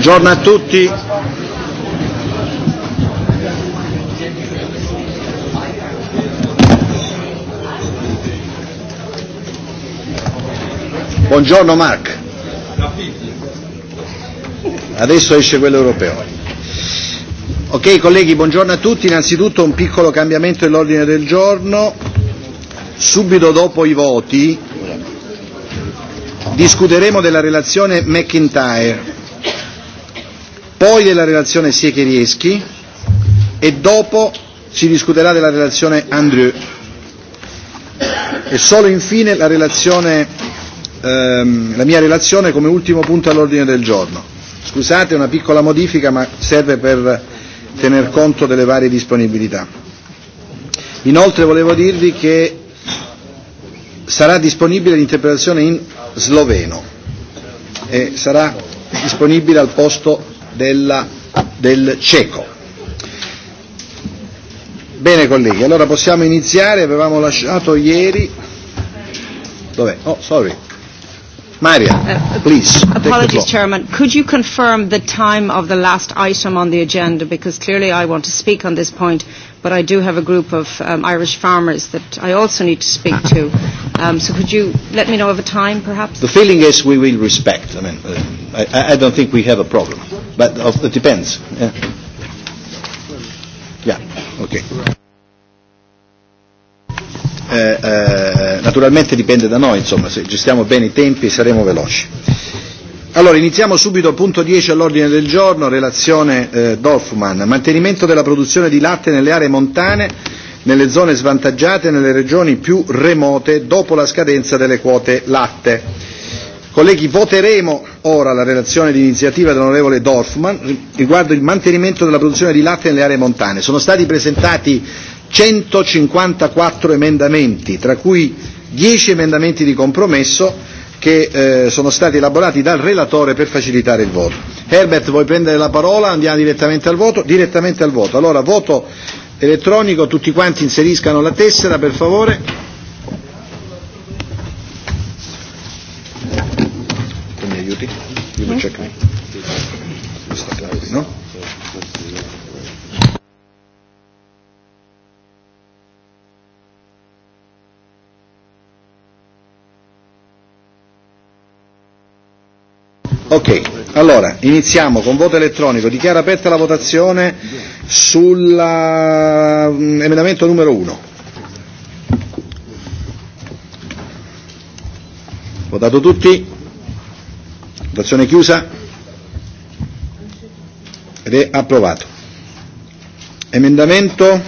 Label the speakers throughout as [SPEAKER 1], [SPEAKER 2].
[SPEAKER 1] Buongiorno a tutti. Buongiorno Mark. Adesso esce quello europeo. Ok colleghi, buongiorno a tutti. Innanzitutto un piccolo cambiamento dell'ordine del giorno. Subito dopo i voti discuteremo della relazione McIntyre poi della relazione Siecherieschi e dopo si discuterà della relazione Andrieu e solo infine la, relazione, ehm, la mia relazione come ultimo punto all'ordine del giorno. Scusate, una piccola modifica ma serve per tener conto delle varie disponibilità. Inoltre volevo dirvi che sarà disponibile l'interpretazione in sloveno e sarà disponibile al posto della, del cieco. Bene colleghi, allora possiamo iniziare, avevamo lasciato ieri. Dov'è? Oh, sorry. Maria, uh, please. Apologies,
[SPEAKER 2] Chairman. Could you confirm the time of the last item on the agenda? Because clearly I want to speak on this point but I do have a group of um, Irish farmers that I also need to speak to. Um, so could you let me know of a time, perhaps?
[SPEAKER 1] The feeling is we will respect. I mean, uh, I, I don't think we have a problem, but of, it depends. Yeah. yeah. Okay. Eh, eh, naturalmente dipende da noi, insomma, se gestiamo bene i tempi saremo veloci. Allora, iniziamo subito punto 10 all'ordine del giorno, relazione eh, Dorfman, mantenimento della produzione di latte nelle aree montane, nelle zone svantaggiate nelle regioni più remote dopo la scadenza delle quote latte. Colleghi, voteremo ora la relazione di iniziativa dell'onorevole Dorfman riguardo il mantenimento della produzione di latte nelle aree montane. Sono stati presentati 154 emendamenti, tra cui 10 emendamenti di compromesso che eh, sono stati elaborati dal relatore per facilitare il voto. Herbert, vuoi prendere la parola? Andiamo direttamente al voto? Direttamente al voto. Allora, voto elettronico, tutti quanti inseriscano la tessera, per favore. mi aiuti? Io lo cerco. No? Ok, allora iniziamo con voto elettronico. Dichiaro aperta la votazione sull'emendamento mm, numero 1. Votato tutti? Votazione chiusa? Ed è approvato. Emendamento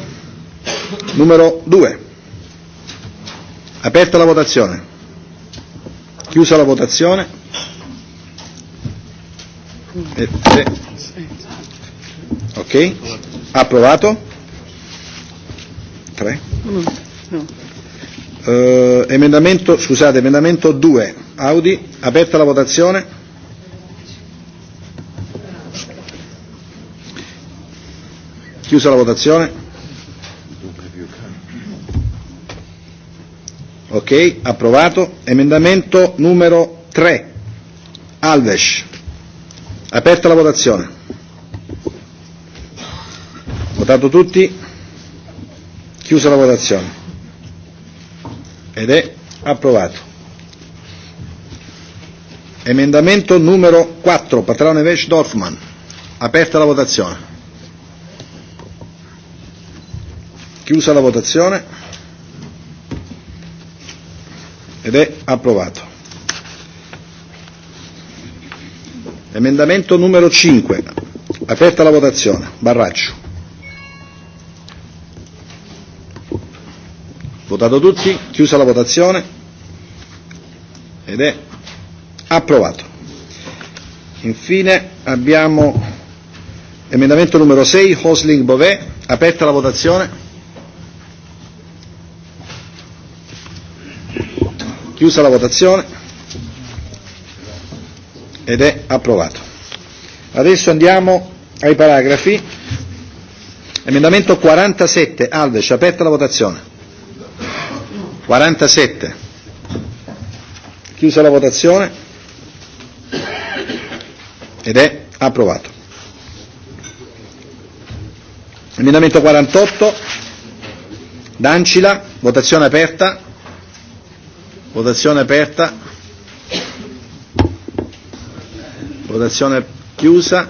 [SPEAKER 1] numero 2. Aperta la votazione. Chiusa la votazione. Eh, eh. Ok, approvato. 3.
[SPEAKER 3] Uh, mm,
[SPEAKER 1] eh, emendamento, scusate, emendamento 2. Audi, aperta la votazione. Chiusa la votazione. Ok, approvato. Emendamento numero 3. Alves. Aperta la votazione. Votato tutti. Chiusa la votazione. Ed è approvato. Emendamento numero 4, Patrone Vesh Dorfman. Aperta la votazione. Chiusa la votazione. Ed è approvato. Emendamento numero 5. Aperta la votazione. Barraccio. Votato tutti, chiusa la votazione ed è approvato. Infine abbiamo emendamento numero 6, Hosling Bové. Aperta la votazione. Chiusa la votazione ed è approvato. Adesso andiamo ai paragrafi. Emendamento 47, Alves, aperta la votazione. 47. Chiusa la votazione ed è approvato. Emendamento 48, Dancila, votazione aperta. Votazione aperta. Votazione chiusa.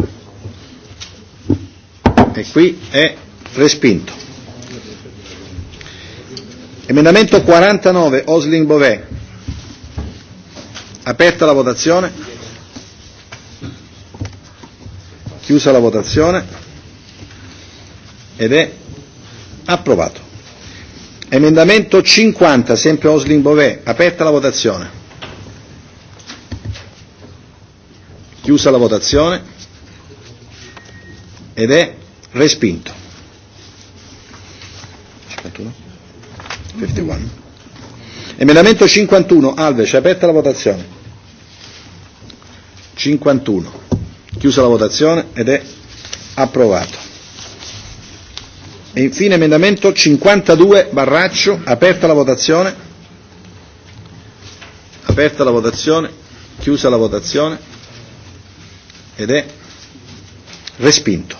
[SPEAKER 1] E qui è respinto. Emendamento 49, Osling Bovè. Aperta la votazione. Chiusa la votazione. Ed è approvato. Emendamento 50, sempre Osling Bovè. Aperta la votazione. Chiusa la votazione ed è respinto. 51? 51. Emendamento 51, Alves, è aperta la votazione. 51. Chiusa la votazione ed è approvato. E infine emendamento 52 Barraccio, aperta la votazione. Aperta la votazione, chiusa la votazione ed è respinto.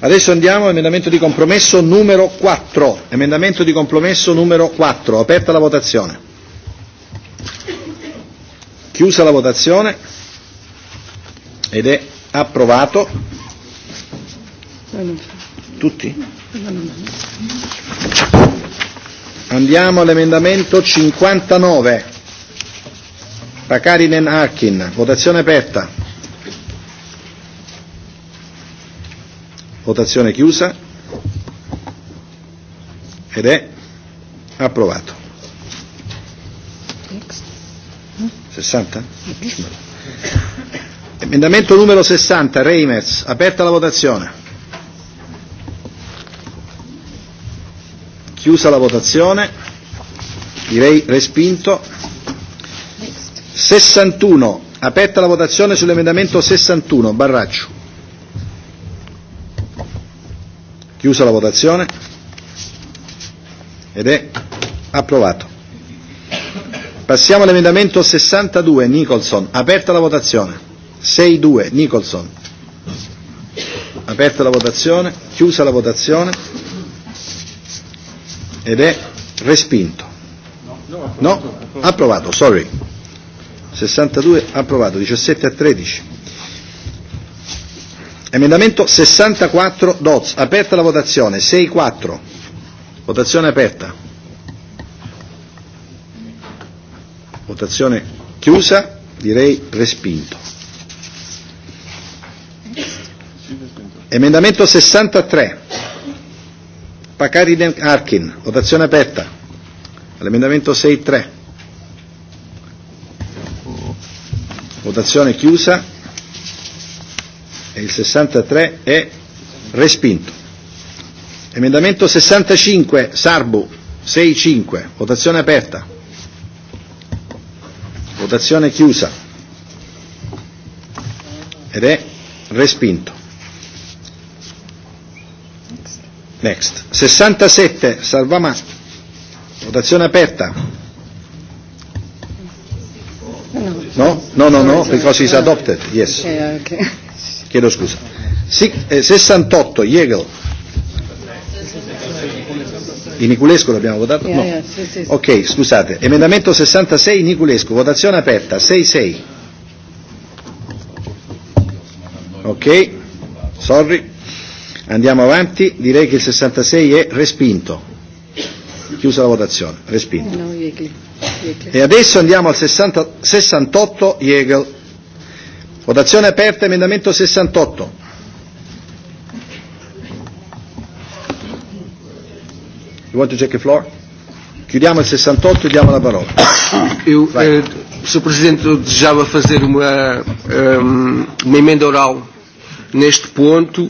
[SPEAKER 1] Adesso andiamo all'emendamento di compromesso numero 4. Emendamento di compromesso numero 4. Aperta la votazione. Chiusa la votazione ed è approvato. Tutti? Andiamo all'emendamento 59. Pakarinen Harkin. Votazione aperta. Votazione chiusa. Ed è approvato. 60? Emendamento numero 60, Reimers. Aperta la votazione. Chiusa la votazione. Direi respinto. 61. Aperta la votazione sull'emendamento 61. Barraccio. Chiusa la votazione ed è approvato. Passiamo all'emendamento 62 Nicholson. Aperta la votazione. 6-2 Nicholson. Aperta la votazione, chiusa la votazione ed è respinto. No, approvato, sorry. 62 approvato, 17 a 13. Emendamento 64 Doz, aperta la votazione, 6-4, votazione aperta. Votazione chiusa, direi respinto. Emendamento 63, Den Arkin, votazione aperta. All'emendamento 6-3. Votazione chiusa, e il 63 è respinto. Emendamento 65, Sarbu, 6-5, votazione aperta. Votazione chiusa. Ed è respinto. Next. 67, Salvama Votazione aperta. No? No, no, no, because it's adopted. Yes.
[SPEAKER 4] Okay, okay
[SPEAKER 1] chiedo scusa. eh, 68, Jägel. In Niculescu l'abbiamo votato? No. Ok, scusate. Emendamento 66 Niculescu. votazione aperta, 6-6. Ok, sorry. Andiamo avanti, direi che il 66 è respinto. Chiusa la votazione, respinto. E adesso andiamo al 60, 68 Jägel. Votazione aperta, emendamento 68. You want to check the floor? Chiudiamo il 68 e diamo la parola.
[SPEAKER 5] Io,
[SPEAKER 6] eh, Sr. Presidente, eu desejava fazer uma, um, uma emenda oral neste ponto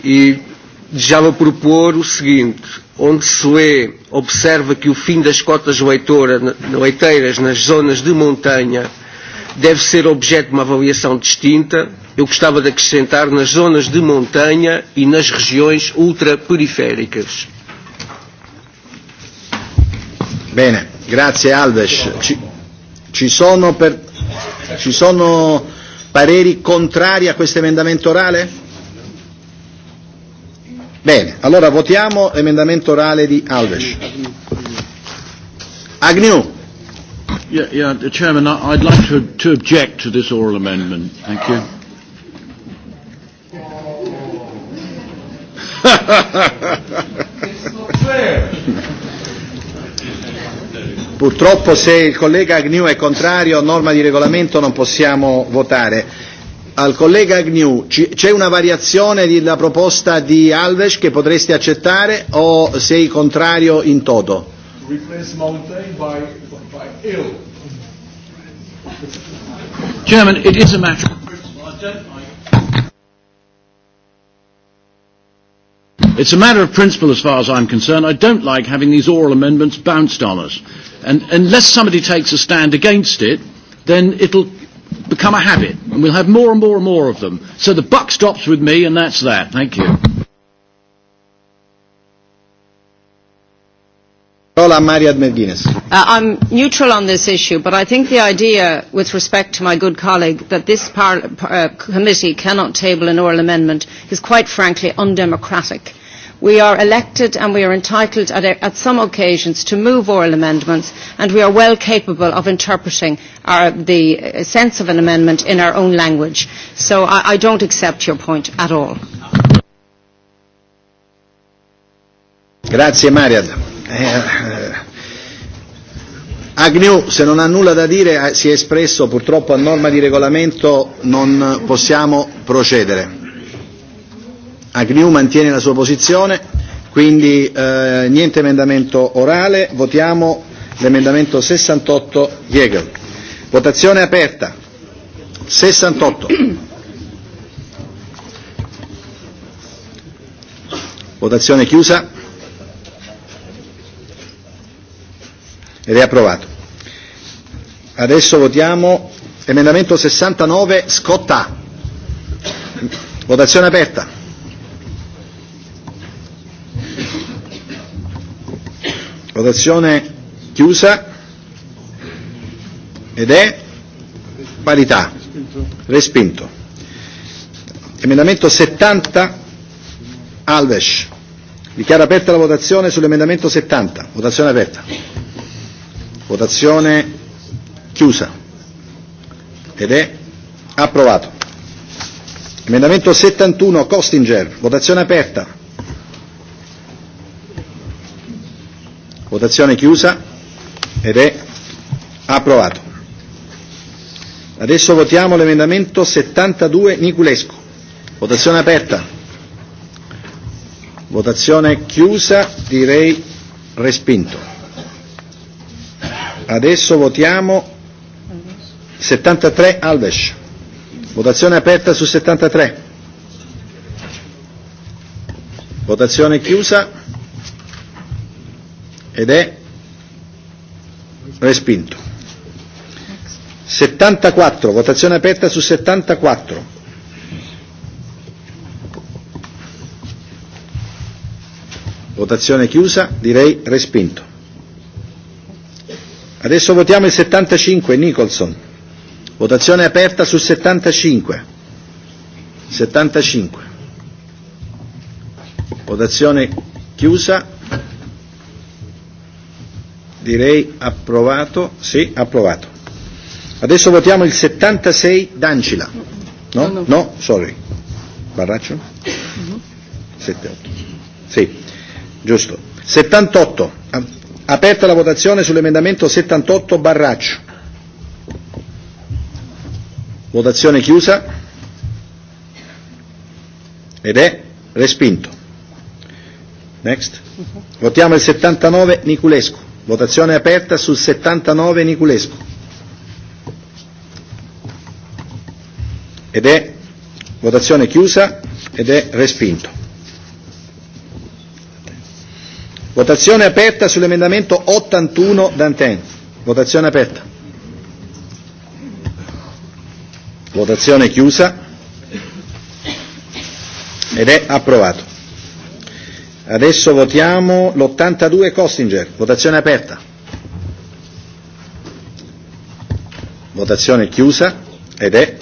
[SPEAKER 6] e desejava propor o seguinte, onde se lê, observa que o fim das cotas leitora, leiteiras nas zonas de montanha deve ser objeto de uma avaliação distinta. Eu gostava de acrescentar nas zonas de montanha e nas regiões ultraperiféricas.
[SPEAKER 1] Bem, grazie Alves. Ci, ci, sono per, ci sono pareri contrari a questo emendamento orale? Bene, allora votiamo l'emendamento orale di Alves.
[SPEAKER 7] Agnew. Agnew. Yeah, yeah, the Chairman, I'd like to, to object to this oral amendment. Thank you.
[SPEAKER 1] Purtroppo se il collega Agnew è contrario a norma di regolamento non possiamo votare. Al collega Agnew c'è una variazione della proposta di Alves che potresti accettare o sei contrario in toto?
[SPEAKER 7] replace mountain by, by hill. Chairman, it is a matter of principle. It's a matter of principle as far as I'm concerned. I don't like having these oral amendments bounced on us. And unless somebody takes a stand against it, then it'll become a habit. And we'll have more and more and more of them. So the buck stops with me, and that's that. Thank you. Hola, Maria McGuinness. Uh,
[SPEAKER 2] I'm neutral on this issue, but I think the idea, with respect to my good colleague, that this par- uh, committee cannot table an oral amendment is quite frankly undemocratic. We are elected and we are entitled at, a, at some occasions to move oral amendments and we are well capable of interpreting our, the uh, sense of an amendment in our own language. So I, I don't accept your point at all.
[SPEAKER 1] Grazie Mariad. Eh, eh, Agnew, se non ha nulla da dire, eh, si è espresso, purtroppo a norma di regolamento non possiamo procedere. Agnew mantiene la sua posizione, quindi eh, niente emendamento orale, votiamo l'emendamento 68 Jäger. Votazione aperta. 68. Votazione chiusa. ed è approvato. Adesso votiamo emendamento 69 Scotta. Votazione aperta. Votazione chiusa ed è parità. Respinto. Emendamento 70 Alves. Dichiara aperta la votazione sull'emendamento 70. Votazione aperta. Votazione chiusa. Ed è approvato. Emendamento 71 Costinger, votazione aperta. Votazione chiusa ed è approvato. Adesso votiamo l'emendamento 72 Niculescu. Votazione aperta. Votazione chiusa, direi respinto. Adesso votiamo 73 Alves. Votazione aperta su 73. Votazione chiusa ed è respinto. 74, votazione aperta su 74. Votazione chiusa, direi respinto. Adesso votiamo il 75, Nicholson. Votazione aperta sul 75. 75. Votazione chiusa. Direi approvato. Sì, approvato. Adesso votiamo il 76 Dancila. No? No, sorry. Barraccio? 78. 7, 8. Sì, giusto. 78. Aperta la votazione sull'emendamento 78 Barraccio. Votazione chiusa ed è respinto. Next. Votiamo il 79 Niculescu. Votazione aperta sul 79 Niculescu. Ed è votazione chiusa ed è respinto. Votazione aperta sull'emendamento 81 Danten. Votazione aperta. Votazione chiusa. Ed è approvato. Adesso votiamo l'82 Costinger. Votazione aperta. Votazione chiusa ed è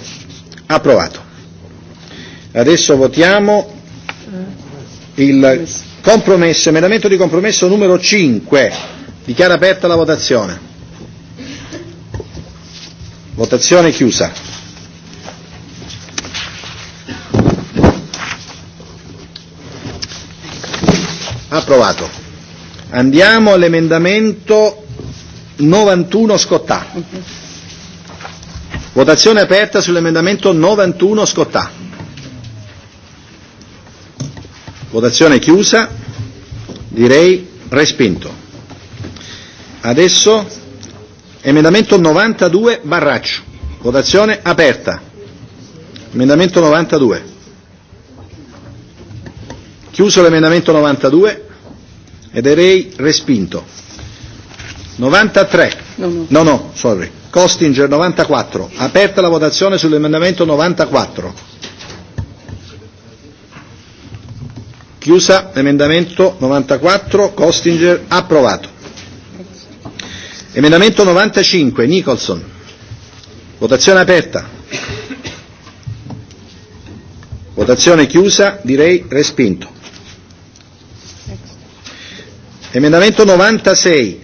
[SPEAKER 1] approvato. Adesso votiamo il Compromesso, emendamento di compromesso numero 5. Dichiara aperta la votazione. Votazione chiusa. Approvato. Andiamo all'emendamento 91 Scottà. Votazione aperta sull'emendamento 91 Scottà. Votazione chiusa, direi respinto. Adesso emendamento 92 Barraccio. Votazione aperta. Emendamento 92. Chiuso l'emendamento 92 e direi respinto. 93. No, no, no, no sorry. Costinger 94. Aperta la votazione sull'emendamento 94. Chiusa emendamento 94, Costinger approvato. Emendamento 95, Nicholson. Votazione aperta. Votazione chiusa, direi respinto. Emendamento 96,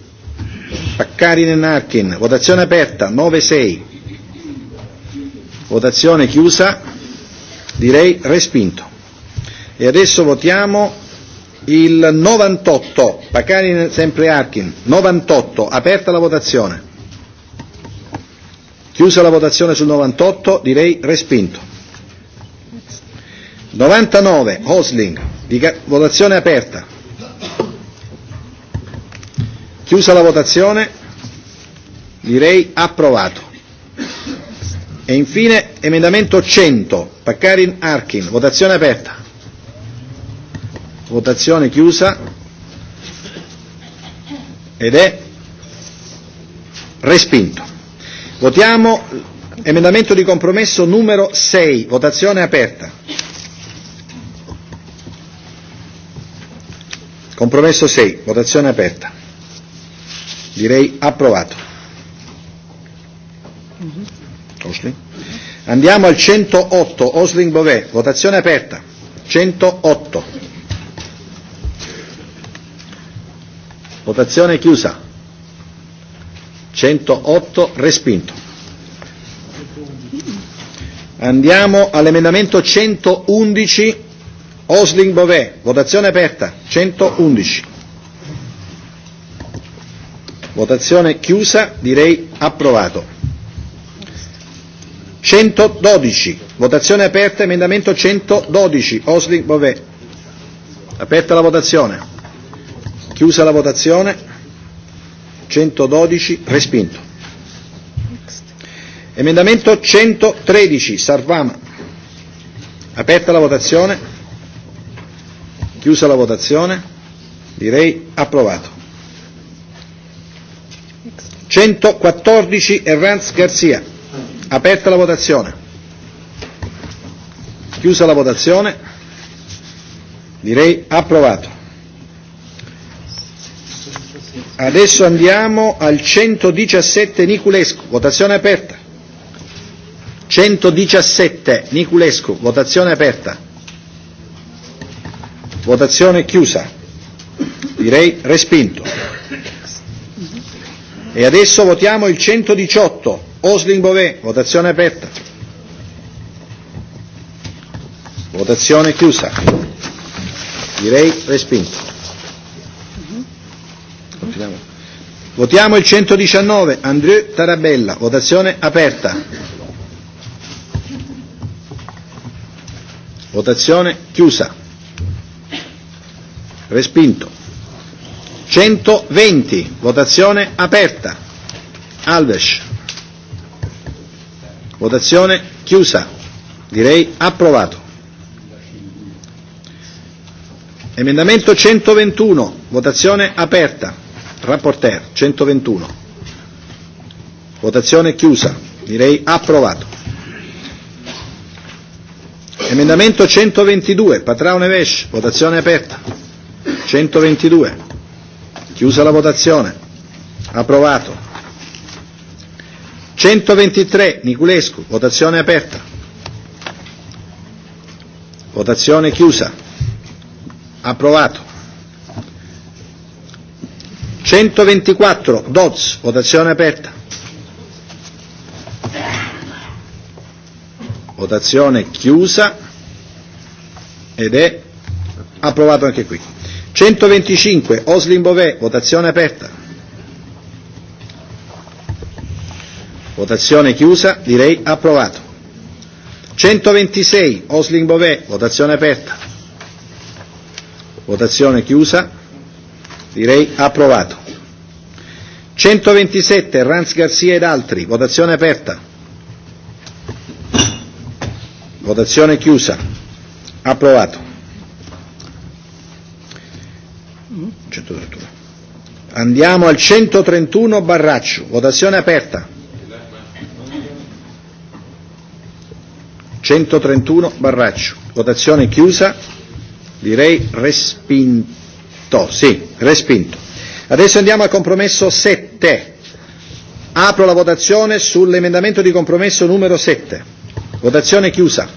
[SPEAKER 1] Paccarin e Narkin, votazione aperta, 9-6. Votazione chiusa, direi respinto. E adesso votiamo il 98, Pacani sempre Arkin, 98, aperta la votazione. Chiusa la votazione sul 98, direi respinto. 99, Hosling, votazione aperta. Chiusa la votazione, direi approvato. E infine emendamento 100, Paccarin Arkin, votazione aperta. Votazione chiusa. Ed è respinto. Votiamo emendamento di compromesso numero 6. Votazione aperta. Compromesso 6. Votazione aperta. Direi approvato. Osling. Andiamo al 108. Osling Bové. Votazione aperta. 108. Votazione chiusa. 108 respinto. Andiamo all'emendamento 111 Osling Bové. Votazione aperta. 111. Votazione chiusa, direi approvato. 112. Votazione aperta, emendamento 112. Osling Bové. Aperta la votazione. Chiusa la votazione. 112 respinto. Emendamento 113 Sarvama. Aperta la votazione. Chiusa la votazione. Direi approvato. 114 Erranz Garzia. Aperta la votazione. Chiusa la votazione. Direi approvato. Adesso andiamo al 117 Niculescu, votazione aperta. 117 Niculescu, votazione aperta. Votazione chiusa. Direi respinto. E adesso votiamo il 118 Osling Bové, votazione aperta. Votazione chiusa. Direi respinto. Continuiamo. Votiamo il 119, Andrew Tarabella, votazione aperta. Votazione chiusa. Respinto. 120, votazione aperta. Alves. Votazione chiusa. Direi approvato. Emendamento 121, votazione aperta. Rapporteur 121. Votazione chiusa. Direi approvato. Emendamento 122. Patraone Vesh. Votazione aperta. 122. Chiusa la votazione. Approvato. 123. Niculescu. Votazione aperta. Votazione chiusa. Approvato. 124 Dodds, votazione aperta. Votazione chiusa ed è approvato anche qui. 125 Oslin Bovè, votazione aperta. Votazione chiusa, direi approvato. 126 Oslin Bovè, votazione aperta. Votazione chiusa, direi approvato. 127 Ranz Garcia ed altri, votazione aperta. Votazione chiusa. Approvato. Andiamo al 131 Barraccio, votazione aperta. 131 Barraccio, votazione chiusa, direi respinto, sì, respinto. Adesso andiamo al compromesso 7. Apro la votazione sull'emendamento di compromesso numero 7. Votazione chiusa.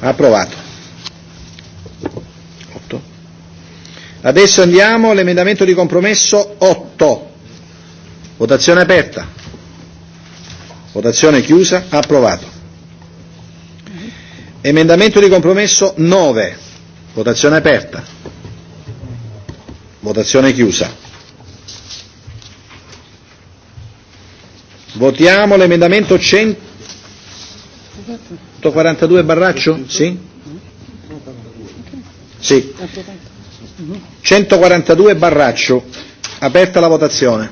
[SPEAKER 1] Approvato. 8. Adesso andiamo all'emendamento di compromesso 8. Votazione aperta. Votazione chiusa. Approvato. Emendamento di compromesso 9. Votazione aperta. Votazione chiusa. Votiamo l'emendamento 142 Barraccio? Sì? Sì. 142 Barraccio. Aperta la votazione.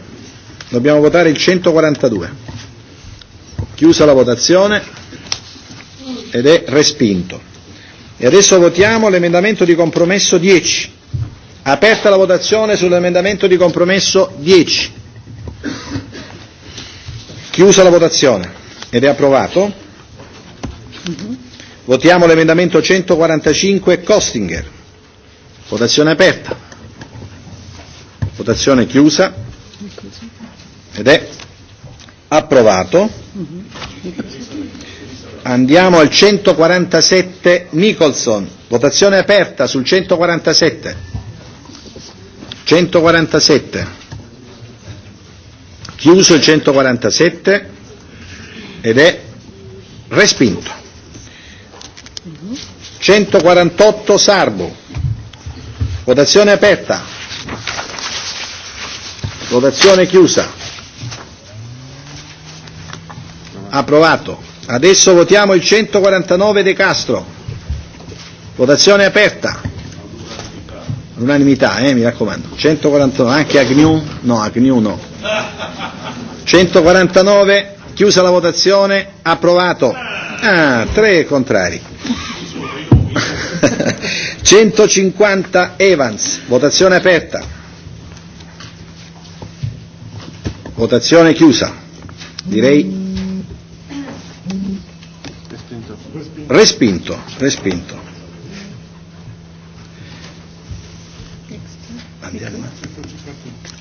[SPEAKER 1] Dobbiamo votare il 142. Chiusa la votazione ed è respinto. E adesso votiamo l'emendamento di compromesso 10. Aperta la votazione sull'emendamento di compromesso 10. Chiusa la votazione ed è approvato. Votiamo l'emendamento 145 Costinger. Votazione aperta. Votazione chiusa ed è approvato. Andiamo al 147 Nicholson. Votazione aperta sul 147. 147. Chiuso il 147 ed è respinto. 148 Sarbo. Votazione aperta. Votazione chiusa. Approvato. Adesso votiamo il 149 De Castro. Votazione aperta. unanimità, eh, mi raccomando. 149, anche Agnew? No, Agnew no. 149, chiusa la votazione, approvato. Ah, tre contrari. 150 Evans, votazione aperta. Votazione chiusa. Direi respinto, respinto. Andiamo.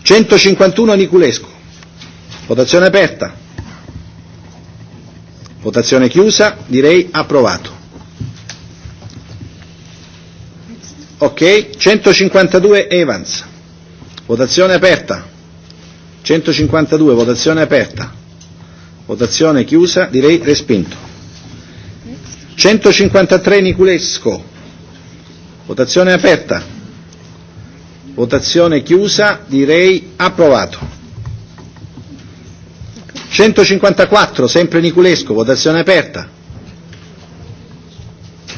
[SPEAKER 1] 151 Niculescu. Votazione aperta. Votazione chiusa, direi approvato. Ok, 152 Evans. Votazione aperta. 152, votazione aperta. Votazione chiusa, direi respinto. 153 Niculesco. Votazione aperta. Votazione chiusa, direi approvato. 154, sempre Niculesco, votazione aperta.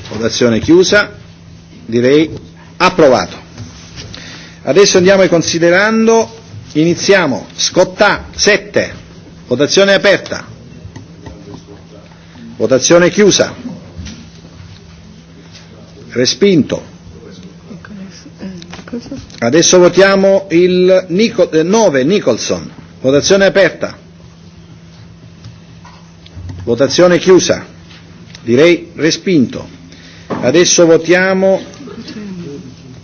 [SPEAKER 1] Votazione chiusa, direi approvato. Adesso andiamo ai considerando, iniziamo, Scottà 7, votazione aperta. Votazione chiusa. Respinto. Adesso votiamo il 9 eh, Nicholson. Votazione aperta. Votazione chiusa. Direi respinto. Adesso votiamo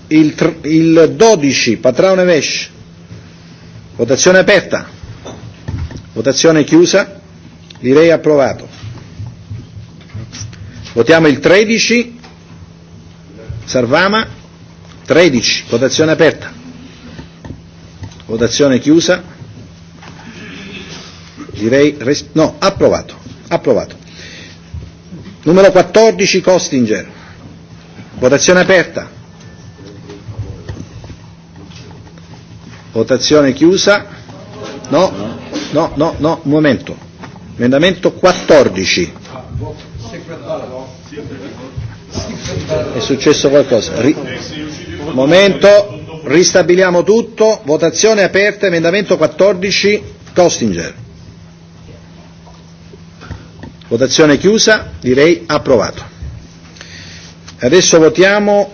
[SPEAKER 1] il, il 12 Patrone Vesh. Votazione aperta. Votazione chiusa. Direi approvato. Votiamo il 13 Sarvama. 13, votazione aperta. Votazione chiusa. Direi res- no, approvato. Approvato. Numero 14 Costinger. Votazione aperta. Votazione chiusa. No, no, no, no, un momento. Emendamento 14. È successo qualcosa? Ri- Momento, ristabiliamo tutto, votazione aperta, emendamento 14, Costinger. Votazione chiusa, direi approvato. Adesso votiamo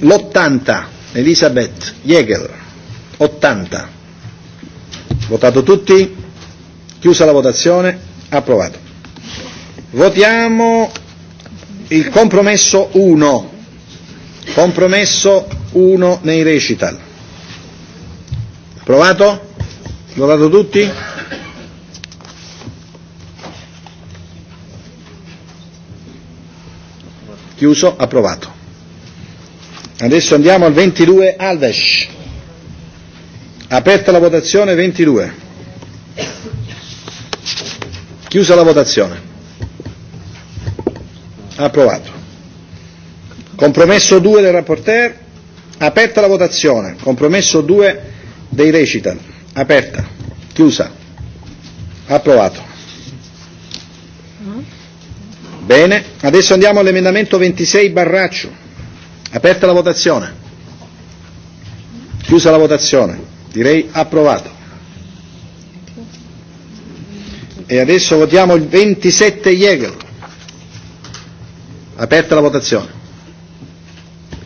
[SPEAKER 1] l'80, Elisabeth Jäger, 80. Votato tutti? Chiusa la votazione, approvato. Votiamo il compromesso 1. Compromesso 1 nei recital. Provato? Provato tutti? Chiuso, approvato. Adesso andiamo al 22 Alves. Aperta la votazione 22. Chiusa la votazione. Approvato. Compromesso 2 del rapporteur, aperta la votazione. Compromesso 2 dei recital, aperta, chiusa, approvato. Bene, adesso andiamo all'emendamento 26 Barraccio. Aperta la votazione. Chiusa la votazione. Direi approvato. E adesso votiamo il 27 Jäger. Aperta la votazione.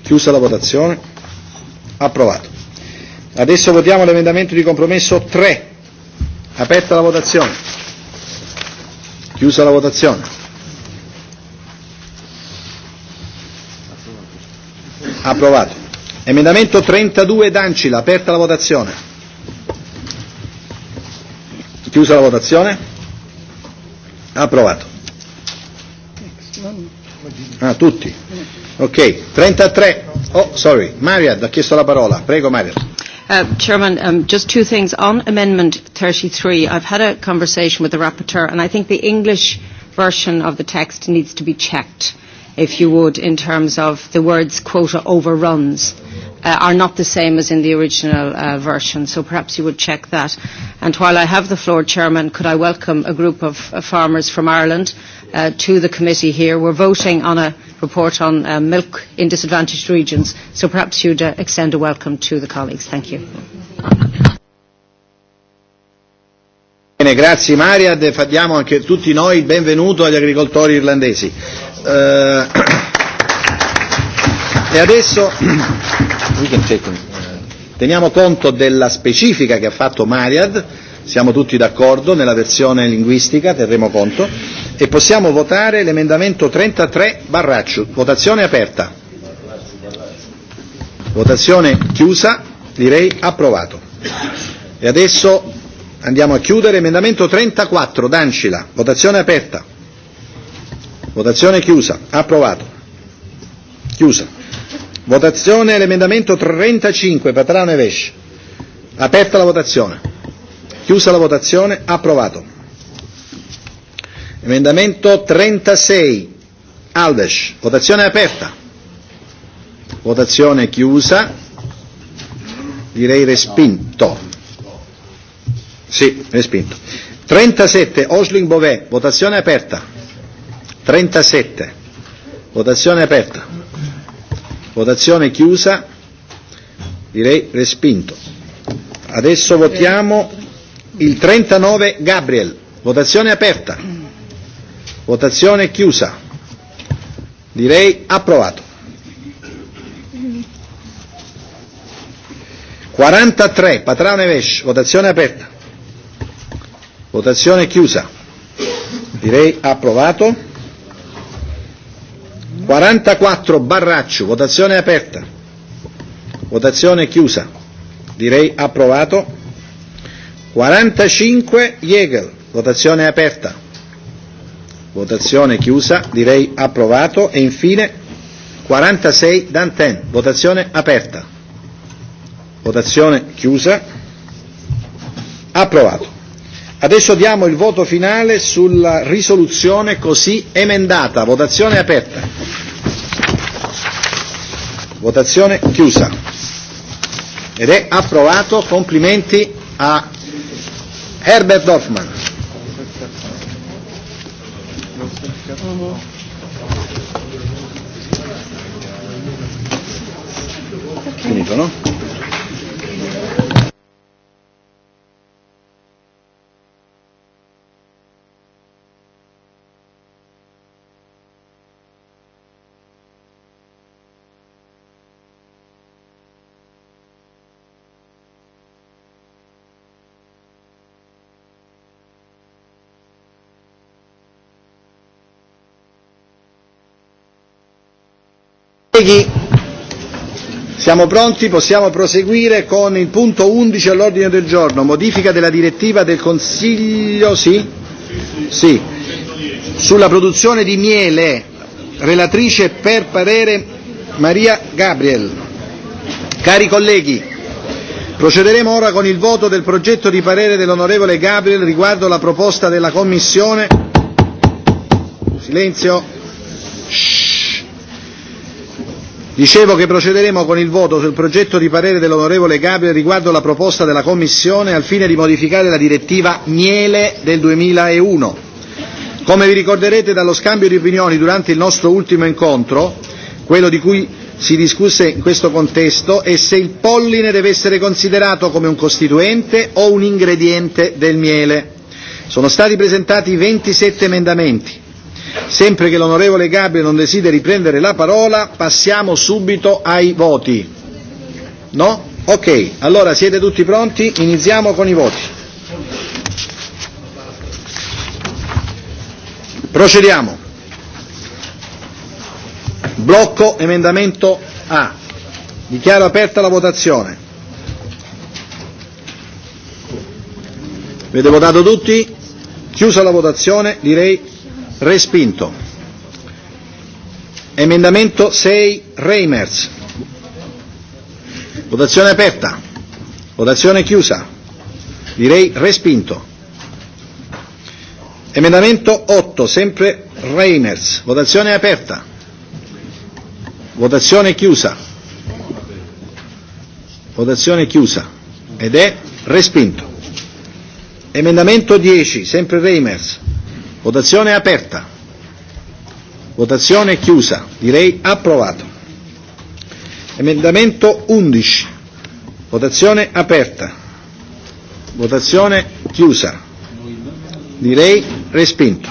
[SPEAKER 1] Chiusa la votazione. Approvato. Adesso votiamo l'emendamento di compromesso 3. Aperta la votazione. Chiusa la votazione. Approvato. Emendamento 32 Dancila, aperta la votazione. Chiusa la votazione. Approvato. Ah, tutti. Ok, 33. Oh, sorry. Maria ha chiesto la parola. Prego, Maria.
[SPEAKER 2] Uh, Chairman, um, just two things. On Amendment 33, I've had a conversation with the rapporteur, and I think the English version of the text needs to be checked. Uh, if you would, in terms of the words quota overruns uh, are not the same as in the original uh, version, so perhaps you would check that. And while I have the floor, Chairman, could I welcome a group of uh, farmers from Ireland uh, to the committee here? We're voting on a report on uh, milk in disadvantaged regions, so perhaps you'd uh, extend a welcome to the colleagues. Thank you.
[SPEAKER 1] Bene, grazie Maria, diamo anche tutti noi il benvenuto agli agricoltori irlandesi. Eh, e adesso teniamo conto della specifica che ha fatto Mariad, siamo tutti d'accordo nella versione linguistica, terremo conto, e possiamo votare l'emendamento 33 Barraccio. Votazione aperta. Votazione chiusa, direi approvato. E adesso andiamo a chiudere emendamento 34 Dancila. Votazione aperta. Votazione chiusa. Approvato. Chiusa. Votazione all'emendamento 35, Patrano e Vesce. Aperta la votazione. Chiusa la votazione. Approvato. Emendamento 36, Alves. Votazione aperta. Votazione chiusa. Direi respinto. Sì, respinto. 37, Osling Bové. Votazione aperta. 37. Votazione aperta. Votazione chiusa. Direi respinto. Adesso votiamo il 39 Gabriel. Votazione aperta. Votazione chiusa. Direi approvato. 43 Patrano Vesh. Votazione aperta. Votazione chiusa. Direi approvato. 44 Barraccio, votazione aperta. Votazione chiusa. Direi approvato. 45 Jägel, votazione aperta. Votazione chiusa, direi approvato e infine 46 Danten, votazione aperta. Votazione chiusa. Approvato. Adesso diamo il voto finale sulla risoluzione così emendata. Votazione aperta. Votazione chiusa. Ed è approvato. Complimenti a Herbert Dorfman.
[SPEAKER 5] Finito, no?
[SPEAKER 1] Colleghi, siamo pronti, possiamo proseguire con il punto 11 all'ordine del giorno, modifica della direttiva del Consiglio, sì? Sì, sulla produzione di miele, relatrice per parere Maria Gabriel. Cari colleghi, procederemo ora con il voto del progetto di parere dell'onorevole Gabriel riguardo la proposta della Commissione. Silenzio. Shh. Dicevo che procederemo con il voto sul progetto di parere dell'onorevole Gabriel riguardo alla proposta della Commissione al fine di modificare la direttiva Miele del 2001. Come vi ricorderete dallo scambio di opinioni durante il nostro ultimo incontro, quello di cui si discusse in questo contesto è se il polline deve essere considerato come un costituente o un ingrediente del miele. Sono stati presentati 27 emendamenti Sempre che l'onorevole Gabriel non desideri prendere la parola, passiamo subito ai voti. No? Ok, allora siete tutti pronti? Iniziamo con i voti. Procediamo. Blocco emendamento A. Dichiaro aperta la votazione. Avete votato tutti? Chiusa la votazione, direi respinto. Emendamento 6 Reimers. Votazione aperta. Votazione chiusa. Direi respinto. Emendamento 8, sempre Reimers. Votazione aperta. Votazione chiusa. Votazione chiusa. Ed è respinto. Emendamento 10, sempre Reimers. Votazione aperta. Votazione chiusa. Direi approvato. Emendamento 11. Votazione aperta. Votazione chiusa. Direi respinto.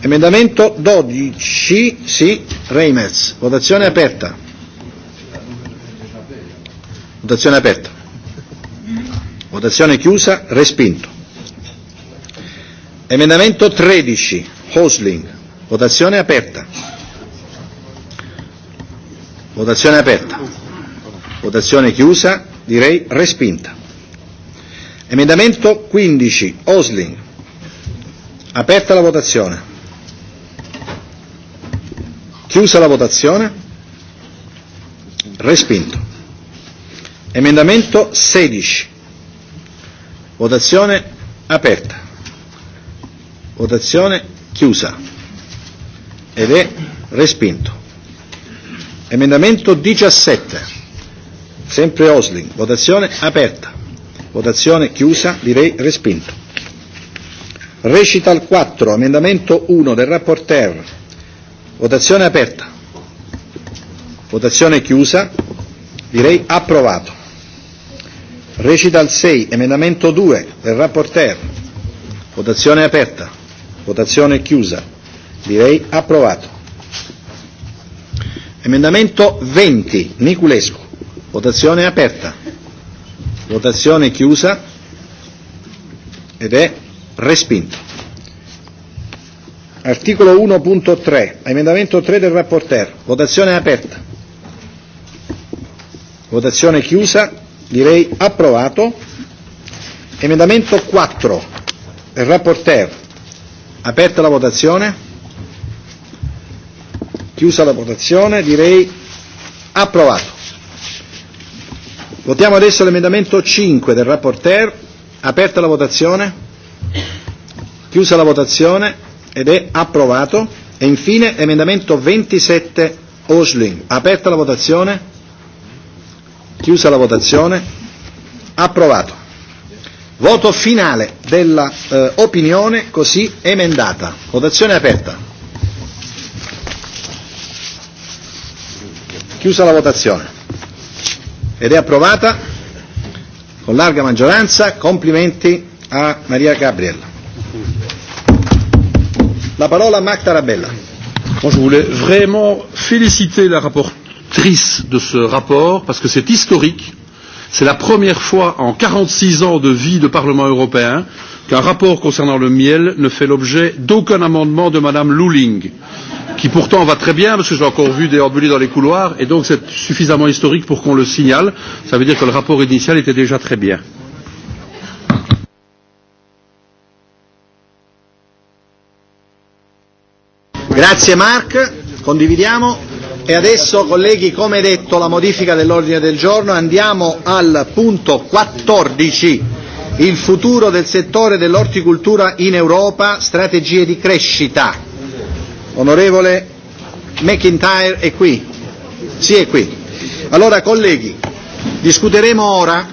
[SPEAKER 1] Emendamento 12. Sì, Reimers. Votazione aperta. Votazione aperta. Votazione chiusa. Respinto. Emendamento 13, Hosling, votazione aperta. Votazione aperta. Votazione chiusa, direi respinta. Emendamento 15, Hosling, aperta la votazione. Chiusa la votazione, respinto. Emendamento 16, votazione aperta. Votazione chiusa. Ed è respinto. Emendamento 17. Sempre Osling. Votazione aperta. Votazione chiusa, direi respinto. Recital 4, emendamento 1 del rapporteur. Votazione aperta. Votazione chiusa, direi approvato. Recital 6, emendamento 2 del rapporteur. Votazione aperta. Votazione chiusa. Direi approvato. Emendamento 20, Niculescu. Votazione aperta. Votazione chiusa ed è respinto. Articolo 1.3, emendamento 3 del rapporteur. Votazione aperta. Votazione chiusa, direi approvato. Emendamento 4 del rapporteur. Aperta la votazione, chiusa la votazione, direi approvato. Votiamo adesso l'emendamento 5 del rapporteur, aperta la votazione, chiusa la votazione ed è approvato. E infine emendamento 27 Osling, aperta la votazione, chiusa la votazione, approvato. Voto finale della eh, opinione così emendata. Votazione aperta. Chiusa la votazione. Ed è approvata con larga maggioranza. Complimenti a Maria Gabriella. La parola a Mac Tarabella.
[SPEAKER 6] Bon, je voulais vraiment féliciter la rapportrice de ce rapport parce que c'est historique C'est la première fois en quarante six ans de vie du Parlement européen qu'un rapport concernant le miel ne fait l'objet d'aucun amendement de mme lulling qui pourtant va très bien, parce que j'ai encore vu des déambuler dans les couloirs, et donc c'est suffisamment historique pour qu'on le signale. Ça veut dire que le rapport initial était déjà très bien.
[SPEAKER 1] Grazie Marc, condividiamo. E adesso, colleghi, come detto, la modifica dell'ordine del giorno. Andiamo al punto 14, il futuro del settore dell'orticoltura in Europa, strategie di crescita. Onorevole McIntyre è qui. Sì, è qui. Allora, colleghi, discuteremo ora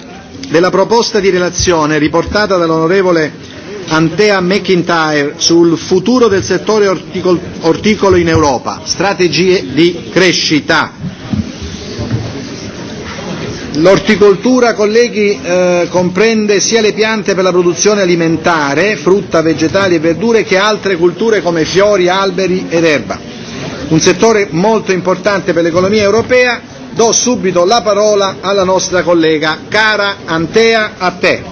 [SPEAKER 1] della proposta di relazione riportata dall'onorevole Antea McIntyre sul futuro del settore orticol- orticolo in Europa, strategie di crescita. L'orticoltura, colleghi, eh, comprende sia le piante per la produzione alimentare, frutta, vegetali e verdure, che altre culture come fiori, alberi ed erba. Un settore molto importante per l'economia europea. Do subito la parola alla nostra collega.
[SPEAKER 8] Cara Antea, a te.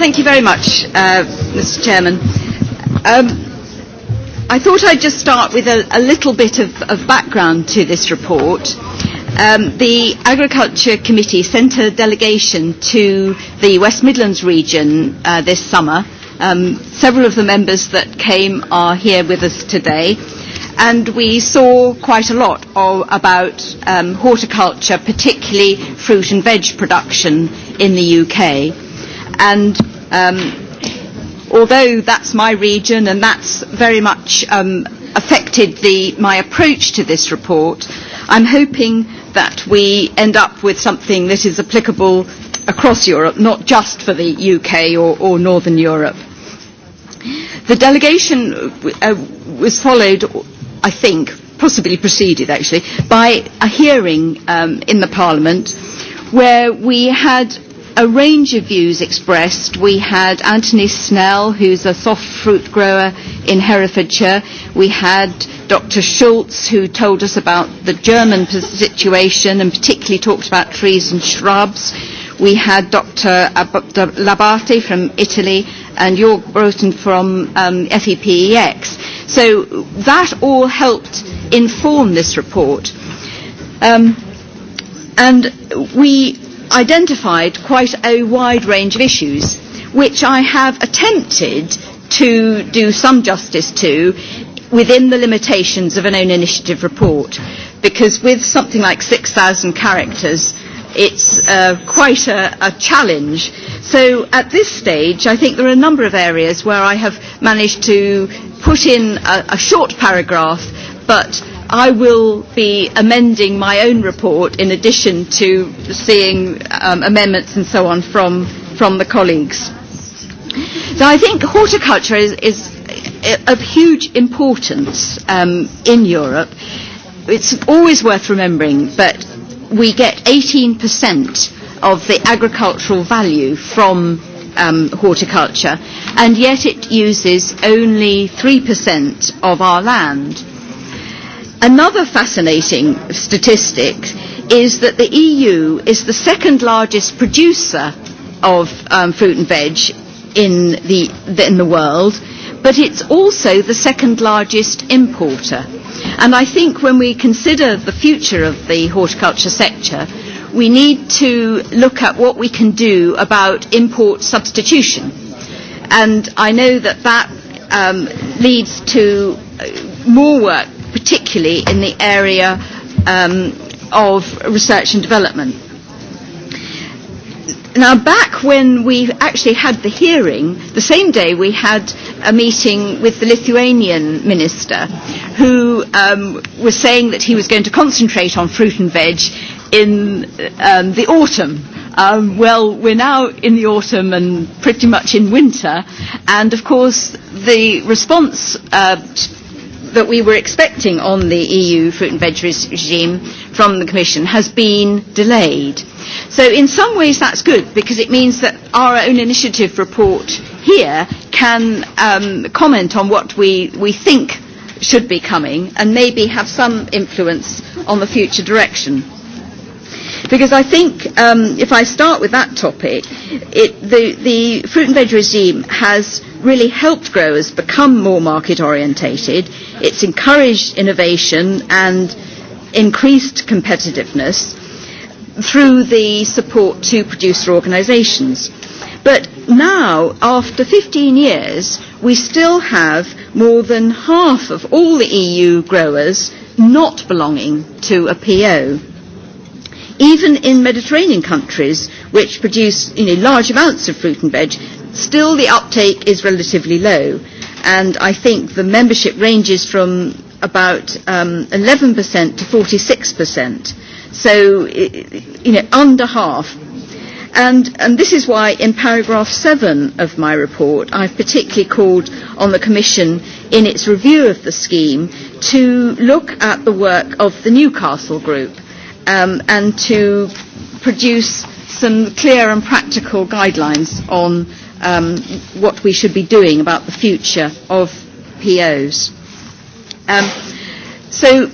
[SPEAKER 8] Thank you very much, uh, Mr. Chairman. Um, I thought I'd just start with a, a little bit of, of background to this report. Um, the Agriculture Committee sent a delegation to the West Midlands region uh, this summer. Um, several of the members that came are here with us today. And we saw quite a lot of, about um, horticulture, particularly fruit and veg production in the UK. And um, although that's my region and that's very much um, affected the, my approach to this report, I'm hoping that we end up with something that is applicable across Europe, not just for the UK or, or Northern Europe. The delegation uh, was followed, I think, possibly preceded actually, by a hearing um, in the Parliament where we had a range of views expressed. We had Anthony Snell, who's a soft fruit grower in Herefordshire. We had Dr. Schultz, who told us about the German situation and particularly talked about trees and shrubs. We had Dr. Labate from Italy and York Broughton from um, FEPEX. So that all helped inform this report. Um, and we identified quite a wide range of issues, which I have attempted to do some justice to within the limitations of an own initiative report, because with something like 6,000 characters, it's uh, quite a, a challenge. So at this stage, I think there are a number of areas where I have managed to put in a, a short paragraph, but I will be amending my own report in addition to seeing um, amendments and so on from, from the colleagues. So I think horticulture is, is of huge importance um, in Europe. It's always worth remembering, but we get 18% of the agricultural value from um, horticulture, and yet it uses only 3% of our land Another fascinating statistic is that the EU is the second largest producer of um, fruit and veg in the, in the world, but it's also the second largest importer. And I think when we consider the future of the horticulture sector, we need to look at what we can do about import substitution. And I know that that um, leads to uh, more work particularly in the area um, of research and development. Now, back when we actually had the hearing, the same day we had a meeting with the Lithuanian minister who um, was saying that he was going to concentrate on fruit and veg in um, the autumn. Um, well, we're now in the autumn and pretty much in winter, and of course the response uh, that we were expecting on the EU fruit and veg regime from the Commission has been delayed. So in some ways that's good because it means that our own initiative report here can um, comment on what we, we think should be coming and maybe have some influence on the future direction. Because I think um, if I start with that topic, it, the, the fruit and veg regime has really helped growers become more market orientated. It's encouraged innovation and increased competitiveness through the support to producer organisations. But now, after 15 years, we still have more than half of all the EU growers not belonging to a PO. Even in Mediterranean countries, which produce you know, large amounts of fruit and veg, Still, the uptake is relatively low, and I think the membership ranges from about um, 11% to 46%. So, you know, under half. And, and this is why in paragraph 7 of my report, I've particularly called on the Commission in its review of the scheme to look at the work of the Newcastle Group um, and to produce some clear and practical guidelines on um, what we should be doing about the future of POs. Um, so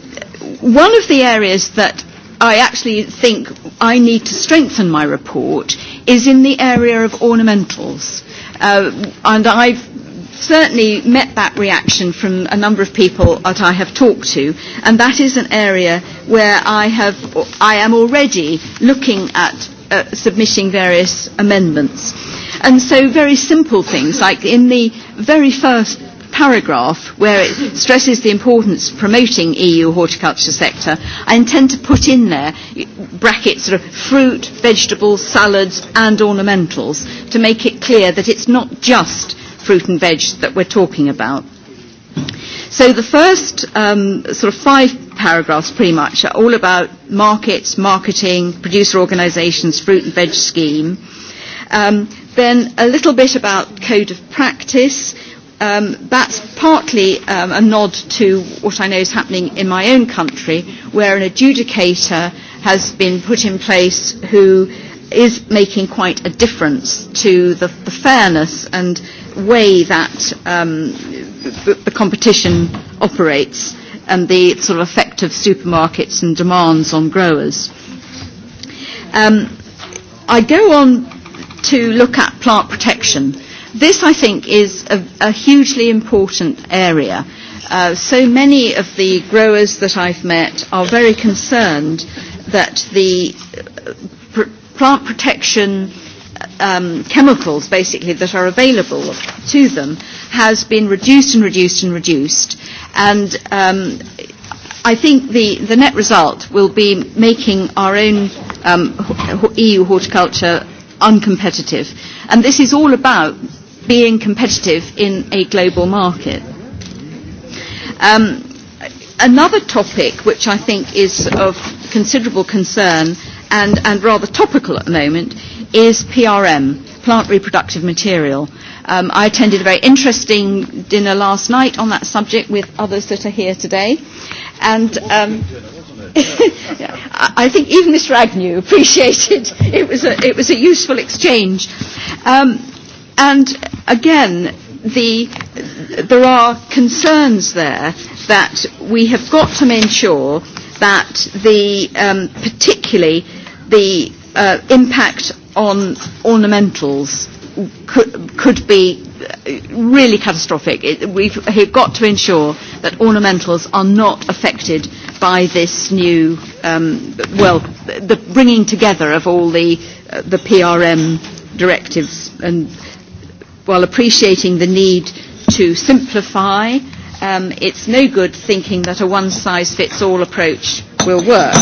[SPEAKER 8] one of the areas that I actually think I need to strengthen my report is in the area of ornamentals. Uh, and I've certainly met that reaction from a number of people that I have talked to, and that is an area where I, have, I am already looking at uh, submitting various amendments. And so very simple things, like in the very first paragraph where it stresses the importance of promoting EU horticulture sector, I intend to put in there brackets sort of fruit, vegetables, salads and ornamentals to make it clear that it's not just fruit and veg that we're talking about. So the first um, sort of five paragraphs pretty much are all about markets, marketing, producer organisations, fruit and veg scheme. Um, Then a little bit about code of practice. Um, that's partly um, a nod to what I know is happening in my own country, where an adjudicator has been put in place who is making quite a difference to the, the fairness and way that um, the, the competition operates and the sort of effect of supermarkets and demands on growers. Um, I go on to look at plant protection. This, I think, is a, a hugely important area. Uh, so many of the growers that I've met are very concerned that the uh, pr plant protection um, chemicals basically that are available to them has been reduced and reduced and reduced. And um, I think the, the net result will be making our own um, EU horticulture uncompetitive. And this is all about being competitive in a global market. Um, another topic which I think is of considerable concern and, and rather topical at the moment is PRM, plant reproductive material. Um, I attended a very interesting dinner last night on that subject with others that are here today. And um, I think even Mr. Agnew appreciated it was a, it was a useful exchange. Um, and again, the, there are concerns there that we have got to ensure that the, um, particularly the uh, impact on ornamentals could, could be really catastrophic. It, we've, we've got to ensure that ornamentals are not affected by this new, um, well, the bringing together of all the, uh, the PRM directives and while appreciating the need to simplify, um, it's no good thinking that a one-size-fits-all approach will work.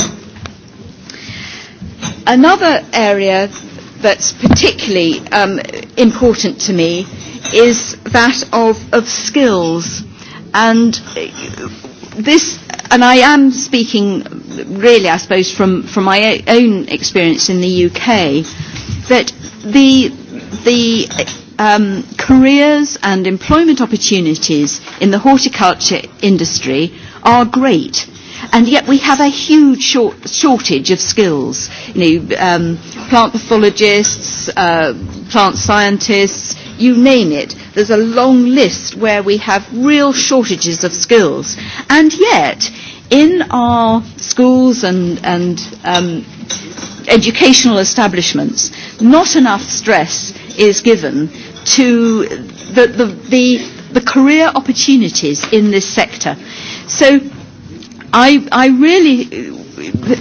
[SPEAKER 8] Another area that's particularly um, important to me is that of, of skills. And this and I am speaking really, I suppose, from, from my own experience in the UK, that the, the um, careers and employment opportunities in the horticulture industry are great. And yet we have a huge short, shortage of skills. You know, um, plant pathologists, uh, plant scientists, you name it. There's a long list where we have real shortages of skills. And yet, in our schools and, and um, educational establishments, not enough stress is given to the, the, the, the career opportunities in this sector. So I, I really uh,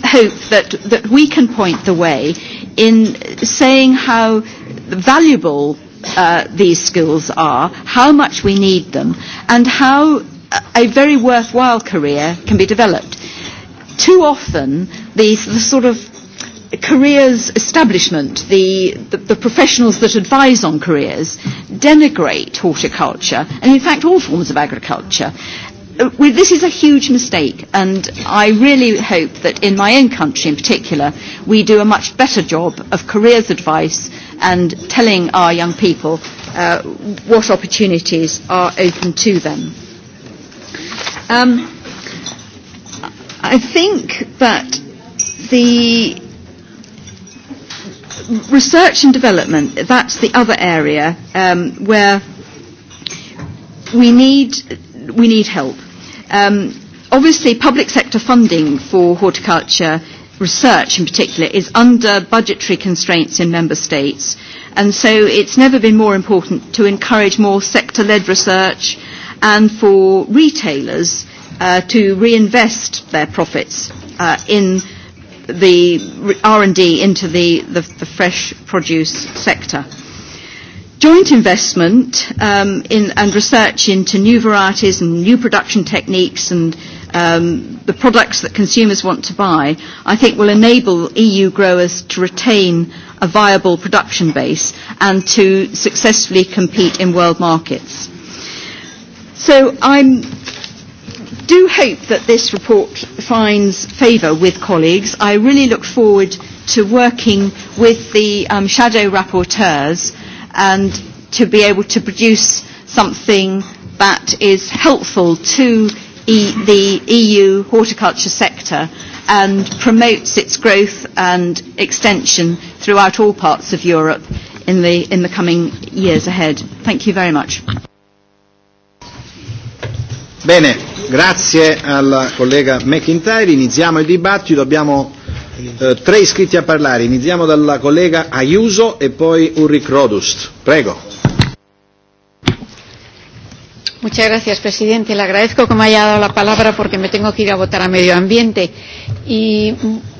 [SPEAKER 8] hope that, that we can point the way in saying how valuable uh, these skills are, how much we need them, and how a very worthwhile career can be developed. Too often, the, the sort of careers establishment, the, the, the professionals that advise on careers, denigrate horticulture and, in fact, all forms of agriculture. Uh, this is a huge mistake, and I really hope that in my own country in particular, we do a much better job of careers advice and telling our young people uh, what opportunities are open to them. Um, I think that the research and development, that's the other area um, where we need, we need help. Um, obviously, public sector funding for horticulture research in particular is under budgetary constraints in member states and so it's never been more important to encourage more sector-led research and for retailers uh, to reinvest their profits uh, in the R&D into the, the, the fresh produce sector. Joint investment um, in, and research into new varieties and new production techniques and um, the products that consumers want to buy, I think will enable EU growers to retain a viable production base and to successfully compete in world markets. So I do hope that this report finds favour with colleagues. I really look forward to working with the um, shadow rapporteurs and to be able to produce something that is helpful to e the EU horticulture sector and promotes its growth and extension throughout all parts of Europe in the, in the coming years ahead. Thank you very much.
[SPEAKER 1] Bene, grazie alla collega McIntyre. Iniziamo il dibattito. Abbiamo eh, tre iscritti a parlare. Iniziamo dalla collega Ayuso e poi Ulrich Rodust. Prego.
[SPEAKER 9] Muchas gracias, presidente. Le agradezco que me haya dado la palabra porque me tengo que ir a votar a medio ambiente. Y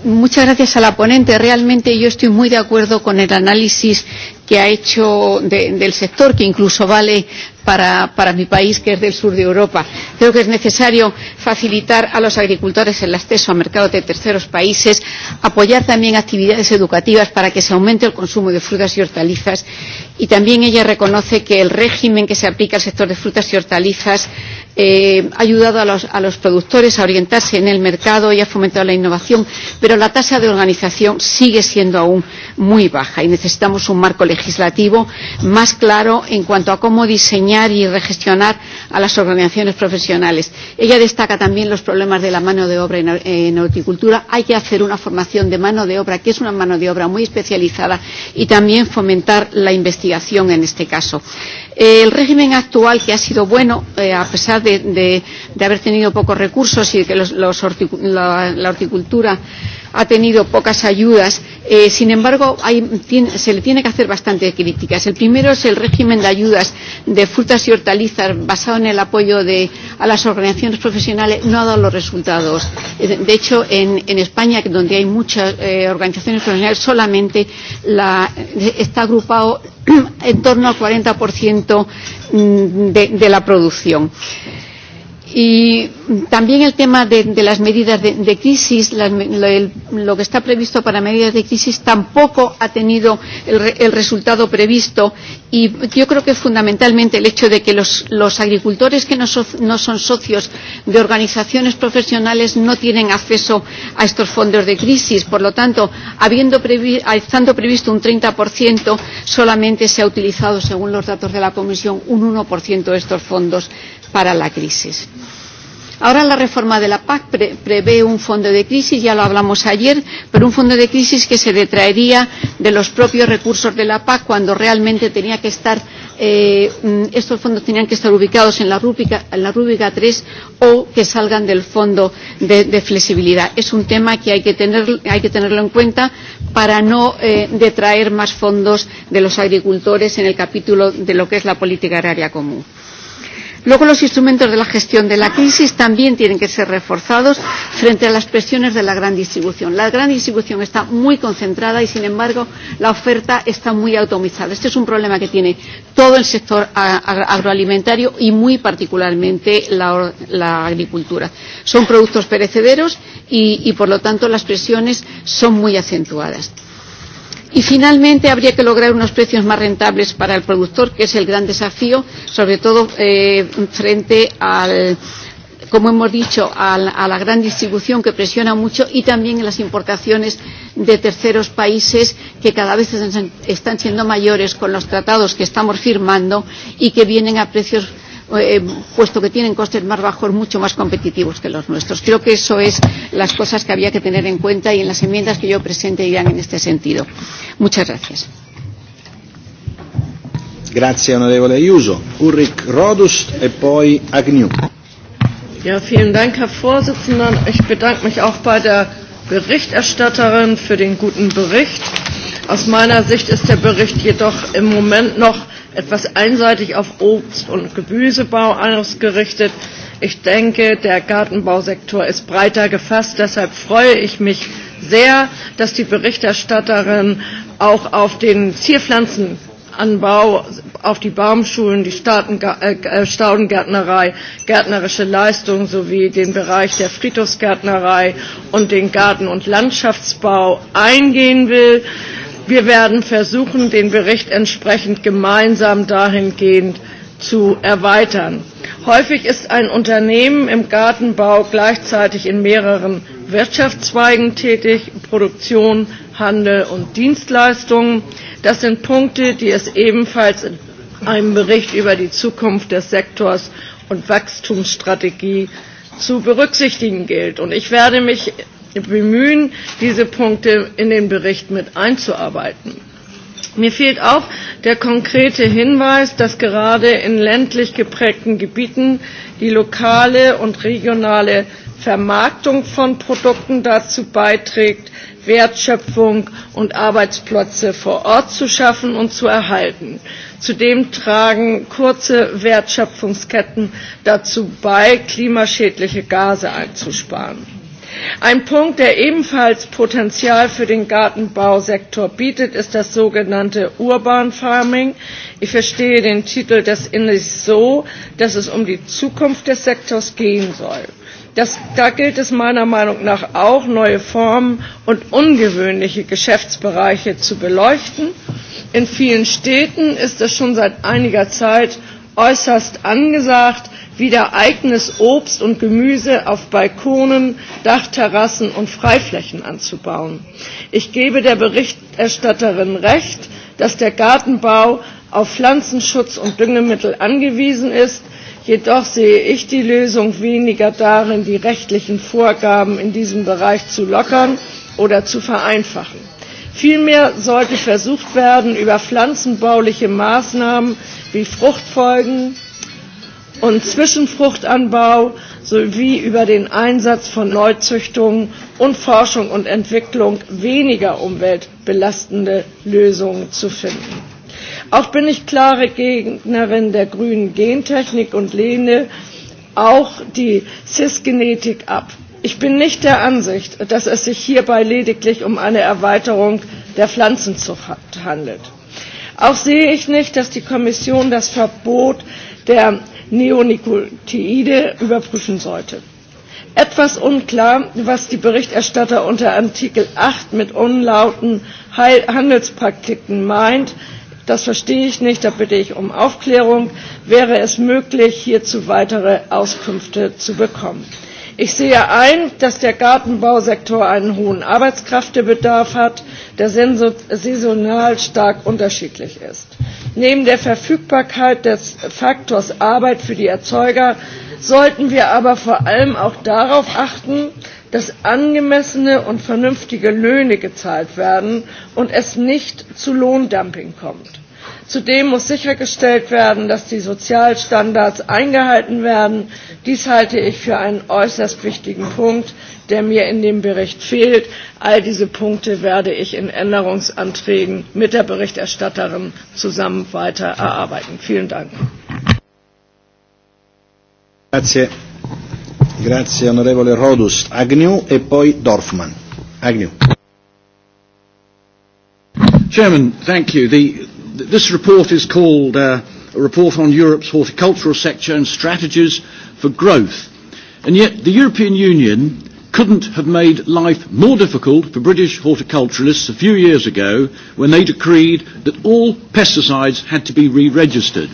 [SPEAKER 9] muchas gracias a la ponente. Realmente yo estoy muy de acuerdo con el análisis que ha hecho de, del sector, que incluso vale para, para mi país, que es del sur de Europa. Creo que es necesario facilitar a los agricultores el acceso a mercados de terceros países, apoyar también actividades educativas para que se aumente el consumo de frutas y hortalizas y también ella reconoce que el régimen que se aplica al sector de frutas y hortalizas eh, ha ayudado a los, a los productores a orientarse en el mercado y ha fomentado la innovación, pero la tasa de organización sigue siendo aún muy baja y necesitamos un marco legislativo más claro en cuanto a cómo diseñar y regestionar a las organizaciones profesionales. Ella destaca también los problemas de la mano de obra en, en horticultura. Hay que hacer una formación de mano de obra, que es una mano de obra muy especializada, y también fomentar la investigación en este caso. Eh, Eh, el régimen actual, que ha sido bueno, eh, a pesar de, de, de haber tenido pocos recursos y de que los, los hortic, la, la horticultura ha tenido pocas ayudas. Eh, sin embargo, hay, tiene, se le tiene que hacer bastante críticas. El primero es el régimen de ayudas de frutas y hortalizas basado en el apoyo de, a las organizaciones profesionales no ha dado los resultados. Eh, de hecho, en, en España, donde hay muchas eh, organizaciones profesionales, solamente la, eh, está agrupado en torno al 40% mm, de, de la producción. Eh, Y también el tema de, de las medidas de, de crisis, la, lo, el, lo que está previsto para medidas de crisis tampoco ha tenido el, re, el resultado previsto y yo creo que fundamentalmente el hecho de que los, los agricultores que no, so, no son socios de organizaciones profesionales no tienen acceso a estos fondos de crisis. Por lo tanto, habiendo previ, estando previsto un 30%, solamente se ha utilizado, según los datos de la Comisión, un 1% de estos fondos para la crisis. Ahora la reforma de la PAC pre prevé un fondo de crisis, ya lo hablamos ayer, pero un fondo de crisis que se detraería de los propios recursos de la PAC cuando realmente tenía que estar, eh, mm, estos fondos tenían que estar ubicados en la, rúbrica, en la rúbrica 3 o que salgan del fondo de, de flexibilidad. Es un tema que hay que, tener, hay que tenerlo en cuenta para no eh, detraer más fondos de los agricultores en el capítulo de lo que es la política agraria común. Luego, los instrumentos de la gestión de la crisis también tienen que ser reforzados frente a las presiones de la gran distribución. La gran distribución está muy concentrada y, sin embargo, la oferta está muy atomizada. Este es un problema que tiene todo el sector agroalimentario y, muy particularmente, la, la agricultura. Son productos perecederos y, y, por lo tanto, las presiones son muy acentuadas. Y finalmente habría que lograr unos precios más rentables para el productor, que es el gran desafío, sobre todo eh, frente al, como hemos dicho, a la, a la gran distribución que presiona mucho y también en las importaciones de terceros países que cada vez están siendo mayores con los tratados que estamos firmando y que vienen a precios Eh, eh, puesto que tienen costes más bajos, mucho más competitivos que los nuestros. Creo que eso es las cosas que había que tener en cuenta y en las enmiendas que yo presente irán en este sentido. Muchas gracias.
[SPEAKER 1] Gracias, honorable Ayuso. Ulrich Rodus y poi Agnew.
[SPEAKER 10] Ja, vielen Dank, Herr Vorsitzender. Ich bedanke mich auch bei der Berichterstatterin für den guten Bericht. Aus meiner Sicht ist der Bericht jedoch im Moment noch etwas einseitig auf Obst- und Gemüsebau ausgerichtet. Ich denke, der Gartenbausektor ist breiter gefasst. Deshalb freue ich mich sehr, dass die Berichterstatterin auch auf den Zierpflanzen Anbau auf die Baumschulen, die äh, äh, Staudengärtnerei, gärtnerische Leistungen sowie den Bereich der Friedhofsgärtnerei und den Garten- und Landschaftsbau eingehen will. Wir werden versuchen, den Bericht entsprechend gemeinsam dahingehend zu erweitern. Häufig ist ein Unternehmen im Gartenbau gleichzeitig in mehreren Wirtschaftszweigen tätig, Produktion, Handel und Dienstleistungen. Das sind Punkte, die es ebenfalls in einem Bericht über die Zukunft des Sektors und Wachstumsstrategie zu berücksichtigen gilt. Und ich werde mich bemühen, diese Punkte in den Bericht mit einzuarbeiten. Mir fehlt auch der konkrete Hinweis, dass gerade in ländlich geprägten Gebieten die lokale und regionale Vermarktung von Produkten dazu beiträgt, Wertschöpfung und Arbeitsplätze vor Ort zu schaffen und zu erhalten. Zudem tragen kurze Wertschöpfungsketten dazu bei, klimaschädliche Gase einzusparen. Ein Punkt, der ebenfalls Potenzial für den Gartenbausektor bietet, ist das sogenannte Urban Farming. Ich verstehe den Titel des Indes so, dass es um die Zukunft des Sektors gehen soll. Das, da gilt es meiner Meinung nach auch, neue Formen und ungewöhnliche Geschäftsbereiche zu beleuchten. In vielen Städten ist es schon seit einiger Zeit äußerst angesagt, wieder eigenes Obst und Gemüse auf Balkonen, Dachterrassen und Freiflächen anzubauen. Ich gebe der Berichterstatterin recht, dass der Gartenbau auf Pflanzenschutz und Düngemittel angewiesen ist. Jedoch sehe ich die Lösung weniger darin, die rechtlichen Vorgaben in diesem Bereich zu lockern oder zu vereinfachen. Vielmehr sollte versucht werden, über pflanzenbauliche Maßnahmen wie Fruchtfolgen, und Zwischenfruchtanbau sowie über den Einsatz von Neuzüchtungen und Forschung und Entwicklung weniger umweltbelastende Lösungen zu finden. Auch bin ich klare Gegnerin der grünen Gentechnik und lehne auch die CIS-Genetik ab. Ich bin nicht der Ansicht, dass es sich hierbei lediglich um eine Erweiterung der Pflanzenzucht handelt. Auch sehe ich nicht, dass die Kommission das Verbot der Neonicotinoide überprüfen sollte. Etwas unklar, was die Berichterstatter unter Artikel 8 mit unlauten Handelspraktiken meint, das verstehe ich nicht, da bitte ich um Aufklärung. Wäre es möglich, hierzu weitere Auskünfte zu bekommen? Ich sehe ein, dass der Gartenbausektor einen hohen Arbeitskräftebedarf hat, der saisonal stark unterschiedlich ist. Neben der Verfügbarkeit des Faktors Arbeit für die Erzeuger sollten wir aber vor allem auch darauf achten, dass angemessene und vernünftige Löhne gezahlt werden und es nicht zu Lohndumping kommt. Zudem muss sichergestellt werden, dass die Sozialstandards eingehalten werden. Dies halte ich für einen äußerst wichtigen Punkt der mir in dem Bericht fehlt. All diese Punkte werde ich in Änderungsanträgen mit der Berichterstatterin zusammen weiter erarbeiten. Vielen Dank.
[SPEAKER 1] Grazie. Grazie onorevole Rodus. Agnew e poi Dorfman. Agnew.
[SPEAKER 7] Chairman, thank you. The, this report is called uh, a report on Europe's horticultural sector and strategies for growth. And yet the European Union couldn't have made life more difficult for British horticulturalists a few years ago when they decreed that all pesticides had to be re-registered.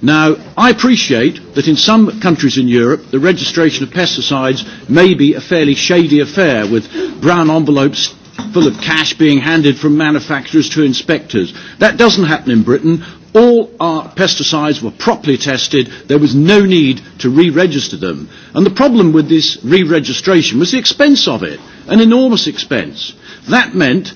[SPEAKER 7] Now, I appreciate that in some countries in Europe, the registration of pesticides may be a fairly shady affair, with brown envelopes full of cash being handed from manufacturers to inspectors. That doesn't happen in Britain. All our pesticides were properly tested. There was no need to re-register them. And the problem with this re-registration was the expense of it, an enormous expense. That meant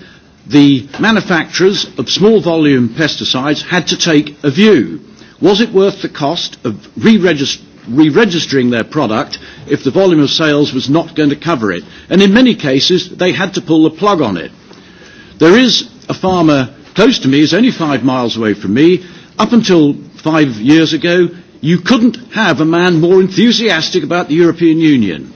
[SPEAKER 7] the manufacturers of small volume pesticides had to take a view. Was it worth the cost of re-registering re-registering their product if the volume of sales was not going to cover it? And in many cases, they had to pull the plug on it. There is a farmer close to me, is only five miles away from me. Up until five years ago, you couldn't have a man more enthusiastic about the European Union.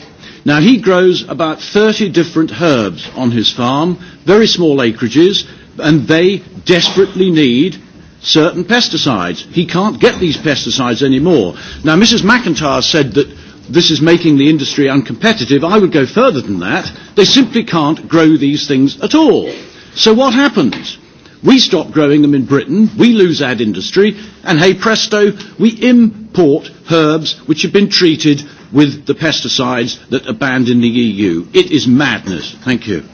[SPEAKER 7] Now, he grows about 30 different herbs on his farm, very small acreages, and they desperately need certain pesticides. He can't get these pesticides anymore. Now, Mrs. McIntyre said that this is making the industry uncompetitive. I would go further than that. They simply can't grow these things at all. So what happens? We stop growing them in Britain, we lose ad industry, and hey presto, we import herbs which have been treated with the pesticides that are banned in the EU. It is madness. Thank you.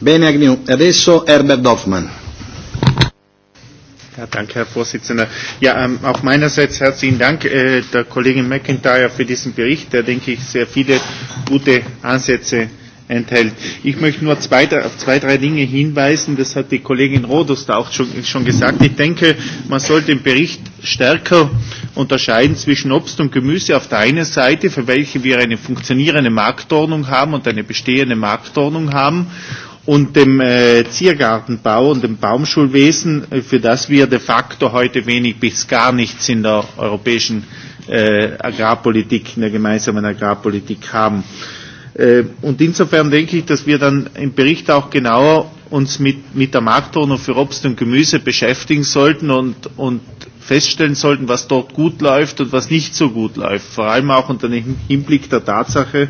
[SPEAKER 7] Bene Agnew, adesso Herbert
[SPEAKER 1] Hoffmann.
[SPEAKER 11] Ja, danke, Herr Vorsitzender. Ja, ähm, auch meinerseits herzlichen Dank äh, der Kollegin McIntyre für diesen Bericht, der, denke ich, sehr viele gute Ansätze enthält. Ich möchte nur zwei, auf zwei, drei Dinge hinweisen. Das hat die Kollegin Rodos da auch schon, schon gesagt. Ich denke, man sollte im Bericht stärker unterscheiden zwischen Obst und Gemüse auf der einen Seite, für welche wir eine funktionierende Marktordnung haben und eine bestehende Marktordnung haben, und dem äh, Ziergartenbau und dem Baumschulwesen, äh, für das wir de facto heute wenig bis gar nichts in der europäischen äh, Agrarpolitik, in der gemeinsamen Agrarpolitik haben. Äh, Äh, und insofern denke ich, dass wir dann im Bericht auch genauer uns mit, mit der Marktordnung für Obst und Gemüse beschäftigen sollten und, und feststellen sollten, was dort gut läuft und was nicht so gut läuft. Vor allem auch unter dem Hinblick der Tatsache,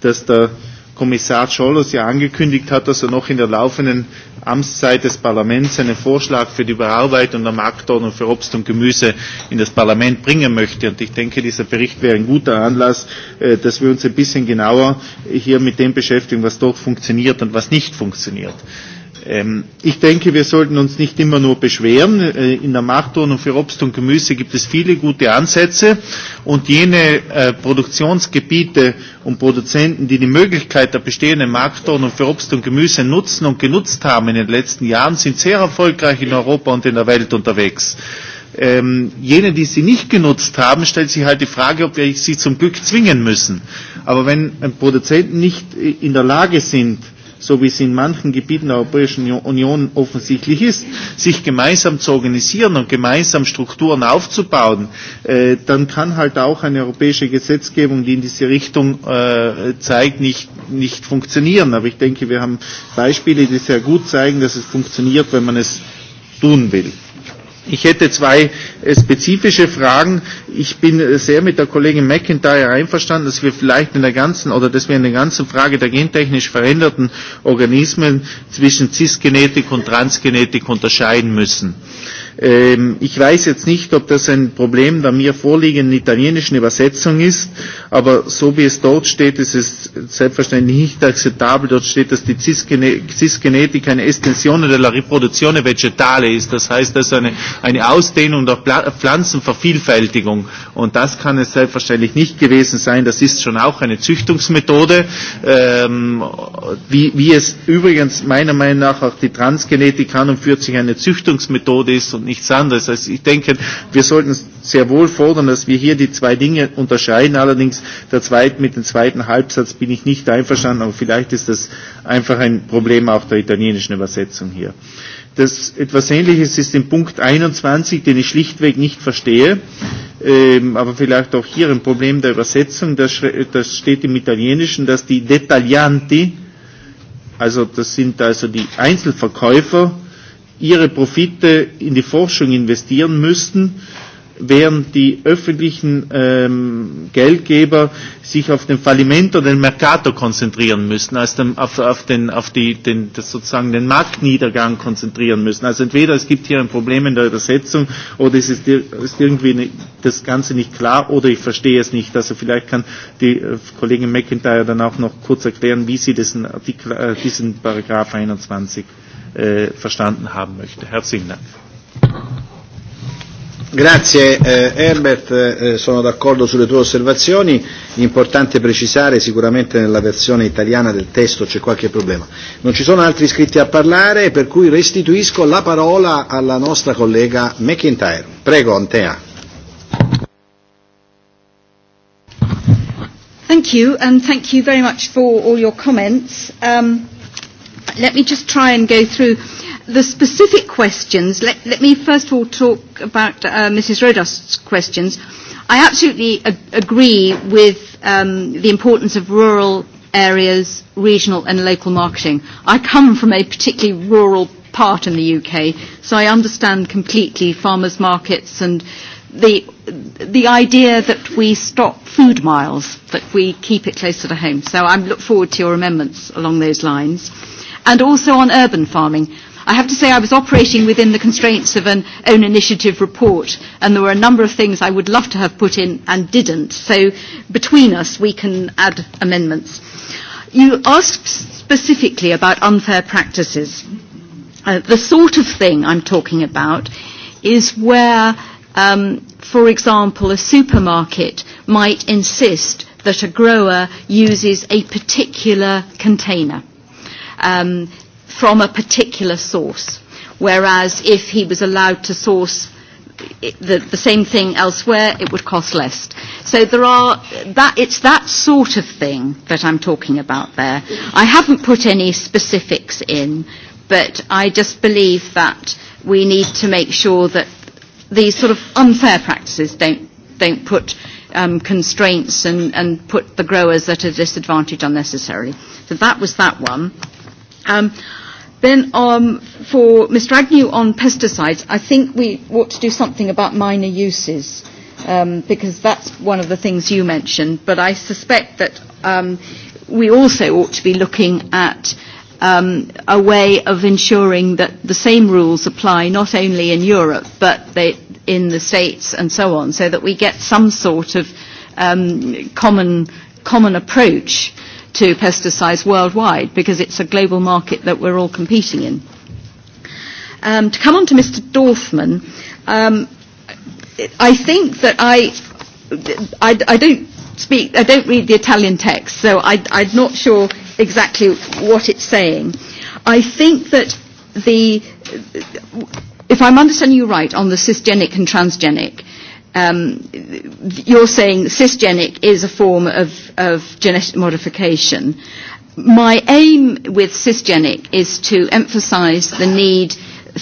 [SPEAKER 11] dass der da Kommissar Cholos ja angekündigt hat, dass er noch in der laufenden Amtszeit des Parlaments einen Vorschlag für die Überarbeitung der Marktordnung für Obst und Gemüse in das Parlament bringen möchte. Und ich denke, dieser Bericht wäre ein guter Anlass, äh, dass wir uns ein bisschen genauer hier mit dem beschäftigen, was dort funktioniert und was nicht funktioniert. Ähm, ich denke, wir sollten uns nicht immer nur beschweren. Äh, in der Marktordnung für Obst und Gemüse gibt es viele gute Ansätze und jene äh, Produktionsgebiete und Produzenten, die die Möglichkeit der bestehenden Marktordnung für Obst und Gemüse nutzen und genutzt haben in den letzten Jahren, sind sehr erfolgreich in Europa und in der Welt unterwegs. Ähm, jene, die sie nicht genutzt haben, stellt sich halt die Frage, ob wir sie zum Glück zwingen müssen. Aber wenn äh, Produzenten nicht in der Lage sind, äh, so wie es in manchen Gebieten der Europäischen Union offensichtlich ist, sich gemeinsam zu organisieren und gemeinsam Strukturen aufzubauen, äh, dann kann halt auch eine europäische Gesetzgebung, die in diese Richtung äh, zeigt, nicht, nicht funktionieren. Aber ich denke, wir haben Beispiele, die sehr gut zeigen, dass es funktioniert, wenn man es tun will. Ich hätte zwei äh, spezifische Fragen. Ich bin äh, sehr mit der Kollegin McIntyre einverstanden, dass wir vielleicht in der ganzen oder dass wir in der ganzen Frage der gentechnisch veränderten Organismen zwischen Cisgenetik und Transgenetik unterscheiden müssen. Äh, Ähm, ich weiß jetzt nicht, ob das ein Problem der mir vorliegenden italienischen Übersetzung ist, aber so wie es dort steht, ist es selbstverständlich nicht akzeptabel. Dort steht, dass die Cisgenetik eine Estensione della riproduzione vegetale ist. Das heißt, das ist eine, eine Ausdehnung der Pflanzenvervielfältigung. Und das kann es selbstverständlich nicht gewesen sein. Das ist schon auch eine Züchtungsmethode, ähm, wie, wie es übrigens meiner Meinung nach auch die Transgenetik kann und für sich eine Züchtungsmethode ist und nichts anderes. Also ich denke, wir sollten sehr wohl fordern, dass wir hier die zwei Dinge unterscheiden. Allerdings der zweite, mit dem zweiten Halbsatz bin ich nicht einverstanden, aber vielleicht ist das einfach ein Problem auch der italienischen Übersetzung hier. Das etwas Ähnliches ist in Punkt 21, den ich schlichtweg nicht verstehe, ähm, aber vielleicht auch hier ein Problem der Übersetzung. Das, das steht im Italienischen, dass die Detaglianti, also das sind also die Einzelverkäufer, äh, ihre Profite in die Forschung investieren müssten, während die öffentlichen ähm, Geldgeber sich auf den Falliment oder den Mercator konzentrieren müssen, also dem, auf, auf, den, auf die, den, das sozusagen den Marktniedergang konzentrieren müssen. Also entweder es gibt hier ein Problem in der Übersetzung oder es ist, ist irgendwie ne, das Ganze nicht klar oder ich verstehe es nicht. Also vielleicht kann die äh, Kollegin McIntyre dann auch noch kurz erklären, wie sie diesen, Artikel, äh, diesen Paragraph 21 äh, verstanden haben möchte. Herzlichen Dank.
[SPEAKER 1] Grazie eh, Herbert, eh, eh, sono d'accordo sulle tue osservazioni, importante precisare sicuramente nella versione italiana del testo c'è qualche problema. Non ci sono altri iscritti a parlare per cui restituisco la parola alla nostra collega McIntyre. Prego Antea.
[SPEAKER 8] Thank you and thank you very much for all your comments. Um, let me just try and go through the specific questions. Let, let me first of all talk about uh, Mrs. Rodust's questions. I absolutely ag- agree with um, the importance of rural areas, regional and local marketing. I come from a particularly rural part in the UK, so I understand completely farmers' markets and the, the idea that we stop food miles, that we keep it closer to home. So I look forward to your amendments along those lines and also on urban farming. I have to say I was operating within the constraints of an own initiative report and there were a number of things I would love to have put in and didn't. So between us we can add amendments. You asked specifically about unfair practices. Uh, the sort of thing I'm talking about is where, um, for example, a supermarket might insist that a grower uses a particular container um, from a particular source. Whereas if he was allowed to source the, the same thing elsewhere, it would cost less. So there are that it's that sort of thing that I'm talking about there. I haven't put any specifics in, but I just believe that we need to make sure that these sort of unfair practices don't don't put um, constraints and, and put the growers at a disadvantage unnecessarily. So that was that one. Um, Then um, for Mr Agnew on pesticides, I think we ought to do something about minor uses um, because that's one of the things you mentioned. But I suspect that um, we also ought to be looking at um, a way of ensuring that the same rules apply not only in Europe but they, in the States and so on so that we get some sort of um, common, common approach to pesticides worldwide because it's a global market that we're all competing in. Um, to come on to Mr. Dorfman, um, I think that I, I, I don't speak, I don't read the Italian text, so I, I'm not sure exactly what it's saying. I think that the, if I'm understanding you right on the cisgenic and transgenic, um, you're saying cisgenic is a form of, of genetic modification. My aim with cisgenic is to emphasize the need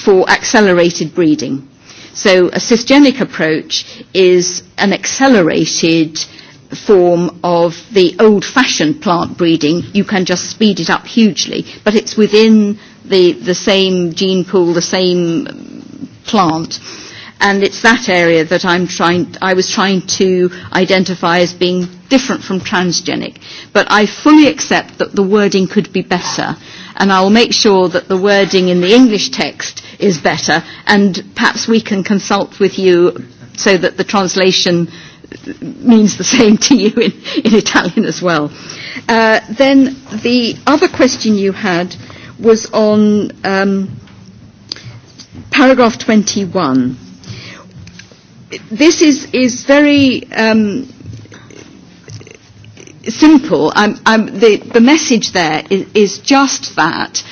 [SPEAKER 8] for accelerated breeding. So a cisgenic approach is an accelerated form of the old-fashioned plant breeding. You can just speed it up hugely, but it's within the, the same gene pool, the same plant And it's that area that I'm trying, I was trying to identify as being different from transgenic. But I fully accept that the wording could be better. And I'll make sure that the wording in the English text is better. And perhaps we can consult with you so that the translation means the same to you in, in Italian as well. Uh, then the other question you had was on um, paragraph 21 this is, is very um, simple. I'm, I'm, the, the message there is, is just that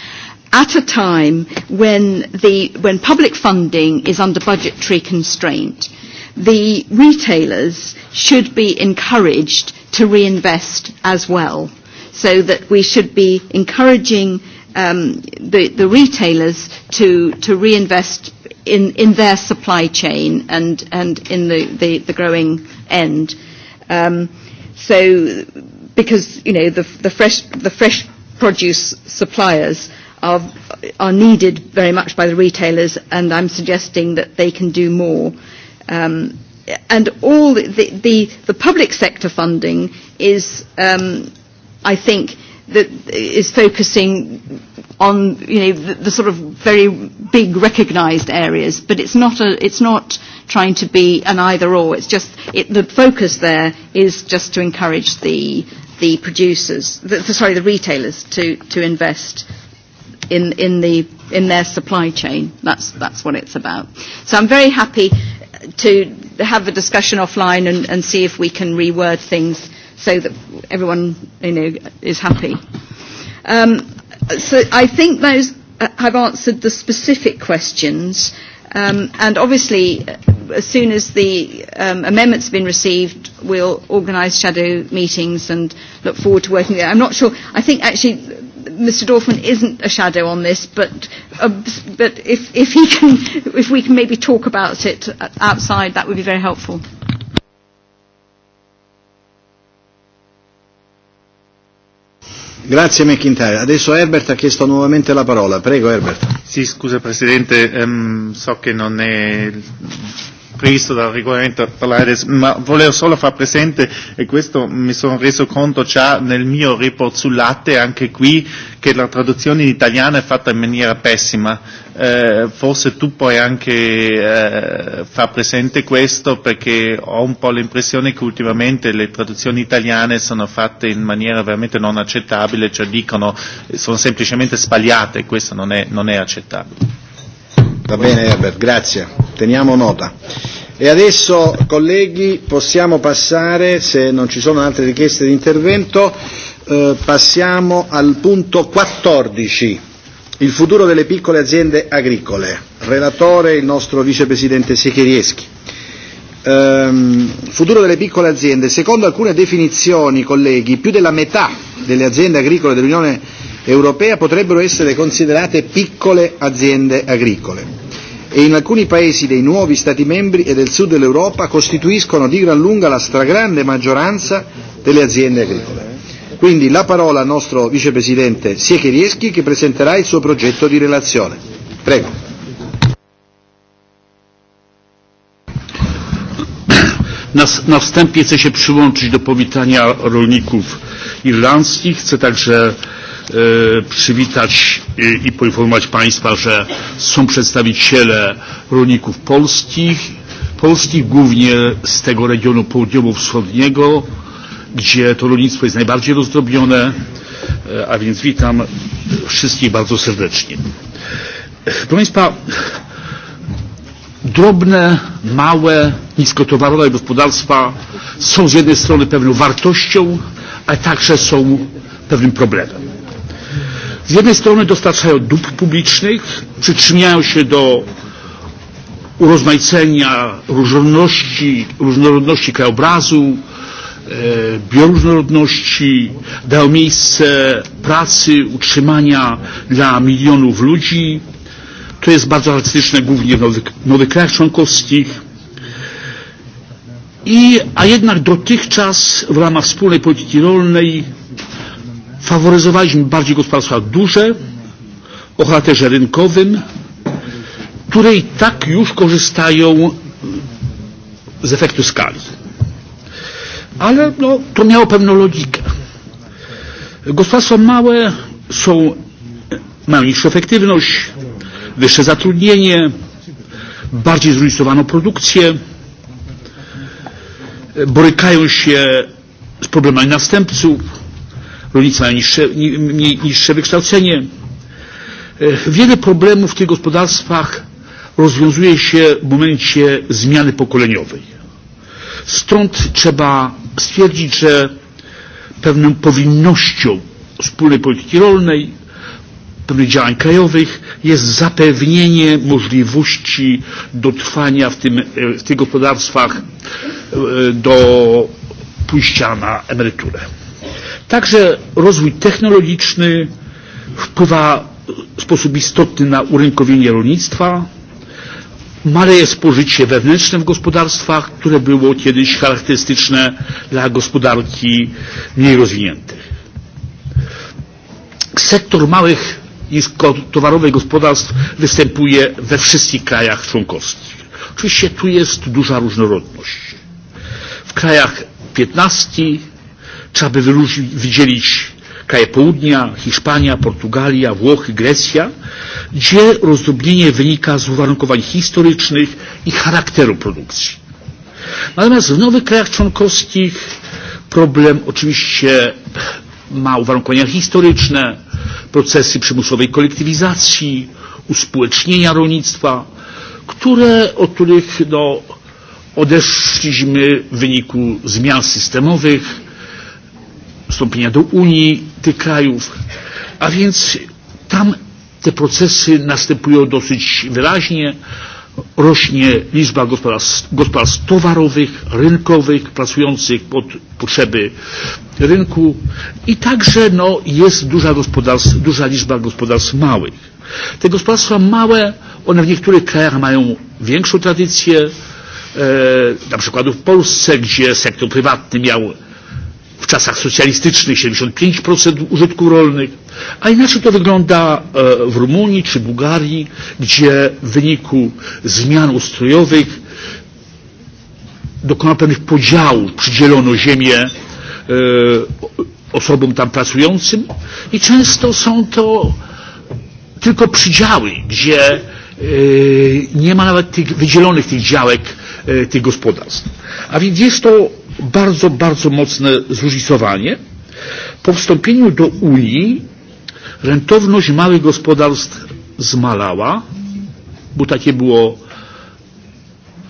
[SPEAKER 8] at a time when, the, when public funding is under budgetary constraint, the retailers should be encouraged to reinvest as well. So that we should be encouraging um, the, the retailers to, to reinvest in, in their supply chain and, and in the, the, the growing end. Um, so, because you know the, the fresh the fresh produce suppliers are are needed very much by the retailers, and I'm suggesting that they can do more. Um, and all the, the, the, the public sector funding is, um, I think, that is focusing on you know the, the sort of very big recognised areas, but it's not a it's not trying to be an either or. It's just it, the focus there is just to encourage the the producers, the, the, sorry, the retailers to to invest in in the in their supply chain. That's that's what it's about. So I'm very happy to have a discussion offline and, and see if we can reword things so that everyone you know, is happy. Um, so I think those uh, have answered the specific questions. Um, and obviously, uh, as soon as the um, amendments have been received, we'll organise shadow meetings and look forward to working there. I'm not sure. I think actually Mr. Dorfman isn't a shadow on this, but uh, but if if he can, if we can maybe talk about it outside, that would be very helpful.
[SPEAKER 1] Grazie McIntyre. Adesso Herbert ha chiesto nuovamente la parola. Prego Herbert.
[SPEAKER 11] Sì, scusa Presidente, um, so che non è previsto dal regolamento articolare, ma volevo solo far presente, e questo mi sono reso conto già nel mio report sul latte, anche qui, che la traduzione in italiano è fatta in maniera pessima. Eh, forse tu puoi anche eh, far presente questo perché ho un po' l'impressione che ultimamente le traduzioni italiane sono fatte in maniera veramente non accettabile, cioè dicono sono semplicemente sbagliate, questo non è, non è accettabile.
[SPEAKER 1] Va bene Herbert, grazie. Teniamo nota. E adesso, colleghi, possiamo passare, se non ci sono altre richieste di intervento, eh, passiamo al punto 14, il futuro delle piccole aziende agricole. Relatore il nostro vicepresidente Secherieschi. Um, futuro delle piccole aziende. Secondo alcune definizioni, colleghi, più della metà delle aziende agricole dell'Unione europea potrebbero essere considerate piccole aziende agricole e in alcuni paesi dei nuovi Stati membri e del sud dell'Europa costituiscono di gran lunga la stragrande maggioranza delle aziende agricole. Quindi la parola al nostro vicepresidente Siecherieschi che presenterà il suo progetto di relazione. Prego.
[SPEAKER 6] Na, na wstępie chcę się przyłączyć do powitania rolników irlandzkich. Chcę także przywitać i poinformować Państwa, że są przedstawiciele rolników polskich, polskich głównie z tego regionu południowo-wschodniego, gdzie to rolnictwo jest najbardziej rozdrobnione, a więc witam wszystkich bardzo serdecznie. Proszę Państwa, drobne, małe, niskotowarowe gospodarstwa są z jednej strony pewną wartością, ale także są pewnym problemem z jednej strony dostarczają dóbr publicznych, przyczyniają się do urozmaicenia różnorodności, różnorodności krajobrazu, e, bioróżnorodności, dają miejsce pracy, utrzymania dla milionów ludzi. To jest bardzo elastyczne głównie w nowych, nowych krajach członkowskich. I, a jednak dotychczas w ramach wspólnej polityki rolnej faworyzowaliśmy bardziej gospodarstwa duże, o charakterze rynkowym, które i tak już korzystają z efektu skali. Ale no, to miało pewną logikę. Gospodarstwa małe są, mają niższą efektywność, wyższe zatrudnienie, bardziej zróżnicowaną produkcję, borykają się z problemami następców, rolnicy mają niższe, mniej, niższe wykształcenie. Wiele problemów w tych gospodarstwach rozwiązuje się w momencie zmiany pokoleniowej. Stąd trzeba stwierdzić, że pewną powinnością wspólnej polityki rolnej, pewnych działań krajowych jest zapewnienie możliwości dotrwania w, tym, w tych gospodarstwach do pójścia na emeryturę. Także rozwój technologiczny wpływa w sposób istotny na urynkowienie rolnictwa. Maleje spożycie wewnętrzne w gospodarstwach, które było kiedyś charakterystyczne dla gospodarki mniej rozwiniętych. Sektor małych i towarowych gospodarstw występuje we wszystkich krajach członkowskich. Oczywiście tu jest duża różnorodność. W krajach 15 Trzeba by wydzielić kraje południa, Hiszpania, Portugalia, Włochy, Grecja, gdzie rozdrobnienie wynika z uwarunkowań historycznych i charakteru produkcji. Natomiast w nowych krajach członkowskich problem oczywiście ma uwarunkowania historyczne, procesy przymusowej kolektywizacji, uspołecznienia rolnictwa, które, od których no, odeszliśmy w wyniku zmian systemowych, wstąpienia do Unii tych krajów. A więc tam te procesy następują dosyć wyraźnie. Rośnie liczba gospodarstw, gospodarstw towarowych, rynkowych, pracujących pod potrzeby rynku i także no, jest duża, gospodarstw, duża liczba gospodarstw małych. Te gospodarstwa małe, one w niektórych krajach mają większą tradycję, e, na przykład w Polsce, gdzie sektor prywatny miał w czasach socjalistycznych 75% użytków rolnych, a inaczej to wygląda w Rumunii czy Bułgarii, gdzie w wyniku zmian ustrojowych dokonano pewnych podziałów, przydzielono ziemię osobom tam pracującym i często są to tylko przydziały, gdzie nie ma nawet tych wydzielonych tych działek tych gospodarstw. A więc jest to bardzo, bardzo mocne zróżnicowanie. Po wstąpieniu do Unii rentowność małych gospodarstw zmalała, bo takie było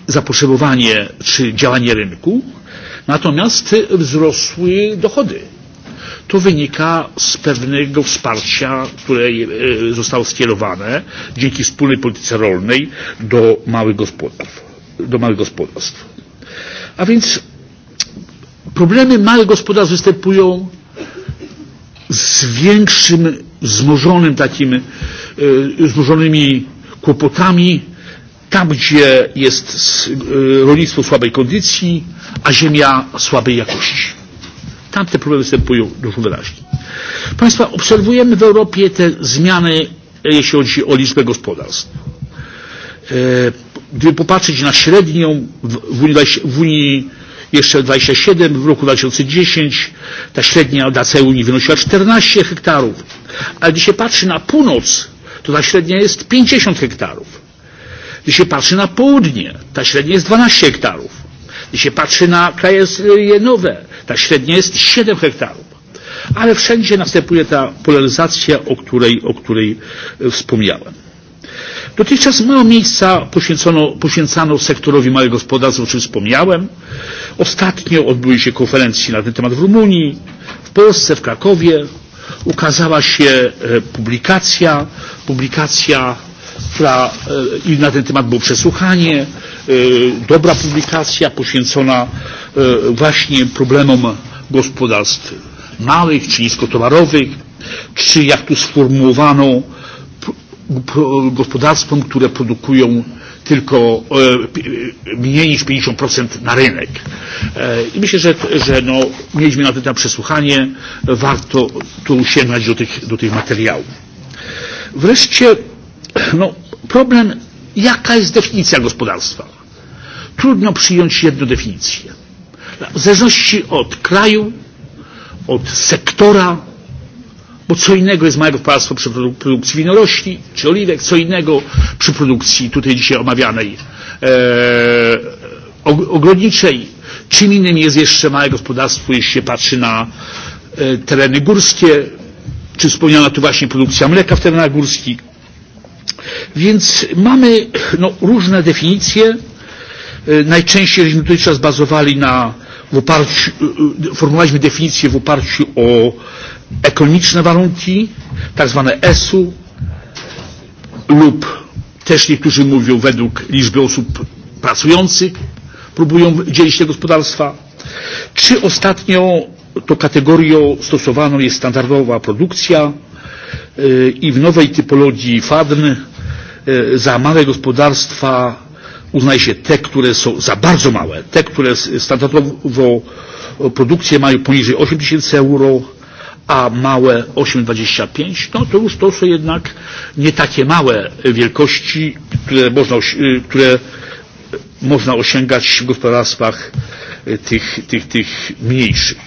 [SPEAKER 6] zapotrzebowanie czy działanie rynku, natomiast wzrosły dochody. To wynika z pewnego wsparcia, które zostało skierowane dzięki wspólnej polityce rolnej do małych gospodarstw. Do małych gospodarstw. A więc Problemy małych gospodarstw występują z większym, zmożonym takim, zmożonymi kłopotami, tam gdzie jest rolnictwo słabej kondycji, a ziemia słabej jakości. Tam te problemy występują dużo wyraźnie. Państwa, obserwujemy w Europie te zmiany, jeśli chodzi o liczbę gospodarstw. Gdyby popatrzeć na średnią w Unii, w Unii jeszcze 27, w roku 2010 ta średnia dla całej Unii wynosiła 14 hektarów. Ale gdy się patrzy na północ, to ta średnia jest 50 hektarów. Gdy się patrzy na południe, ta średnia jest 12 hektarów. Gdy się patrzy na kraje nowe, ta średnia jest 7 hektarów. Ale wszędzie następuje ta polaryzacja, o której, o której wspomniałem. Dotychczas mało miejsca poświęcono, poświęcano sektorowi małych gospodarstw, o czym wspomniałem. Ostatnio odbyły się konferencje na ten temat w Rumunii, w Polsce, w Krakowie. Ukazała się publikacja, publikacja która, i na ten temat było przesłuchanie, dobra publikacja poświęcona właśnie problemom gospodarstw małych czy niskotowarowych, czy jak tu sformułowano gospodarstwom, które produkują tylko e, mniej niż 50% na rynek. E, I myślę, że, że no, mieliśmy na tym przesłuchanie. Warto tu sięgnąć do tych, do tych materiałów. Wreszcie no, problem, jaka jest definicja gospodarstwa? Trudno przyjąć jedną definicję. W zależności od kraju, od sektora, Bo co innego jest małego marnotrawstwo przy produkcji winorośli czy oliwek, co innego przy produkcji tutaj dzisiaj omawianej e, ogrodniczej. Czym innym jest jeszcze małe gospodarstwo, jeśli się patrzy na e, tereny górskie, czy wspomniana tu właśnie produkcja mleka w terenach górskich. Więc mamy no, różne definicje. E, najczęściej żeśmy tutaj czas bazowali na w oparciu, e, formułowaliśmy definicję w oparciu o ekonomiczne warunki, tak zwane ESU lub też niektórzy mówią według liczby osób pracujących, próbują dzielić te gospodarstwa. Czy ostatnio to kategorią stosowaną jest standardowa produkcja i w nowej typologii FADN za małe gospodarstwa uznaje się te, które są za bardzo małe, te, które standardowo produkcję mają poniżej 8 tysięcy euro, a małe 8,25, no to już to są jednak nie takie małe wielkości, które można, które można osiągać w gospodarstwach tych, tych, tych mniejszych.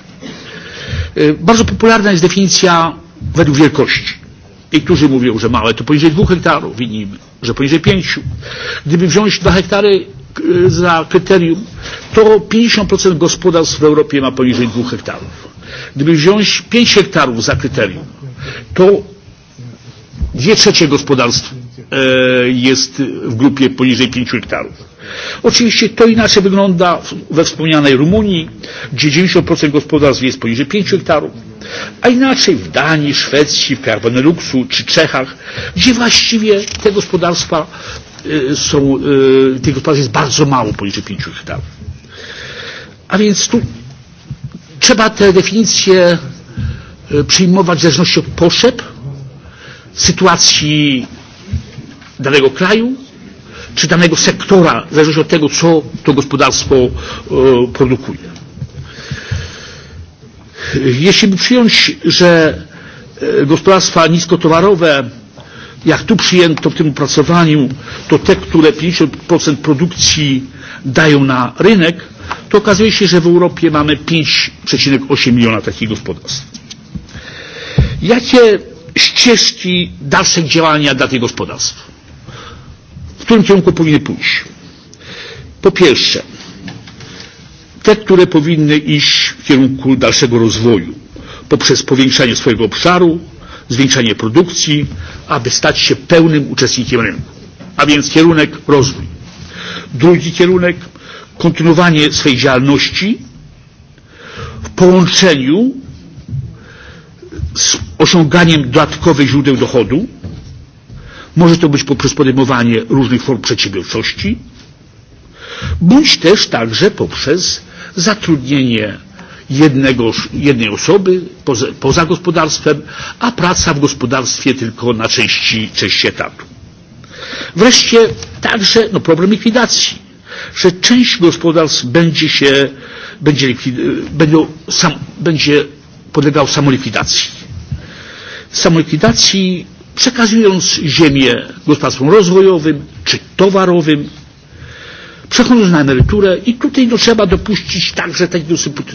[SPEAKER 6] Bardzo popularna jest definicja według wielkości. Niektórzy mówią, że małe to poniżej 2 hektarów, inni, że poniżej 5. Gdyby wziąć 2 hektary za kryterium, to 50% gospodarstw w Europie ma poniżej 2 hektarów Gdyby wziąć 5 hektarów za kryterium, to dwie trzecie gospodarstw jest w grupie poniżej 5 hektarów. Oczywiście to inaczej wygląda we wspomnianej Rumunii, gdzie 90% gospodarstw jest poniżej 5 hektarów, a inaczej w Danii, Szwecji, w krajach Beneluxu czy Czechach, gdzie właściwie te gospodarstwa są, tych gospodarstw jest bardzo mało poniżej 5 hektarów. A więc tu Trzeba te definicje przyjmować w zależności od potrzeb, sytuacji danego kraju czy danego sektora, w zależności od tego, co to gospodarstwo produkuje. Jeśli by przyjąć, że gospodarstwa niskotowarowe, jak tu przyjęto w tym opracowaniu, to te, które 50% produkcji dają na rynek, to okazuje się, że w Europie mamy 5,8 miliona takich gospodarstw. Jakie ścieżki dalszych działania dla tych gospodarstw? W którym kierunku powinny pójść? Po pierwsze, te, które powinny iść w kierunku dalszego rozwoju poprzez powiększanie swojego obszaru, zwiększanie produkcji, aby stać się pełnym uczestnikiem rynku, a więc kierunek rozwój. Drugi kierunek kontynuowanie swej działalności w połączeniu z osiąganiem dodatkowych źródeł dochodu. Może to być poprzez podejmowanie różnych form przedsiębiorczości, bądź też także poprzez zatrudnienie jednego, jednej osoby poza, poza gospodarstwem, a praca w gospodarstwie tylko na części, części etatu. Wreszcie także no, problem likwidacji że część gospodarstw będzie się, będzie, będą, sam, będzie podlegał samolikwidacji. Samolikwidacji przekazując ziemię gospodarstwom rozwojowym czy towarowym, przechodząc na emeryturę i tutaj no, trzeba dopuścić także tego,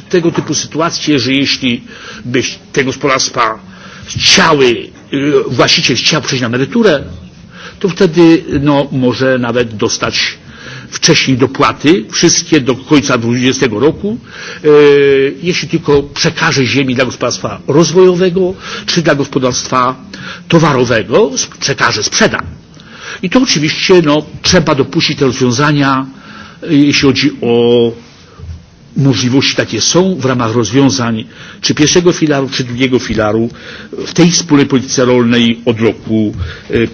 [SPEAKER 6] tego typu sytuacje, że jeśli by te gospodarstwa chciały, właściciel chciał przejść na emeryturę, to wtedy no, może nawet dostać wcześniej dopłaty, wszystkie do końca 2020 roku, e, jeśli tylko przekaże ziemi dla gospodarstwa rozwojowego czy dla gospodarstwa towarowego, przekaże, sprzeda. I to oczywiście no, trzeba dopuścić te rozwiązania, jeśli chodzi o możliwości takie są w ramach rozwiązań czy pierwszego filaru, czy drugiego filaru w tej wspólnej polityce rolnej od roku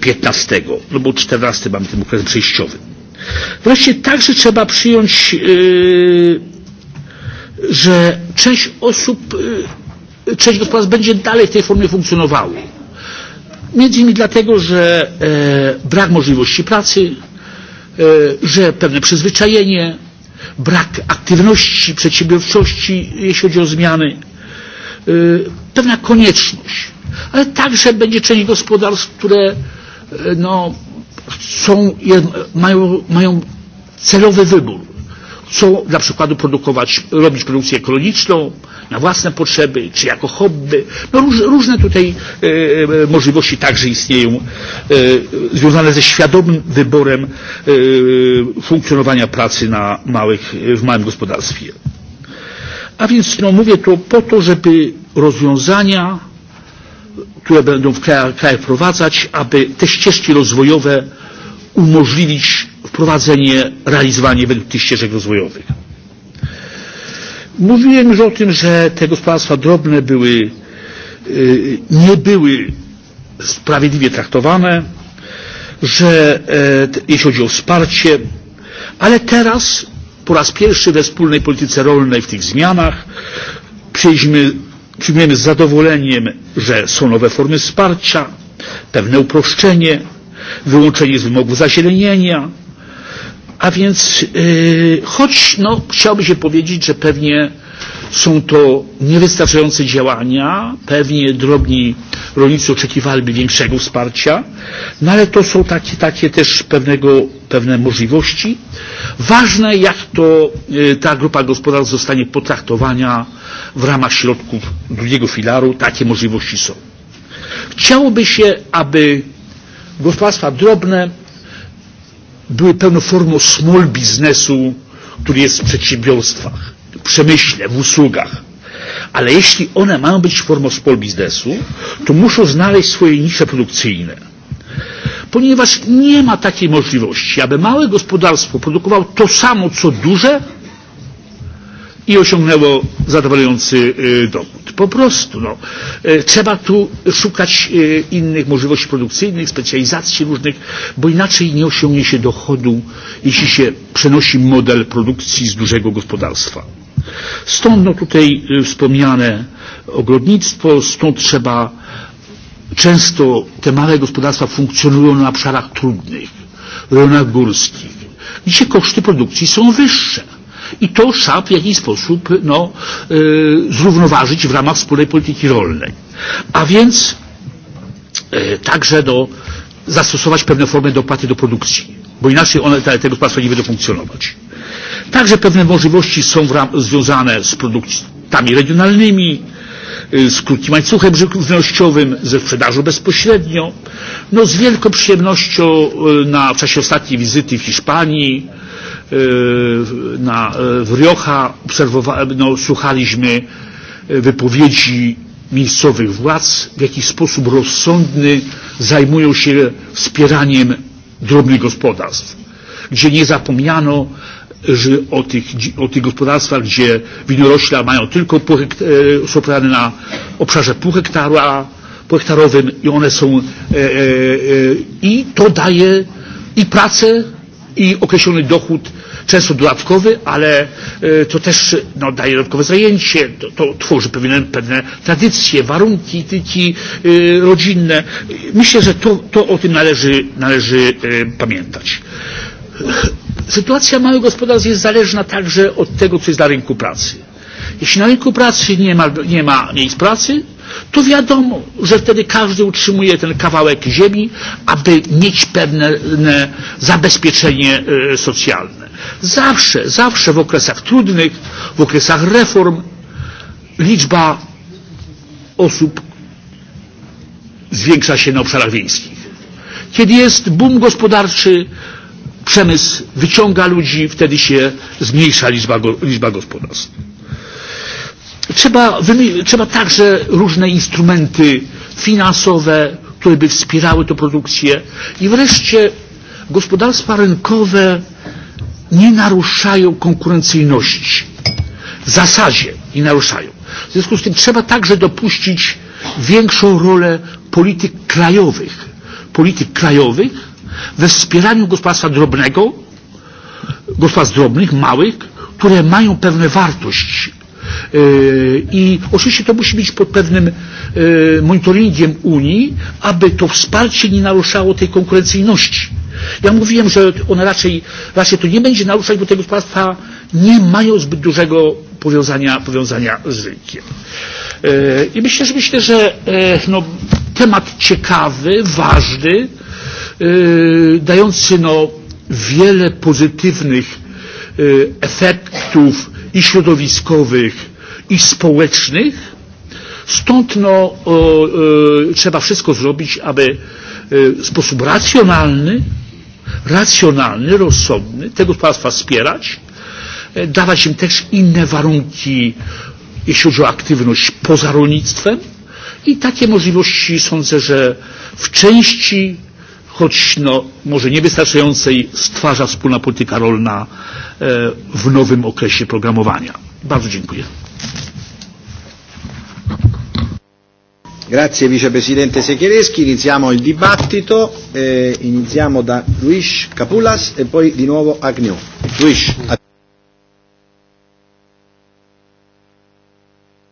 [SPEAKER 6] 15, no bo 14 mamy ten okres przejściowy. Wreszcie także trzeba przyjąć, yy, że część osób, yy, część gospodarstw będzie dalej w tej formie funkcjonowało. Między innymi dlatego, że e, brak możliwości pracy, e, że pewne przyzwyczajenie, brak aktywności, przedsiębiorczości, jeśli chodzi o zmiany, e, pewna konieczność, ale także będzie część gospodarstw, które e, no, są, mają, mają celowy wybór. Chcą na przykład produkować, robić produkcję ekologiczną na własne potrzeby, czy jako hobby. No róż, różne tutaj e, możliwości także istnieją e, związane ze świadomym wyborem e, funkcjonowania pracy na małych, w małym gospodarstwie. A więc no, mówię to po to, żeby rozwiązania które będą w krajach, krajach wprowadzać, aby te ścieżki rozwojowe umożliwić wprowadzenie, realizowanie według tych ścieżek rozwojowych. Mówiłem już o tym, że te gospodarstwa drobne były, nie były sprawiedliwie traktowane, że jeśli chodzi o wsparcie, ale teraz po raz pierwszy we wspólnej polityce rolnej w tych zmianach przyjęliśmy przyjmujemy z zadowoleniem, że są nowe formy wsparcia, pewne uproszczenie, wyłączenie z wymogów zazielenienia, a więc yy, choć no, chciałbym się powiedzieć, że pewnie Są to niewystarczające działania, pewnie drobni rolnicy oczekiwaliby większego wsparcia, no ale to są takie, takie też pewnego, pewne możliwości. Ważne, jak to y, ta grupa gospodarstw zostanie potraktowana w ramach środków drugiego filaru, takie możliwości są. Chciałoby się, aby gospodarstwa drobne były pełną formą small biznesu, który jest w przedsiębiorstwach przemyśle, w usługach. Ale jeśli one mają być formą small biznesu, to muszą znaleźć swoje nisze produkcyjne. Ponieważ nie ma takiej możliwości, aby małe gospodarstwo produkowało to samo, co duże, i osiągnęło zadowalający dochód. Po prostu no, trzeba tu szukać innych możliwości produkcyjnych, specjalizacji różnych, bo inaczej nie osiągnie się dochodu, jeśli się przenosi model produkcji z dużego gospodarstwa. Stąd no, tutaj wspomniane ogrodnictwo, stąd trzeba często te małe gospodarstwa funkcjonują na obszarach trudnych, w rejonach górskich, gdzie koszty produkcji są wyższe i to trzeba w jakiś sposób no, y, zrównoważyć w ramach wspólnej polityki rolnej. A więc y, także do, zastosować pewne formy dopłaty do produkcji, bo inaczej one, te, te gospodarstwa nie będą funkcjonować. Także pewne możliwości są w ram, związane z produktami regionalnymi, z krótkim łańcuchem żywnościowym, ze sprzedażą bezpośrednio. No z wielką przyjemnością na, czasie ostatniej wizyty w Hiszpanii na, w Riocha no, słuchaliśmy wypowiedzi miejscowych władz, w jaki sposób rozsądny zajmują się wspieraniem drobnych gospodarstw, gdzie nie zapomniano że o, tych, o tych gospodarstwach, gdzie winorośla mają tylko pół hektar, na obszarze pół hektara pół hektarowym i one są e, e, e, i to daje i pracę i określony dochód, często dodatkowy, ale to też no, daje dodatkowe zajęcie, to, to tworzy pewne, pewne tradycje, warunki tyki rodzinne. Myślę, że to, to o tym należy, należy pamiętać. Sytuacja małych gospodarstw jest zależna także od tego, co jest na rynku pracy. Jeśli na rynku pracy nie ma, nie ma miejsc pracy, to wiadomo, że wtedy każdy utrzymuje ten kawałek ziemi, aby mieć pewne zabezpieczenie socjalne. Zawsze, zawsze w okresach trudnych, w okresach reform liczba osób zwiększa się na obszarach wiejskich. Kiedy jest boom gospodarczy, przemysł wyciąga ludzi, wtedy się zmniejsza liczba, liczba gospodarstw. Trzeba, trzeba także różne instrumenty finansowe, które by wspierały tę produkcję. I wreszcie gospodarstwa rynkowe nie naruszają konkurencyjności. W zasadzie nie naruszają. W związku z tym trzeba także dopuścić większą rolę polityk krajowych. Polityk krajowych we wspieraniu gospodarstwa drobnego, gospodarstw drobnych, małych, które mają pewne wartości I oczywiście to musi być pod pewnym monitoringiem Unii, aby to wsparcie nie naruszało tej konkurencyjności. Ja mówiłem, że ona raczej, raczej to nie będzie naruszać, bo te gospodarstwa nie mają zbyt dużego powiązania, powiązania z rynkiem. I myślę, że myślę, że no, temat ciekawy, ważny, dający no, wiele pozytywnych efektów i środowiskowych, i społecznych. Stąd no, o, o, trzeba wszystko zrobić, aby w sposób racjonalny, racjonalny, rozsądny tego państwa wspierać, dawać im też inne warunki, jeśli chodzi o aktywność poza rolnictwem. I takie możliwości sądzę, że w części choć no, może niewystarczającej stwarza wspólna polityka rolna w nowym okresie programowania. Bardzo dziękuję.
[SPEAKER 1] Grazie Vicepresidente Sechereschi, iniziamo il dibattito, eh, iniziamo da Luis Capulas e poi di nuovo Agnew. Luis.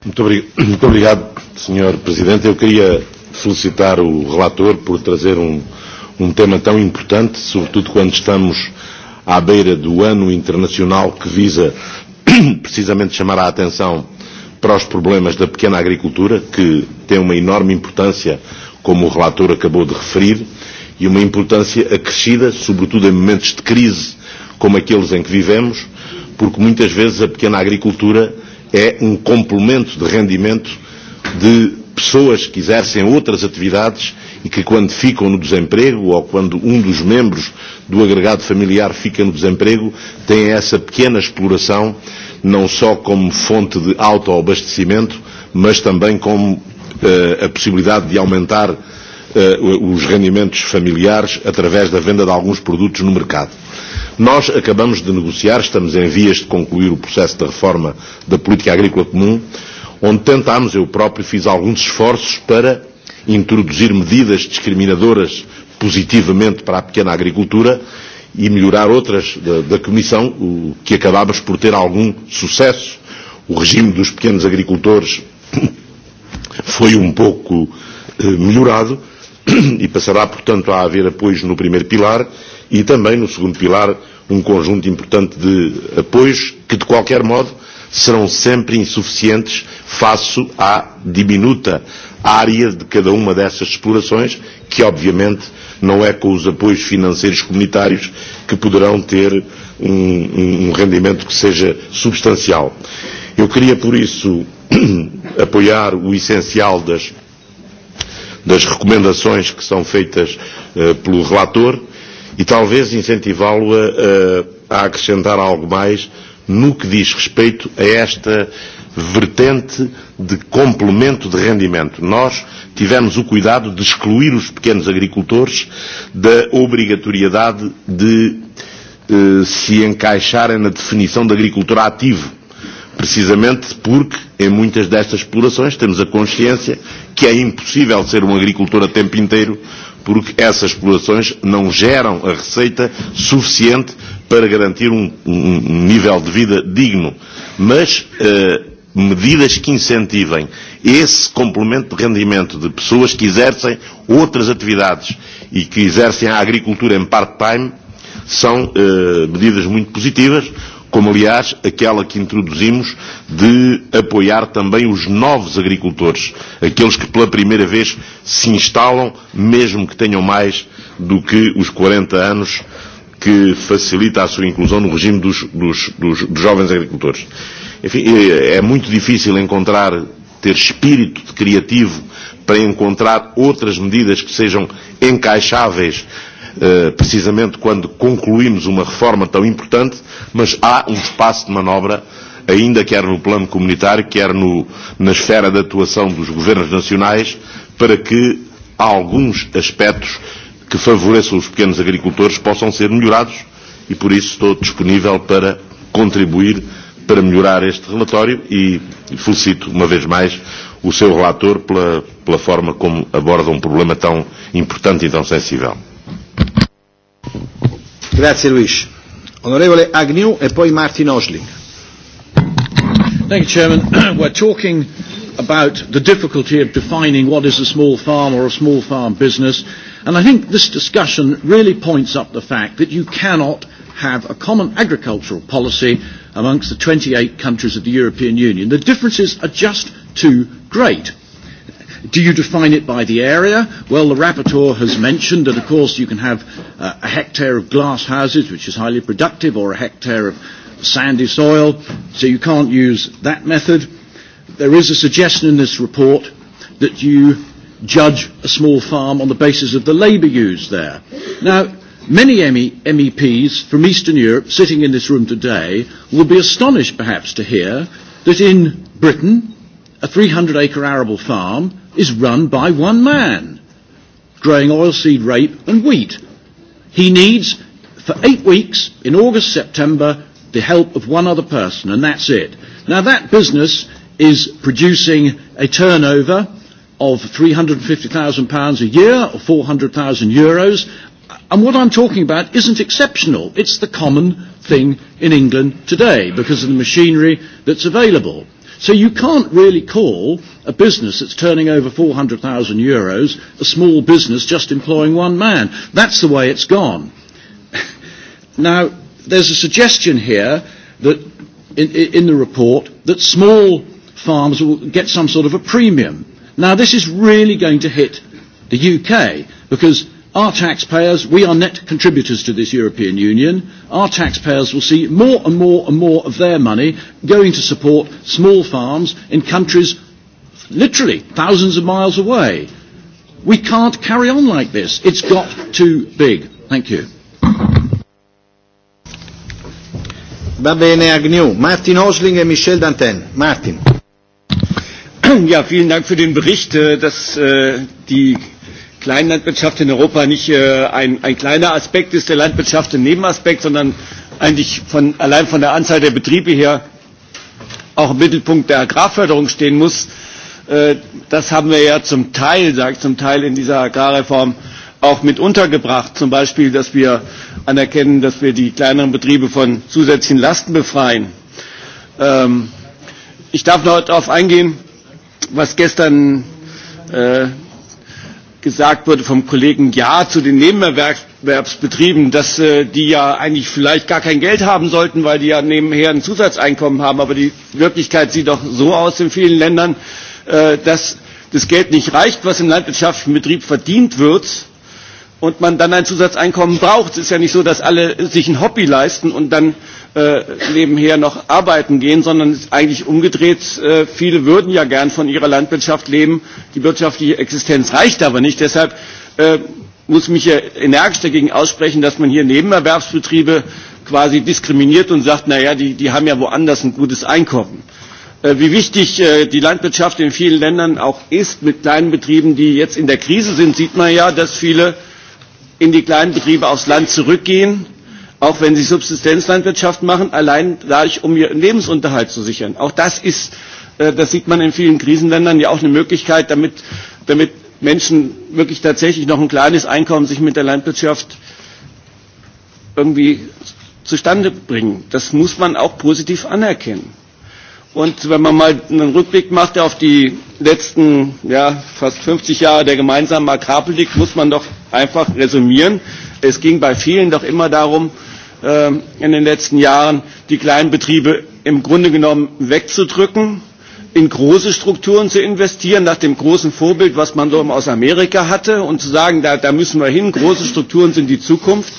[SPEAKER 12] Muito, Muito obrigado, Sr. Presidente. Eu queria felicitar o relator por trazer um, um tema tão importante, sobretudo quando estamos à beira do ano internacional que visa precisamente chamar a atenção para os problemas da pequena agricultura, que tem uma enorme importância, como o relator acabou de referir, e uma importância acrescida, sobretudo em momentos de crise como aqueles em que vivemos, porque muitas vezes a pequena agricultura é um complemento de rendimento de pessoas que exercem outras atividades e que quando ficam no desemprego ou quando um dos membros do agregado familiar fica no desemprego, têm essa pequena exploração não só como fonte de autoabastecimento, mas também como uh, a possibilidade de aumentar uh, os rendimentos familiares através da venda de alguns produtos no mercado. Nós acabamos de negociar, estamos em vias de concluir o processo de reforma da política agrícola comum, onde tentámos, eu próprio fiz alguns esforços para introduzir medidas discriminadoras positivamente para a pequena agricultura e melhorar outras da, da Comissão, o que acabámos por ter algum sucesso. O regime dos pequenos agricultores foi um pouco eh, melhorado e passará, portanto, a haver apoios no primeiro pilar e também no segundo pilar um conjunto importante de apoios que, de qualquer modo, serão sempre insuficientes face à diminuta área de cada uma dessas explorações, que obviamente não é com os apoios financeiros comunitários que poderão ter um, um, um rendimento que seja substancial. Eu queria, por isso, apoiar o essencial das, das recomendações que são feitas uh, pelo relator e talvez incentivá-lo a, a, a acrescentar algo mais no que diz respeito a esta uh, vertente de complemento de rendimento. Nós tivemos o cuidado de excluir os pequenos agricultores da obrigatoriedade de eh, se encaixarem na definição de agricultor ativo, precisamente porque em muitas destas explorações temos a consciência que é impossível ser um agricultor a tempo inteiro porque essas explorações não geram a receita suficiente para garantir um, um, um nível de vida digno. Mas eh, medidas que incentivem esse complemento de rendimento de pessoas que exercem outras atividades e que exercem a agricultura em part-time são eh, medidas muito positivas, como aliás aquela que introduzimos de apoiar também os novos agricultores, aqueles que pela primeira vez se instalam, mesmo que tenham mais do que os 40 anos que facilita a sua inclusão no regime dos, dos, dos, dos jovens agricultores. Enfim, é muito difícil encontrar, ter espírito criativo para encontrar outras medidas que sejam encaixáveis Uh, precisamente quando concluímos uma reforma tão importante, mas há um espaço de manobra, ainda quer no plano comunitário, quer no, na esfera de atuação dos governos nacionais, para que alguns aspectos que favoreçam os pequenos agricultores possam ser melhorados e por isso estou disponível para contribuir para melhorar este relatório e felicito uma vez mais o seu relator pela, pela forma como aborda um problema tão importante e tão sensível. Grazie
[SPEAKER 7] Luís. Onorevole Agnew e poi Martin Osling. Thank you, Chairman. We're talking about the difficulty of defining what is a small farm or a small farm business. And I think this discussion really points up the fact that you cannot have a common agricultural policy amongst the 28 countries of the European Union. The differences are just too great. Do you define it by the area? Well, the rapporteur has mentioned that, of course, you can have uh, a hectare of glass houses, which is highly productive, or a hectare of sandy soil, so you can't use that method. There is a suggestion in this report that you judge a small farm on the basis of the labour used there. Now, Many MEPs from Eastern Europe sitting in this room today will be astonished perhaps to hear that in Britain a 300 acre arable farm is run by one man growing oilseed rape and wheat. He needs for eight weeks in August, September the help of one other person and that's it. Now that business is producing a turnover of 350,000 pounds a year or 400,000 euros And what I'm talking about isn't exceptional. It's the common thing in England today because of the machinery that's available. So you can't really call a business that's turning over 400,000 euros a small business just employing one man. That's the way it's gone. now, there's a suggestion here that in, in the report that small farms will get some sort of a premium. Now, this is really going to hit the UK because Our taxpayers, we are net contributors to this European Union. Our taxpayers will see more and more and more of their money going to support small farms in countries literally thousands of miles away. We can't carry on like this. It's got too big. Thank you.
[SPEAKER 1] Va bene, Agnew. Martin Osling e Michel Dantin. Martin.
[SPEAKER 3] Ja, vielen Dank für den Bericht, äh, dass äh, die Kleinlandwirtschaft in Europa nicht äh, ein, ein kleiner Aspekt ist der Landwirtschaft, ein Nebenaspekt, sondern eigentlich von, allein von der Anzahl der Betriebe her auch im Mittelpunkt der Agrarförderung stehen muss. Äh, das haben wir ja zum Teil, sage ich zum Teil in dieser Agrarreform auch mit untergebracht. Zum Beispiel, dass wir anerkennen, dass wir die kleineren Betriebe von zusätzlichen Lasten befreien. Ähm, ich darf noch darauf eingehen, was gestern äh, gesagt wurde vom Kollegen Ja zu den Nebenerwerbsbetrieben, dass äh, die ja eigentlich vielleicht gar kein Geld haben sollten, weil die ja nebenher ein Zusatzeinkommen haben. Aber die Wirklichkeit sieht doch so aus in vielen Ländern, äh, dass das Geld nicht reicht, was im landwirtschaftlichen Betrieb verdient wird und man dann ein Zusatzeinkommen braucht. Es ist ja nicht so, dass alle sich ein Hobby leisten und dann nebenher äh, noch arbeiten gehen, sondern es ist eigentlich umgedreht. Äh, viele würden ja gern von ihrer Landwirtschaft leben. Die wirtschaftliche Existenz reicht aber nicht. Deshalb äh, muss mich hier energisch dagegen aussprechen, dass man hier Nebenerwerbsbetriebe quasi diskriminiert und sagt, naja, die, die haben ja woanders ein gutes Einkommen. Wie wichtig die Landwirtschaft in vielen Ländern auch ist mit kleinen Betrieben, die jetzt in der Krise sind, sieht man ja, dass viele in die kleinen Betriebe aufs Land zurückgehen auch wenn sie Subsistenzlandwirtschaft machen, allein dadurch, um ihren Lebensunterhalt zu sichern. Auch das ist, äh, das sieht man in vielen Krisenländern ja auch eine Möglichkeit, damit, damit Menschen wirklich tatsächlich noch ein kleines Einkommen sich mit der Landwirtschaft irgendwie zustande bringen. Das muss man auch positiv anerkennen. Und wenn man mal einen Rückblick macht auf die letzten ja, fast 50 Jahre der gemeinsamen Agrarpolitik, muss man doch einfach resümieren. Es ging bei vielen doch immer darum, Äh, in den letzten Jahren, die kleinen Betriebe im Grunde genommen wegzudrücken, in große Strukturen zu investieren, nach dem großen Vorbild, was man so aus Amerika hatte, und zu sagen, da, da müssen wir hin, große Strukturen sind die Zukunft,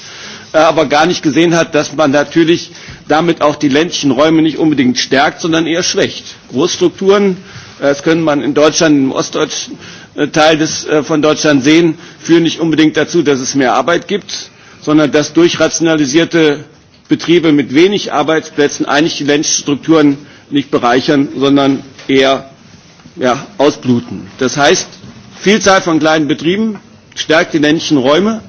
[SPEAKER 3] äh, aber gar nicht gesehen hat, dass man natürlich damit auch die ländlichen Räume nicht unbedingt stärkt, sondern eher schwächt. Großstrukturen, äh, das könnte man in Deutschland, im ostdeutschen Teil des, von Deutschland sehen, führen nicht unbedingt dazu, dass es mehr Arbeit gibt, sondern dass durch rationalisierte Betriebe mit wenig Arbeitsplätzen eigentlich die ländlichen Strukturen nicht bereichern, sondern eher ja, ausbluten. Das heißt, Vielzahl von kleinen Betrieben stärkt die ländlichen Räume,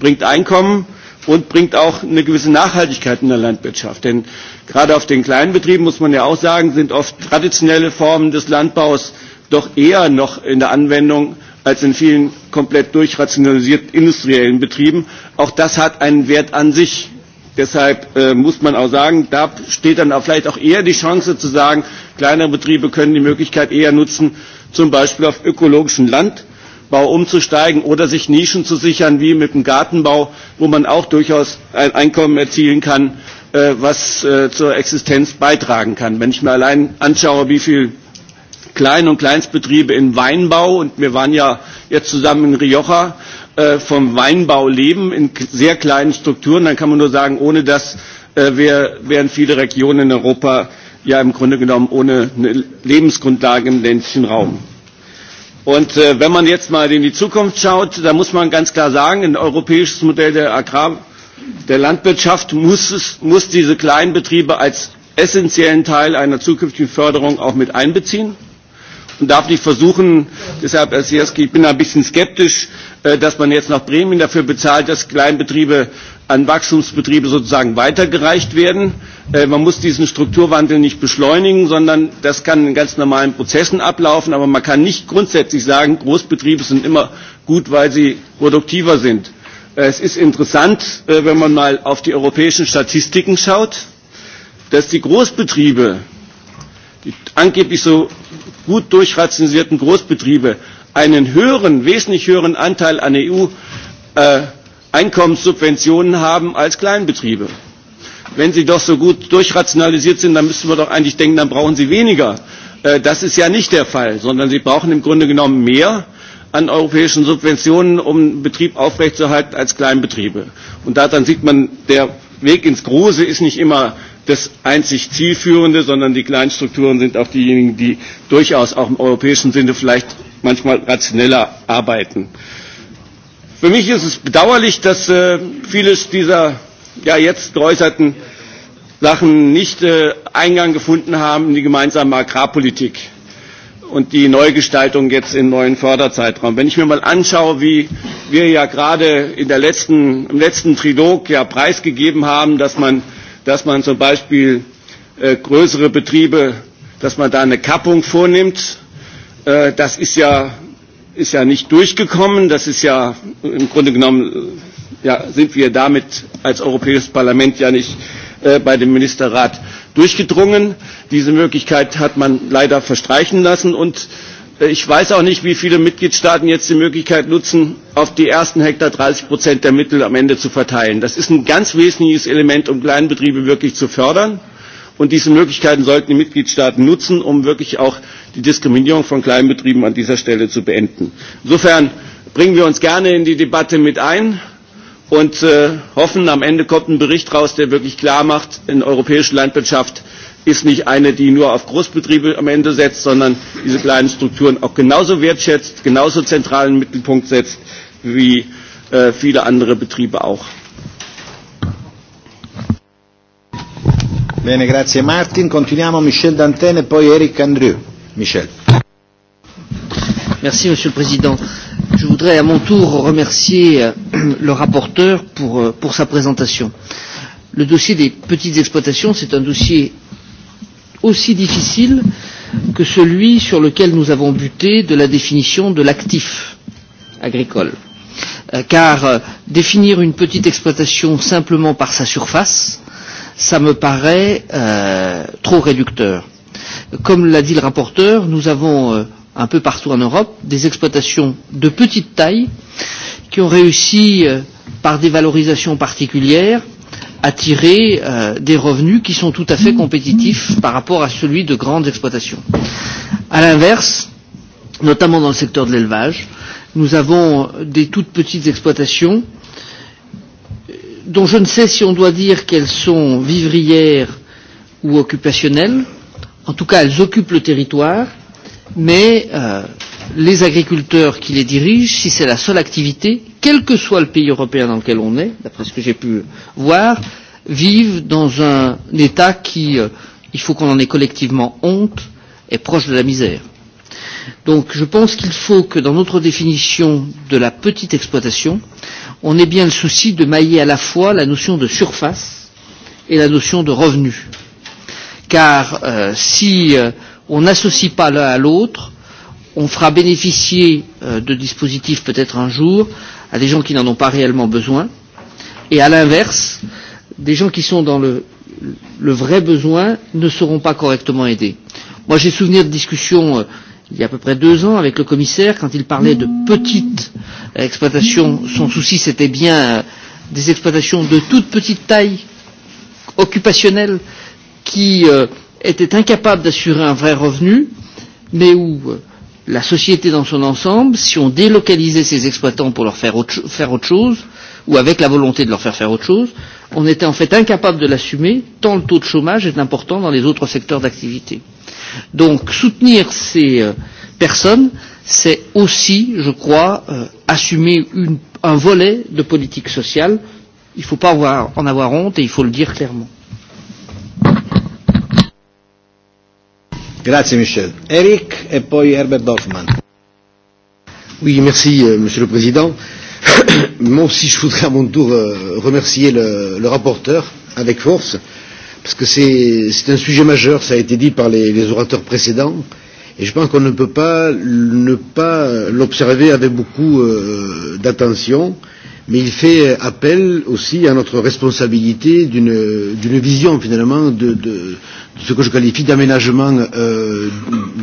[SPEAKER 3] bringt Einkommen und bringt auch eine gewisse Nachhaltigkeit in der Landwirtschaft. Denn gerade auf den kleinen Betrieben, muss man ja auch sagen, sind oft traditionelle Formen des Landbaus doch eher noch in der Anwendung als in vielen komplett durchrationalisiert industriellen Betrieben. Auch das hat einen Wert an sich. Deshalb äh, muss man auch sagen, da steht dann auch vielleicht auch eher die Chance zu sagen, kleinere Betriebe können die Möglichkeit eher nutzen, zum Beispiel auf ökologischen Landbau umzusteigen oder sich Nischen zu sichern, wie mit dem Gartenbau, wo man auch durchaus ein Einkommen erzielen kann, äh, was äh, zur Existenz beitragen kann. Wenn ich mir allein anschaue, wie viel Klein- und Kleinstbetriebe im Weinbau und wir waren ja jetzt zusammen in Rioja äh, vom Weinbau leben in sehr kleinen Strukturen, dann kann man nur sagen, ohne das äh, wär, wären viele Regionen in Europa ja im Grunde genommen ohne eine Lebensgrundlage im ländlichen Raum. Und äh, wenn man jetzt mal in die Zukunft schaut, da muss man ganz klar sagen, ein europäisches Modell der Agrar der Landwirtschaft muss, es, muss diese kleinen Betriebe als essentiellen Teil einer zukünftigen Förderung auch mit einbeziehen und darf nicht versuchen, deshalb, Herr Sierski, ich bin ein bisschen skeptisch, äh, dass man jetzt nach Bremen dafür bezahlt, dass Kleinbetriebe an Wachstumsbetriebe sozusagen weitergereicht werden. Äh, man muss diesen Strukturwandel nicht beschleunigen, sondern das kann in ganz normalen Prozessen ablaufen. Aber man kann nicht grundsätzlich sagen, Großbetriebe sind immer gut, weil sie produktiver sind. Äh, es ist interessant, wenn man mal auf die europäischen Statistiken schaut, dass die Großbetriebe die angeblich so gut durchrationalisierten Großbetriebe einen höheren, wesentlich höheren Anteil an EU-Einkommenssubventionen äh, haben als Kleinbetriebe. Wenn sie doch so gut durchrationalisiert sind, dann müssen wir doch eigentlich denken, dann brauchen sie weniger. Äh, das ist ja nicht der Fall, sondern sie brauchen im Grunde genommen mehr an europäischen Subventionen, um einen Betrieb aufrechtzuerhalten als Kleinbetriebe. Und da sieht man, der Weg ins Große ist nicht immer das einzig zielführende, sondern die kleinen Strukturen sind auch diejenigen, die durchaus auch im europäischen Sinne vielleicht manchmal rationeller arbeiten. Für mich ist es bedauerlich, dass äh, vieles dieser ja, jetzt geäußerten Sachen nicht äh, Eingang gefunden haben in die gemeinsame Agrarpolitik und die Neugestaltung jetzt im neuen Förderzeitraum. Wenn ich mir mal anschaue, wie wir ja gerade in der letzten, im letzten Trilog ja preisgegeben haben, dass man dass man zum Beispiel äh, größere Betriebe, dass man da eine Kappung vornimmt. Äh, das ist ja, ist ja nicht durchgekommen. Das ist ja im Grunde genommen, äh, ja, sind wir damit als Europäisches Parlament ja nicht äh, bei dem Ministerrat durchgedrungen. Diese Möglichkeit hat man leider verstreichen lassen und äh, Äh, ich weiß auch nicht, wie viele Mitgliedstaaten jetzt die Möglichkeit nutzen, auf die ersten Hektar 30 Prozent der Mittel am Ende zu verteilen. Das ist ein ganz wesentliches Element, um Kleinbetriebe wirklich zu fördern. Und diese Möglichkeiten sollten die Mitgliedstaaten nutzen, um wirklich auch die Diskriminierung von Kleinbetrieben an dieser Stelle zu beenden. Insofern bringen wir uns gerne in die Debatte mit ein und äh, hoffen, am Ende kommt ein Bericht raus, der wirklich klar macht, in europäischer Landwirtschaft ist nicht eine, die nur auf Großbetriebe am Ende setzt, sondern diese kleinen Strukturen auch genauso wertschätzt, genauso zentralen Mittelpunkt setzt wie äh, viele andere Betriebe auch.
[SPEAKER 1] Bene, grazie Martin. Continuiamo Michel Dantene poi Eric Andrew.
[SPEAKER 13] Michel. Merci Monsieur le Président. Je voudrais à mon tour remercier euh, le rapporteur pour, euh, pour sa présentation. Le dossier des petites exploitations, c'est un dossier aussi difficile que celui sur lequel nous avons buté de la définition de l'actif agricole. Euh, car euh, définir une petite exploitation simplement par sa surface, ça me paraît euh, trop réducteur. Comme l'a dit le rapporteur, nous avons euh, un peu partout en Europe des exploitations de petite taille qui ont réussi euh, par des valorisations particulières attirer euh, des revenus qui sont tout à fait compétitifs par rapport à celui de grandes exploitations. A l'inverse, notamment dans le secteur de l'élevage, nous avons des toutes petites exploitations euh, dont je ne sais si on doit dire qu'elles sont vivrières ou occupationnelles. En tout cas, elles occupent le territoire, mais euh, les agriculteurs qui les dirigent, si c'est la seule activité, quel que soit le pays européen dans lequel on est, d'après ce que j'ai pu voir, vivent dans un État qui, euh, il faut qu'on en ait collectivement honte, est proche de la misère. Donc je pense qu'il faut que dans notre définition de la petite exploitation, on ait bien le souci de mailler à la fois la notion de surface et la notion de revenu. Car euh, si euh, on n'associe pas l'un à l'autre, on fera bénéficier euh, de dispositifs peut-être un jour à des gens qui n'en ont pas réellement besoin, et à l'inverse, des gens qui sont dans le, le vrai besoin ne seront pas correctement aidés. Moi, j'ai souvenir de discussions euh, il y a à peu près deux ans avec le commissaire quand il parlait de petites exploitations. Son souci, c'était bien euh, des exploitations de toute petite taille occupationnelle qui euh, étaient incapables d'assurer un vrai revenu, mais où euh, la société dans son ensemble, si on délocalisait ces exploitants pour leur faire autre, faire autre chose, ou avec la volonté de leur faire faire autre chose, on était en fait incapable de l'assumer, tant le taux de chômage est important dans les autres secteurs d'activité. Donc soutenir ces euh, personnes, c'est aussi, je crois, euh, assumer une, un volet de politique sociale. Il ne faut pas avoir, en avoir honte et il faut le dire clairement.
[SPEAKER 1] Grazie Michel. Eric e poi Herbert Hoffman.
[SPEAKER 5] Oui, merci euh, Monsieur le Président. Moi aussi, je voudrais à mon tour euh, remercier le, le rapporteur avec force, parce que c'est un sujet majeur, ça a été dit par les, les orateurs précédents, et je pense qu'on ne peut pas ne pas l'observer avec beaucoup euh, d'attention. Euh, mais il fait appel aussi à notre responsabilité d'une vision finalement de, de, de ce que je qualifie d'aménagement euh,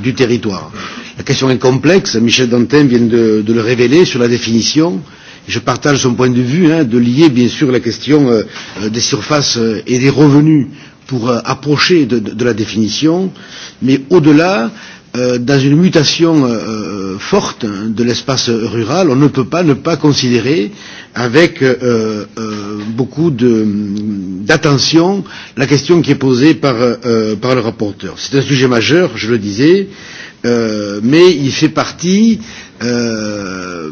[SPEAKER 5] du territoire. La question est complexe, Michel Dantin vient de, de le révéler sur la définition. Je partage son point de vue hein, de lier bien sûr la question euh, des surfaces euh, et des revenus pour euh, approcher de, de, de la définition, mais au-delà, Euh, dans une mutation euh, euh forte de l'espace rural, on ne peut pas ne pas considérer avec euh, euh, beaucoup d'attention la question qui est posée par, euh, par le rapporteur. C'est un sujet majeur, je le disais, euh, mais il fait partie euh,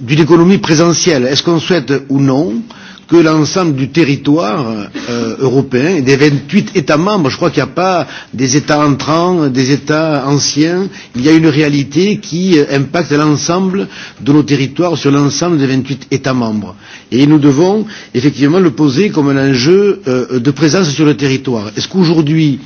[SPEAKER 5] d'une économie présentielle. Est-ce qu'on souhaite ou non euh, que l'ensemble du territoire euh, euh européen et des 28 États membres. Je crois qu'il n'y a pas des États entrants, des États anciens. Il y a une réalité qui euh, impacte l'ensemble de nos territoires sur l'ensemble des 28 États membres. Et nous devons effectivement le poser comme un enjeu euh, de présence sur le territoire. Est-ce qu'aujourd'hui,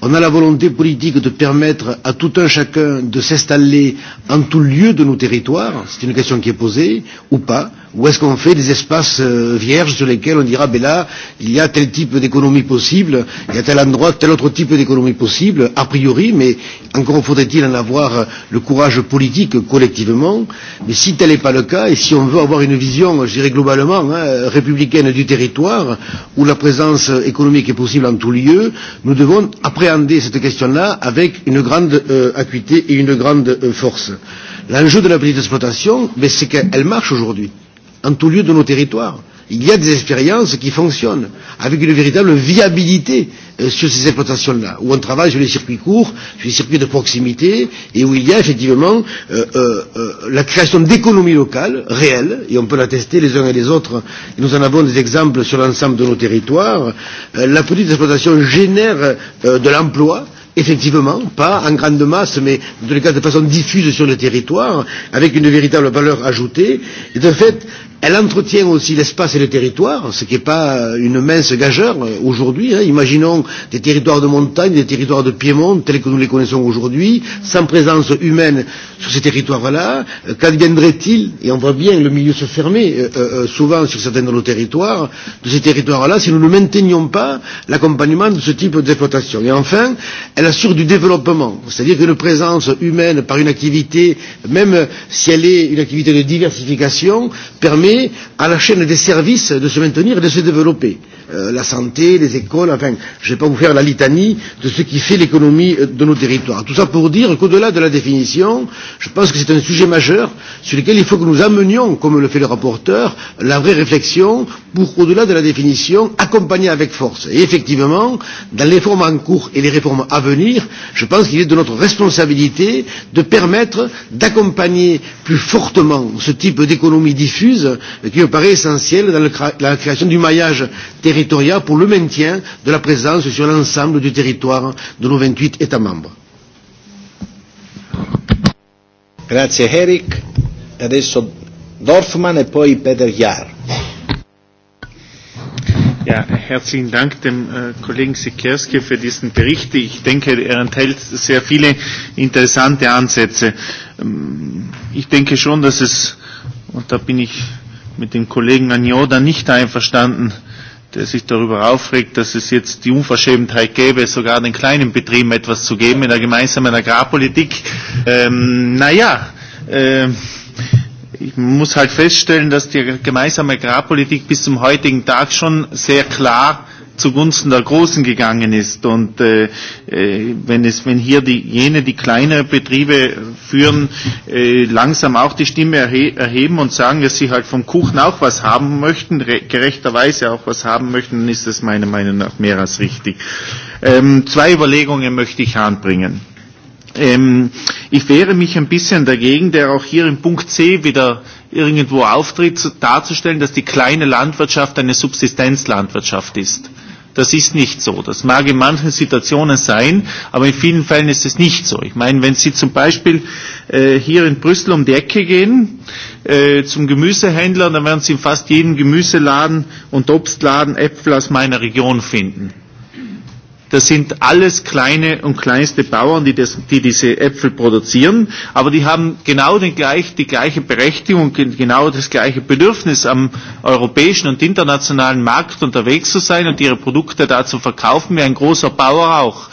[SPEAKER 5] on a la volonté politique de permettre à tout un chacun de s'installer en tout lieu de nos territoires, c'est une question qui est posée, ou pas Ou est-ce qu'on fait des espaces euh, vierges sur lesquels on dira, ben là, il y a tel type d'économie possible, il y a tel endroit, tel autre type d'économie possible, a priori, mais encore faudrait-il en avoir euh, le courage politique collectivement. Mais si tel n'est pas le cas, et si on veut avoir une vision, je dirais globalement, hein, républicaine du territoire, où la présence économique est possible en tout lieu, nous devons appréhender cette question-là avec une grande euh, acuité et une grande euh, force. L'enjeu de la petite exploitation, ben, c'est qu'elle marche aujourd'hui en tout lieu de nos territoires. Il y a des expériences qui fonctionnent avec une véritable viabilité euh, sur ces exploitations-là, où on travaille sur les circuits courts, sur les circuits de proximité, et où il y a effectivement euh, euh, euh, la création d'économies locales réelles, et on peut la tester les uns et les autres, et nous en avons des exemples sur l'ensemble de nos territoires. Euh, la petite exploitation génère euh, de l'emploi, effectivement, pas en grande masse, mais en tous les cas de façon diffuse sur le territoire, avec une véritable valeur ajoutée. Et de fait, Elle entretient aussi l'espace et le territoire, ce qui n'est pas euh, une mince gageure euh, aujourd'hui. Hein. Imaginons des territoires de montagne, des territoires de Piémont, tels que nous les connaissons aujourd'hui, sans présence humaine sur ces territoires-là. Euh, Qu'adviendrait-il, et on voit bien le milieu se fermer euh, euh, souvent sur certains de nos territoires, de ces territoires-là, si nous ne maintenions pas l'accompagnement de ce type d'exploitation Et enfin, elle assure du développement, c'est-à-dire qu'une présence humaine par une activité, même si elle est une activité de diversification, permet donner à la chaîne des services de se maintenir et de se développer. Euh, la santé, les écoles, enfin, je ne vais pas vous faire la litanie de ce qui fait l'économie euh, de nos territoires. Tout ça pour dire qu'au-delà de la définition, je pense que c'est un sujet majeur sur lequel il faut que nous amenions, comme le fait le rapporteur, la vraie réflexion pour, au-delà de la définition, accompagner avec force. Et effectivement, dans les réformes en cours et les réformes à venir, je pense qu'il est de notre responsabilité de permettre d'accompagner plus fortement ce type d'économie diffuse qui me paraît essentielle dans, le, dans la création du maillage territorial territoriale pour le maintien de la présence sur l'ensemble du territoire de nos 28 États membres.
[SPEAKER 1] Grazie Eric. Adesso Dorfman e poi Peter Jahr.
[SPEAKER 11] Ja, herzlichen Dank dem äh, Kollegen Sikerski für diesen Bericht. Ich denke, er enthält sehr viele interessante Ansätze. Ähm, ich denke schon, dass es, und da bin ich mit dem Kollegen Agnoda nicht einverstanden, der sich darüber aufregt, dass es jetzt die Unverschämtheit gäbe, sogar den kleinen Betrieben etwas zu geben in der gemeinsamen Agrarpolitik. Ähm, naja, äh, ich muss halt feststellen, dass die gemeinsame Agrarpolitik bis zum heutigen Tag schon sehr klar äh, zugunsten der Großen gegangen ist. Und äh, äh, wenn, es, wenn hier die, jene, die kleine Betriebe führen, äh, langsam auch die Stimme erhe erheben und sagen, dass sie halt vom Kuchen auch was haben möchten, gerechterweise auch was haben möchten, dann ist das meiner Meinung nach mehr als richtig. Ähm, zwei Überlegungen möchte ich anbringen. Ähm, ich wehre mich ein bisschen dagegen, der auch hier im Punkt C wieder irgendwo auftritt, darzustellen, dass die kleine Landwirtschaft eine Subsistenzlandwirtschaft ist. Das ist nicht so. Das mag in manchen Situationen sein, aber in vielen Fällen ist es nicht so. Ich meine, wenn Sie zum Beispiel äh, hier in Brüssel um die Ecke gehen, äh, zum Gemüsehändler, dann werden Sie in fast jedem Gemüseladen und Obstladen Äpfel aus meiner Region finden. Das sind alles kleine und kleinste Bauern, die, das, die diese Äpfel produzieren, aber die haben genau den gleich, die gleiche Berechtigung, genau das gleiche Bedürfnis, am europäischen und internationalen Markt unterwegs zu sein und ihre Produkte da zu verkaufen, wie ein großer Bauer auch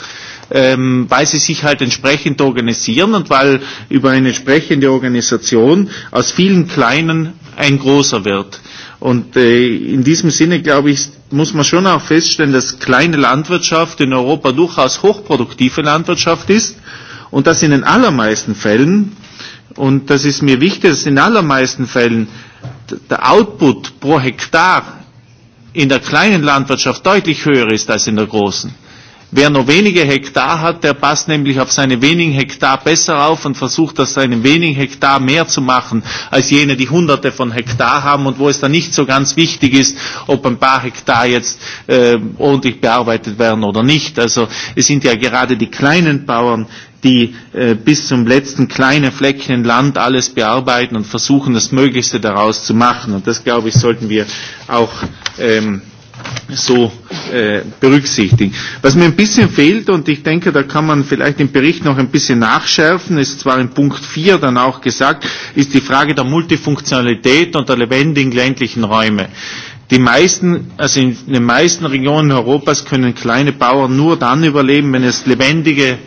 [SPEAKER 11] ähm, weil sie sich halt entsprechend organisieren und weil über eine entsprechende Organisation aus vielen kleinen ein großer wird. Und äh, in diesem Sinne, glaube ich, muss man schon auch feststellen, dass kleine Landwirtschaft in Europa durchaus hochproduktive Landwirtschaft ist und dass in den allermeisten Fällen, und das ist mir wichtig, dass in allermeisten Fällen der Output pro Hektar in der kleinen Landwirtschaft deutlich höher ist als in der großen. Wer nur wenige Hektar hat, der passt nämlich auf seine wenigen Hektar besser auf und versucht, aus seinen wenigen Hektar mehr zu machen, als jene, die hunderte von Hektar haben und wo es dann nicht so ganz wichtig ist, ob ein paar Hektar jetzt äh, ordentlich bearbeitet werden oder nicht. Also es sind ja gerade die kleinen Bauern, die äh, bis zum letzten kleinen Fleckchen Land alles bearbeiten und versuchen, das Möglichste daraus zu machen. Und das, glaube ich, sollten wir auch ähm, so äh, berücksichtigen. Was mir ein bisschen fehlt, und ich denke, da kann man vielleicht im Bericht noch ein bisschen nachschärfen, ist zwar in Punkt 4 dann auch gesagt, ist die Frage der Multifunktionalität und der lebendigen ländlichen Räume. Die meisten, also in den meisten Regionen Europas können kleine Bauern nur dann überleben, wenn es lebendige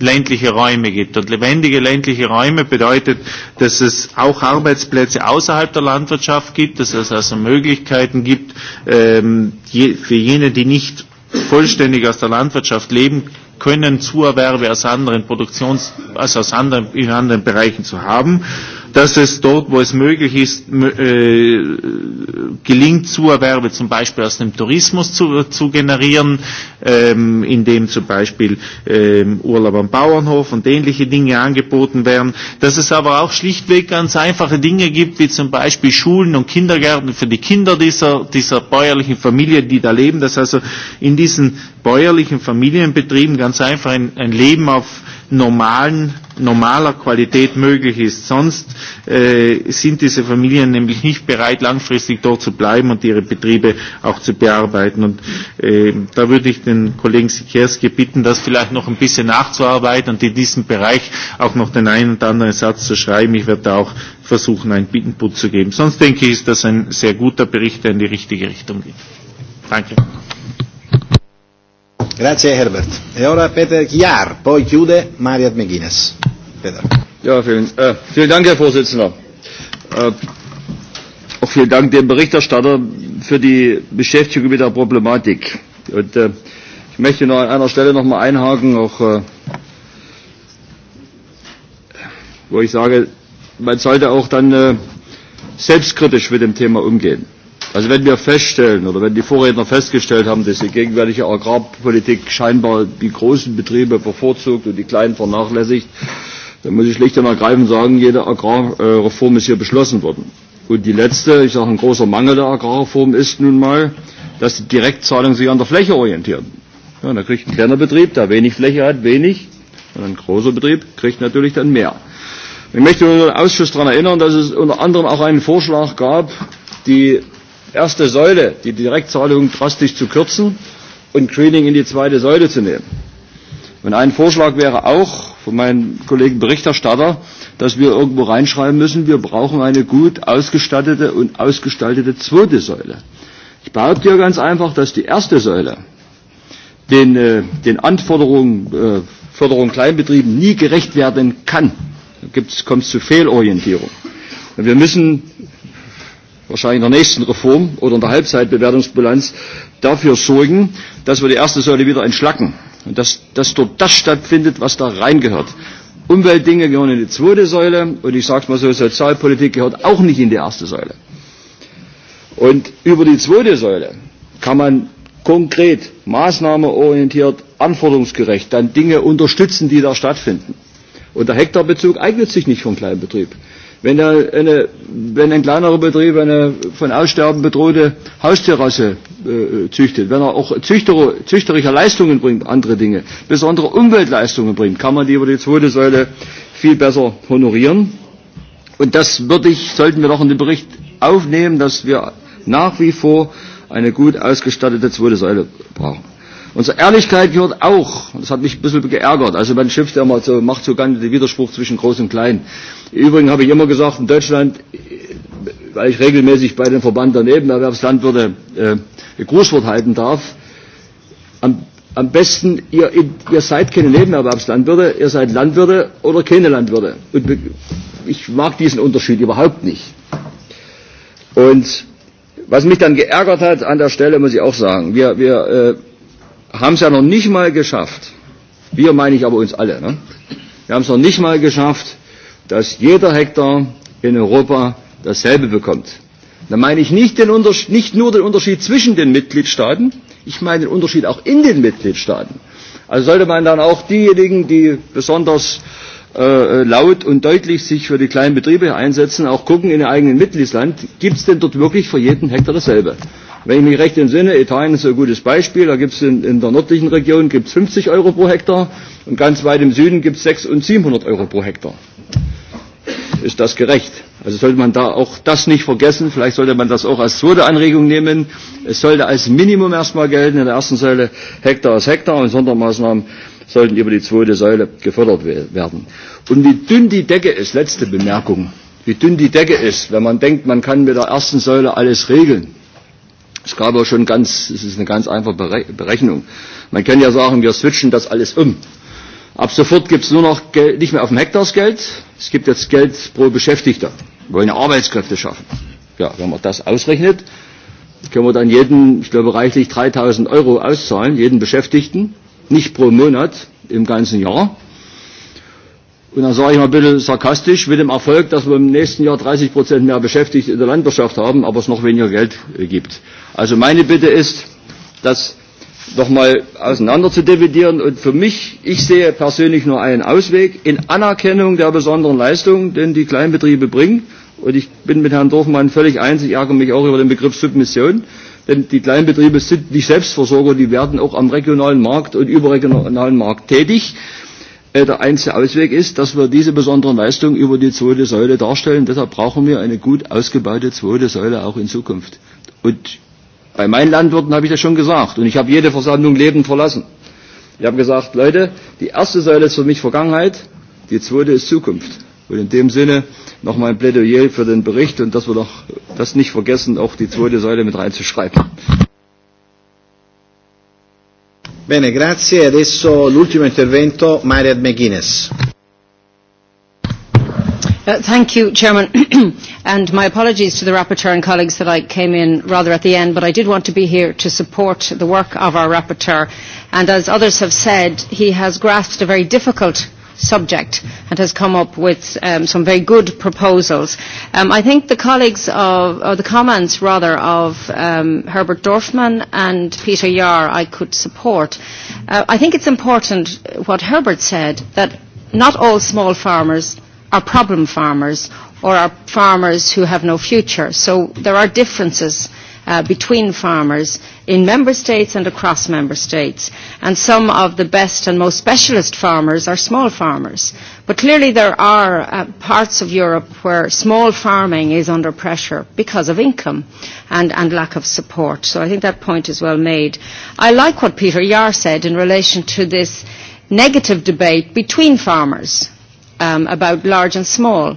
[SPEAKER 11] ländliche Räume gibt. Und lebendige ländliche Räume bedeutet, dass es auch Arbeitsplätze außerhalb der Landwirtschaft gibt, dass es also Möglichkeiten gibt, ähm, je, für jene, die nicht vollständig aus der Landwirtschaft leben können, Zuerwerbe aus anderen Produktions, also aus anderen, in anderen Bereichen zu haben dass es dort, wo es möglich ist, äh, gelingt, Zuerwerbe zum Beispiel aus dem Tourismus zu, zu generieren, ähm, indem zum Beispiel ähm, Urlaub am Bauernhof und ähnliche Dinge angeboten werden, dass es aber auch schlichtweg ganz einfache Dinge gibt, wie zum Beispiel Schulen und Kindergärten für die Kinder dieser, dieser bäuerlichen Familie, die da leben, dass also in diesen bäuerlichen Familienbetrieben ganz einfach ein, ein Leben auf äh, normalen, normaler Qualität möglich ist. Sonst äh, sind diese Familien nämlich nicht bereit, langfristig dort zu bleiben und ihre Betriebe auch zu bearbeiten. Und äh, da würde ich den Kollegen Sikerski bitten, das vielleicht noch ein bisschen nachzuarbeiten und in diesem Bereich auch noch den einen oder anderen Satz zu schreiben. Ich werde da auch versuchen, einen Bittenput zu geben. Sonst denke ich, ist das ein sehr guter Bericht, der in die richtige Richtung geht. Danke.
[SPEAKER 1] Grazie Herbert. E ora Peter Chiar, poi chiude Mariat McGuinness.
[SPEAKER 4] Peter. Ja, vielen, äh, vielen Dank, Herr Vorsitzender. Äh, auch vielen Dank dem Berichterstatter für die Beschäftigung mit der Problematik. Und äh, ich möchte noch an einer Stelle noch mal einhaken, auch äh, wo ich sage, man sollte auch dann äh, selbstkritisch mit dem Thema umgehen. Also wenn wir feststellen oder wenn die Vorredner festgestellt haben, dass die gegenwärtige Agrarpolitik scheinbar die großen Betriebe bevorzugt und die kleinen vernachlässigt, dann muss ich schlicht und ergreifend sagen, jede Agrarreform ist hier beschlossen worden. Und die letzte, ich sage ein großer Mangel der Agrarreform ist nun mal, dass die Direktzahlungen sich an der Fläche orientieren. Ja, da kriegt ein kleiner Betrieb, der wenig Fläche hat, wenig. Und ein großer Betrieb kriegt natürlich dann mehr. Ich möchte nur den Ausschuss daran erinnern, dass es unter anderem auch einen Vorschlag gab, die erste Säule, die Direktzahlungen drastisch zu kürzen und Greening in die zweite Säule zu nehmen. Und ein Vorschlag wäre auch von meinem Kollegen Berichterstatter, dass wir irgendwo reinschreiben müssen, wir brauchen eine gut ausgestattete und ausgestaltete zweite Säule. Ich behaupte ja ganz einfach, dass die erste Säule den, äh, den Anforderungen äh, Förderung Kleinbetrieben nie gerecht werden kann. Da kommt es zu Fehlorientierung. Und wir müssen wahrscheinlich in der nächsten Reform oder in der Halbzeitbewertungsbilanz dafür sorgen, dass wir die erste Säule wieder entschlacken und dass, dass dort das stattfindet, was da reingehört. Umweltdinge gehören in die zweite Säule und ich sage es mal so, Sozialpolitik gehört auch nicht in die erste Säule. Und über die zweite Säule kann man konkret, maßnahmeorientiert, anforderungsgerecht dann Dinge unterstützen, die da stattfinden. Und der Hektarbezug eignet sich nicht für einen kleinen Betrieb. Wenn, da eine, wenn ein kleinerer Betrieb eine er von Aussterben bedrohte Haustierrasse äh, züchtet, wenn er auch Züchter, züchterische Leistungen bringt, andere Dinge, besondere Umweltleistungen bringt, kann man die über die zweite Säule viel besser honorieren. Und das würde ich, sollten wir doch in den Bericht aufnehmen, dass wir nach wie vor eine gut ausgestattete zweite Säule brauchen. Unsere Ehrlichkeit gehört auch, das hat mich ein bisschen geärgert, also man schimpft ja immer so, macht so ganz den Widerspruch zwischen Groß und Klein. Übrigens habe ich immer gesagt, in Deutschland, weil ich regelmäßig bei dem Verband der Nebenerwerbslandwirte äh, ein Grußwort halten darf, am, am besten, ihr, ihr seid keine Nebenerwerbslandwirte, ihr seid Landwirte oder keine Landwirte. Und ich mag diesen Unterschied überhaupt nicht. Und was mich dann geärgert hat an der Stelle, muss ich auch sagen, wir, wir äh, haben es ja noch nicht mal geschafft, wir meine ich aber uns alle, ne? wir haben es noch nicht mal geschafft, dass jeder Hektar in Europa dasselbe bekommt. Da meine ich nicht, den nicht nur den Unterschied zwischen den Mitgliedstaaten, ich meine den Unterschied auch in den Mitgliedstaaten. Also sollte man dann auch diejenigen, die besonders äh, laut und deutlich sich für die kleinen Betriebe einsetzen, auch gucken in ihrem eigenen Mitgliedsland, gibt es denn dort wirklich für jeden Hektar dasselbe? Wenn ich mich recht entsinne, Italien ist ein gutes Beispiel. Da gibt es in, in der nördlichen Region gibt's 50 Euro pro Hektar und ganz weit im Süden gibt es 600 und 700 Euro pro Hektar. Ist das gerecht? Also sollte man da auch das nicht vergessen. Vielleicht sollte man das auch als zweite Anregung nehmen. Es sollte als Minimum erstmal gelten. In der ersten Säule Hektar als Hektar und Sondermaßnahmen sollten über die zweite Säule gefördert werden. Und wie dünn die Decke ist, letzte Bemerkung, wie dünn die Decke ist, wenn man denkt, man kann mit der ersten Säule alles regeln Es gab auch schon ganz, es ist eine ganz einfache Berechnung. Man kann ja sagen, wir switchen das alles um. Ab sofort gibt es nur noch Geld, nicht mehr auf dem Hektar Geld, es gibt jetzt Geld pro Beschäftigter. Wir wollen ja Arbeitskräfte schaffen. Ja, wenn man das ausrechnet, können wir dann jeden, ich glaube reichlich 3000 Euro auszahlen, jeden Beschäftigten, nicht pro Monat, im ganzen Jahr. Und dann sage ich mal ein bisschen sarkastisch, mit dem Erfolg, dass wir im nächsten Jahr 30 Prozent mehr Beschäftigte in der Landwirtschaft haben, aber es noch weniger Geld äh, gibt. Also meine Bitte ist, das mal auseinander zu dividieren. Und für mich, ich sehe persönlich nur einen Ausweg in Anerkennung der besonderen Leistungen, den die Kleinbetriebe bringen. Und ich bin mit Herrn Dorfmann völlig eins, ich ärgere mich auch über den Begriff Submission. Denn die Kleinbetriebe sind nicht Selbstversorger, die werden auch am regionalen Markt und überregionalen Markt tätig. Äh, der einzige Ausweg ist, dass wir diese besonderen Leistungen über die zweite Säule darstellen. Deshalb brauchen wir eine gut ausgebaute zweite Säule auch in Zukunft. Und bei meinen Landwirten habe ich das schon gesagt. Und ich habe jede Versammlung Leben verlassen. Ich habe gesagt, Leute, die erste Säule ist für mich Vergangenheit, die zweite ist Zukunft. Und in dem Sinne nochmal ein Plädoyer für den Bericht und dass wir doch
[SPEAKER 1] das nicht vergessen, auch die zweite Säule mit reinzuschreiben. Bene, grazie. Adesso l'ultimo intervento, Mariad McGuinness.
[SPEAKER 2] Uh, thank you, Chairman. and my apologies to the rapporteur and colleagues that I came in rather at the end, but I did want to be here to support the work of our rapporteur. And as others have said, he has grasped a very difficult subject and has come up with um, some very good proposals. Um, I think the colleagues of, or the comments rather of um, Herbert Dorfman and Peter Yar I could support. Uh, I think it's important what Herbert said that not all small farmers are problem farmers or are farmers who have no future. So there are differences uh, between farmers in member states and across member states. And some of the best and most specialist farmers are small farmers. But clearly there are uh, parts of Europe where small farming is under pressure because of income and, and lack of support. So I think that point is well made. I like what Peter Yar said in relation to this negative debate between farmers um, about large and small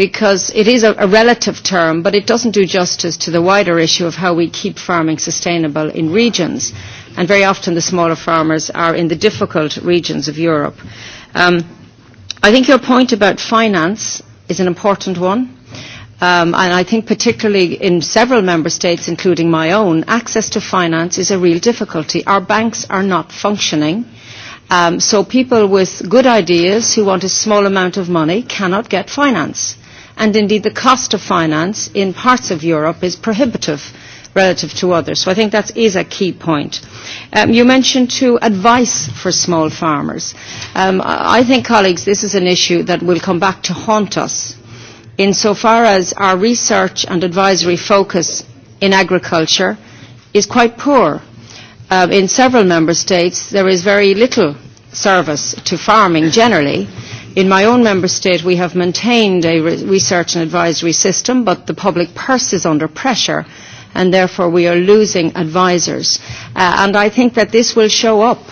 [SPEAKER 2] because it is a, a relative term, but it doesn't do justice to the wider issue of how we keep farming sustainable in regions. And very often the smaller farmers are in the difficult regions of Europe. Um, I think your point about finance is an important one. Um, and I think particularly in several member states, including my own, access to finance is a real difficulty. Our banks are not functioning. Um, so people with good ideas who want a small amount of money cannot get finance and indeed the cost of finance in parts of Europe is prohibitive relative to others. So I think that is a key point. Um, you mentioned too advice for small farmers. Um, I think, colleagues, this is an issue that will come back to haunt us insofar as our research and advisory focus in agriculture is quite poor. Uh, in several member states, there is very little service to farming generally. In my own member state, we have maintained a re research and advisory system, but the public purse is under pressure and therefore we are losing advisors. Uh, and I think that this will show up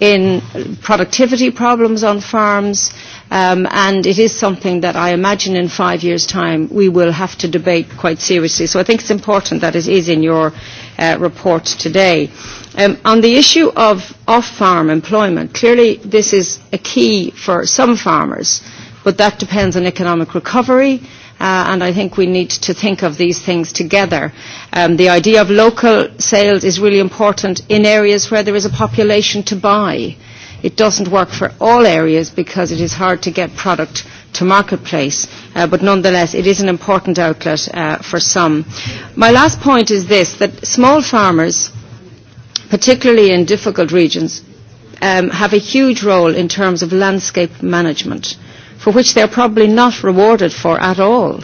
[SPEAKER 2] in productivity problems on farms, um, and it is something that I imagine in five years' time we will have to debate quite seriously. So I think it's important that it is in your uh, report today. Uh, Um, on the issue of off-farm employment, clearly this is a key for some farmers, but that depends on economic recovery, uh, and I think we need to think of these things together. Um, the idea of local sales is really important in areas where there is a population to buy. It doesn't work for all areas because it is hard to get product to marketplace, uh, but nonetheless it is an important outlet uh, for some. My last point is this, that small farmers – particularly in difficult regions, um, have a huge role in terms of landscape management, for which they're probably not rewarded for at all.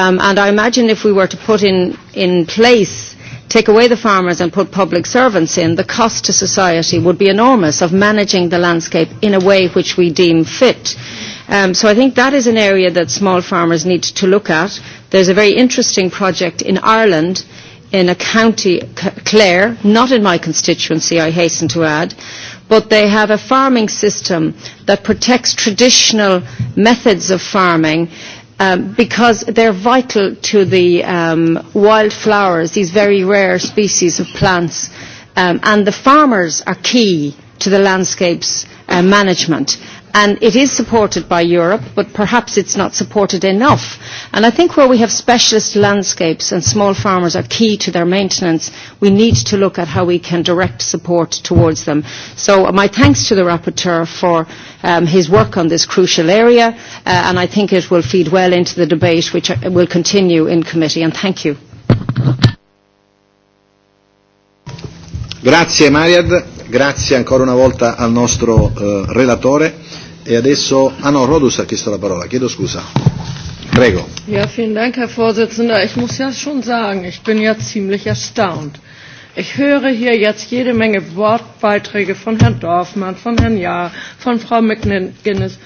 [SPEAKER 2] Um, and I imagine if we were to put in, in place take away the farmers and put public servants in, the cost to society would be enormous of managing the landscape in a way which we deem fit. Um, so I think that is an area that small farmers need to look at. There's a very interesting project in Ireland in a county, Clare, not in my constituency, I hasten to add, but they have a farming system that protects traditional methods of farming um, because they're vital to the um, wildflowers, these very rare species of plants, um, and the farmers are key to the landscape's uh, management and it is supported by Europe, but perhaps it's not supported enough. And I think where we have specialist landscapes and small farmers are key to their maintenance, we need to look at how we can direct support towards them. So uh, my thanks to the rapporteur for um, his work on this crucial area, uh, and I think it will feed well into the debate which uh, will continue in committee, and thank you.
[SPEAKER 1] Grazie Mariad, grazie ancora una volta al nostro eh, relatore. E adesso, ah no, Rodus ha chiesto la parola, chiedo scusa. Prego.
[SPEAKER 10] Ja, vielen Dank, Herr Vorsitzender. Ich muss ja schon sagen, ich bin ja ziemlich erstaunt. Ich höre hier jetzt jede Menge Wortbeiträge von Herrn Dorfmann, von Herrn Jahr, von Frau McGuinness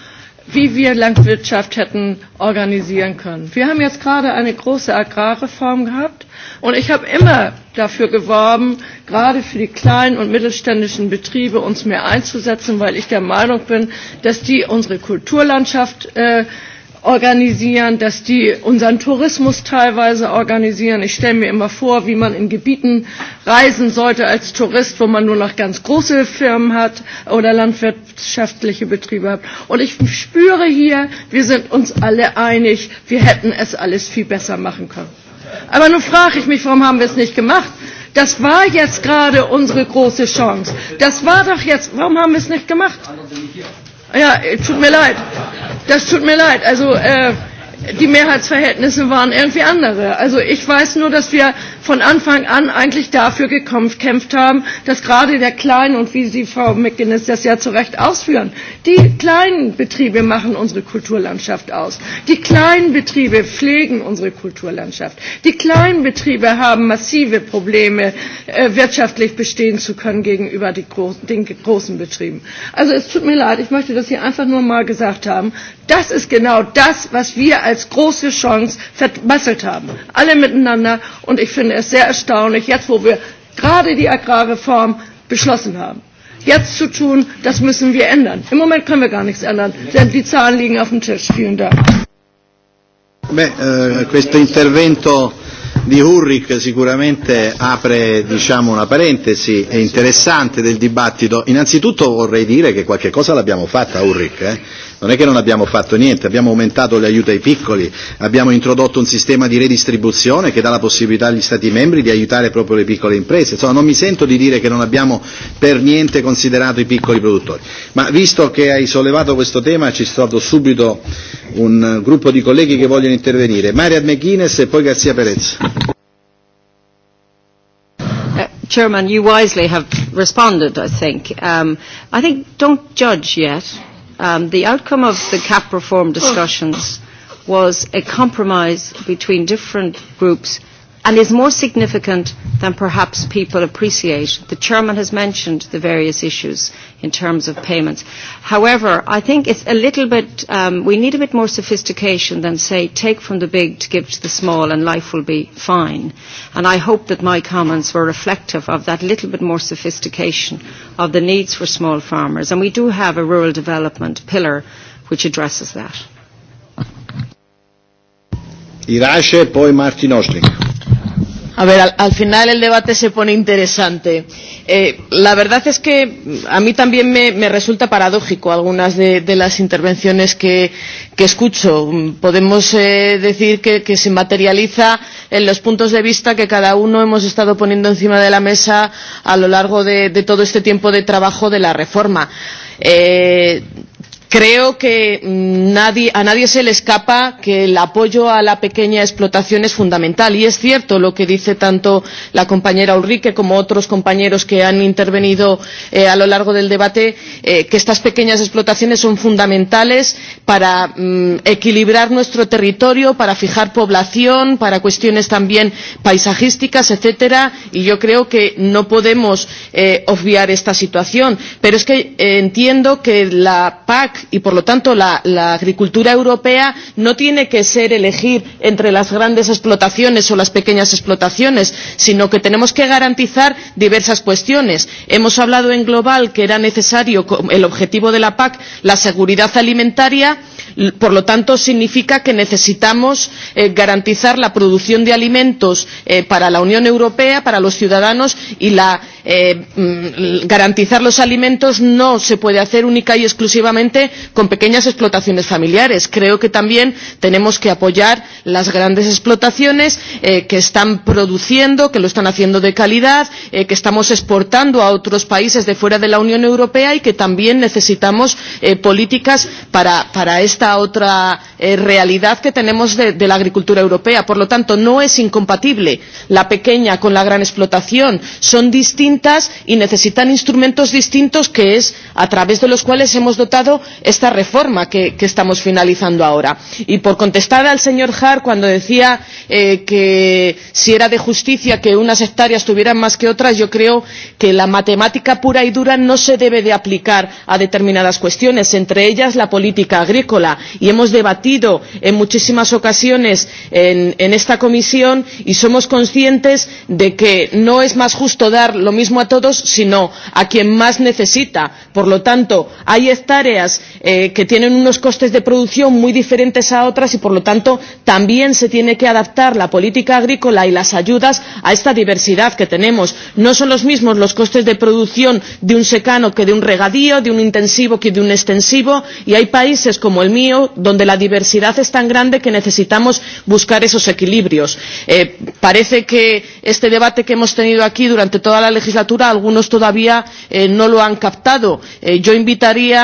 [SPEAKER 10] wie wir Landwirtschaft hätten organisieren können. Wir haben jetzt gerade eine große Agrarreform gehabt und ich habe immer dafür geworben, gerade für die kleinen und mittelständischen Betriebe uns mehr einzusetzen, weil ich der Meinung bin, dass die unsere Kulturlandschaft äh, organisieren, dass die unseren Tourismus teilweise organisieren. Ich stelle mir immer vor, wie man in Gebieten reisen sollte als Tourist, wo man nur noch ganz große Firmen hat oder landwirtschaftliche Betriebe hat. Und ich spüre hier, wir sind uns alle einig, wir hätten es alles viel besser machen können. Aber nun frage ich mich, warum haben wir es nicht gemacht? Das war jetzt gerade unsere große Chance. Das war doch jetzt, warum haben wir es nicht gemacht? Ja, tut mir leid. Das tut mir leid. Also, äh, die Mehrheitsverhältnisse waren irgendwie andere. Also ich weiß nur, dass wir von Anfang an eigentlich dafür gekämpft haben, dass gerade der Kleinen, und wie Sie, Frau McGuinness, das ja zu Recht ausführen, die kleinen Betriebe machen unsere Kulturlandschaft aus. Die kleinen Betriebe pflegen unsere Kulturlandschaft. Die kleinen Betriebe haben massive Probleme, äh, wirtschaftlich bestehen zu können gegenüber die Gro den großen Betrieben. Also es tut mir leid, ich möchte das hier einfach nur mal gesagt haben. Das ist genau das, was wir als als große Chance vermasselt haben. Alle miteinander. Und ich finde es sehr erstaunlich, jetzt wo wir gerade die Agrarreform beschlossen haben. Jetzt zu tun, das müssen wir ändern. Im Moment können wir gar nichts ändern, denn die Zahlen liegen auf dem Tisch. Vielen Dank.
[SPEAKER 1] Beh, äh, di Urric sicuramente apre diciamo, una parentesi interessante del dibattito. Innanzitutto vorrei dire che qualche cosa l'abbiamo fatta Urric, eh? non è che non abbiamo fatto niente, abbiamo aumentato gli aiuti ai piccoli, abbiamo introdotto un sistema di redistribuzione che dà la possibilità agli Stati membri di aiutare proprio le piccole imprese. Insomma, non mi sento di dire che non abbiamo per niente considerato i piccoli produttori. Ma visto che hai sollevato questo tema ci sto subito un eh, gruppo di colleghi che vogliono intervenire. Maria McGuinness e poi Garzia Perez.
[SPEAKER 2] Chairman, you wisely have responded, I think. Um, I think don't judge yet. Um, the outcome of the cap reform discussions was a compromise between different groups and is more significant than perhaps people appreciate. The chairman has mentioned the various issues in terms of payments. However, I think it's a little bit, um, we need a bit more sophistication than say, take from the big to give to the small and life will be fine. And I hope that my comments were reflective of that little bit more sophistication of the needs for small farmers. And we do have a rural development pillar which addresses that.
[SPEAKER 1] Irache, poi Martin Ostrich.
[SPEAKER 14] A ver, al, al final el debate se pone interesante. Eh, la verdad es que a mí también me, me resulta paradójico algunas de, de las intervenciones que, que escucho. Podemos eh, decir que, que se materializa en los puntos de vista que cada uno hemos estado poniendo encima de la mesa a lo largo de, de todo este tiempo de trabajo de la reforma. Eh, Creo que mm, nadie, a nadie se le escapa que el apoyo a la pequeña explotación es fundamental y es cierto lo que dice tanto la compañera Ulrike como otros compañeros que han intervenido eh, a lo largo del debate, eh, que estas pequeñas explotaciones son fundamentales para mm, equilibrar nuestro territorio, para fijar población, para cuestiones también paisajísticas, etcétera, y yo creo que no podemos eh, obviar esta situación. Pero es que eh, entiendo que la PAC y por lo tanto la, la agricultura europea no tiene que ser elegir entre las grandes explotaciones o las pequeñas explotaciones sino que tenemos que garantizar diversas cuestiones. Hemos hablado en global que era necesario el objetivo de la PAC la seguridad alimentaria y Por lo tanto, significa que necesitamos eh, garantizar la producción de alimentos eh, para la Unión Europea, para los ciudadanos y la, eh, mm, garantizar los alimentos no se puede hacer única y exclusivamente con pequeñas explotaciones familiares. Creo que también tenemos que apoyar las grandes explotaciones que están produciendo, que lo están haciendo de calidad, que estamos exportando a otros países de fuera de la Unión Europea y que también necesitamos políticas para, para esta esta otra eh, realidad que tenemos de, de la agricultura europea. Por lo tanto, no es incompatible la pequeña con la gran explotación. Son distintas y necesitan instrumentos distintos que es a través de los cuales hemos dotado esta reforma que, que estamos finalizando ahora. Y por contestar al señor Har cuando decía eh, que si era de justicia que unas hectáreas tuvieran más que otras, yo creo que la matemática pura y dura no se debe de aplicar a determinadas cuestiones, entre ellas la política agrícola agenda y hemos debatido en muchísimas ocasiones en, en esta comisión y somos conscientes de que no es más justo dar lo mismo a todos sino a quien más necesita. Por lo tanto, hay hectáreas eh, que tienen unos costes de producción muy diferentes a otras y por lo tanto también se tiene que adaptar la política agrícola y las ayudas a esta diversidad que tenemos. No son los mismos los costes de producción de un secano que de un regadío, de un intensivo que de un extensivo y hay países como el mío mío donde la diversidad es tan grande que necesitamos buscar esos equilibrios. Eh, parece que este debate que hemos tenido aquí durante toda la legislatura algunos todavía eh, no lo han captado. Eh, yo invitaría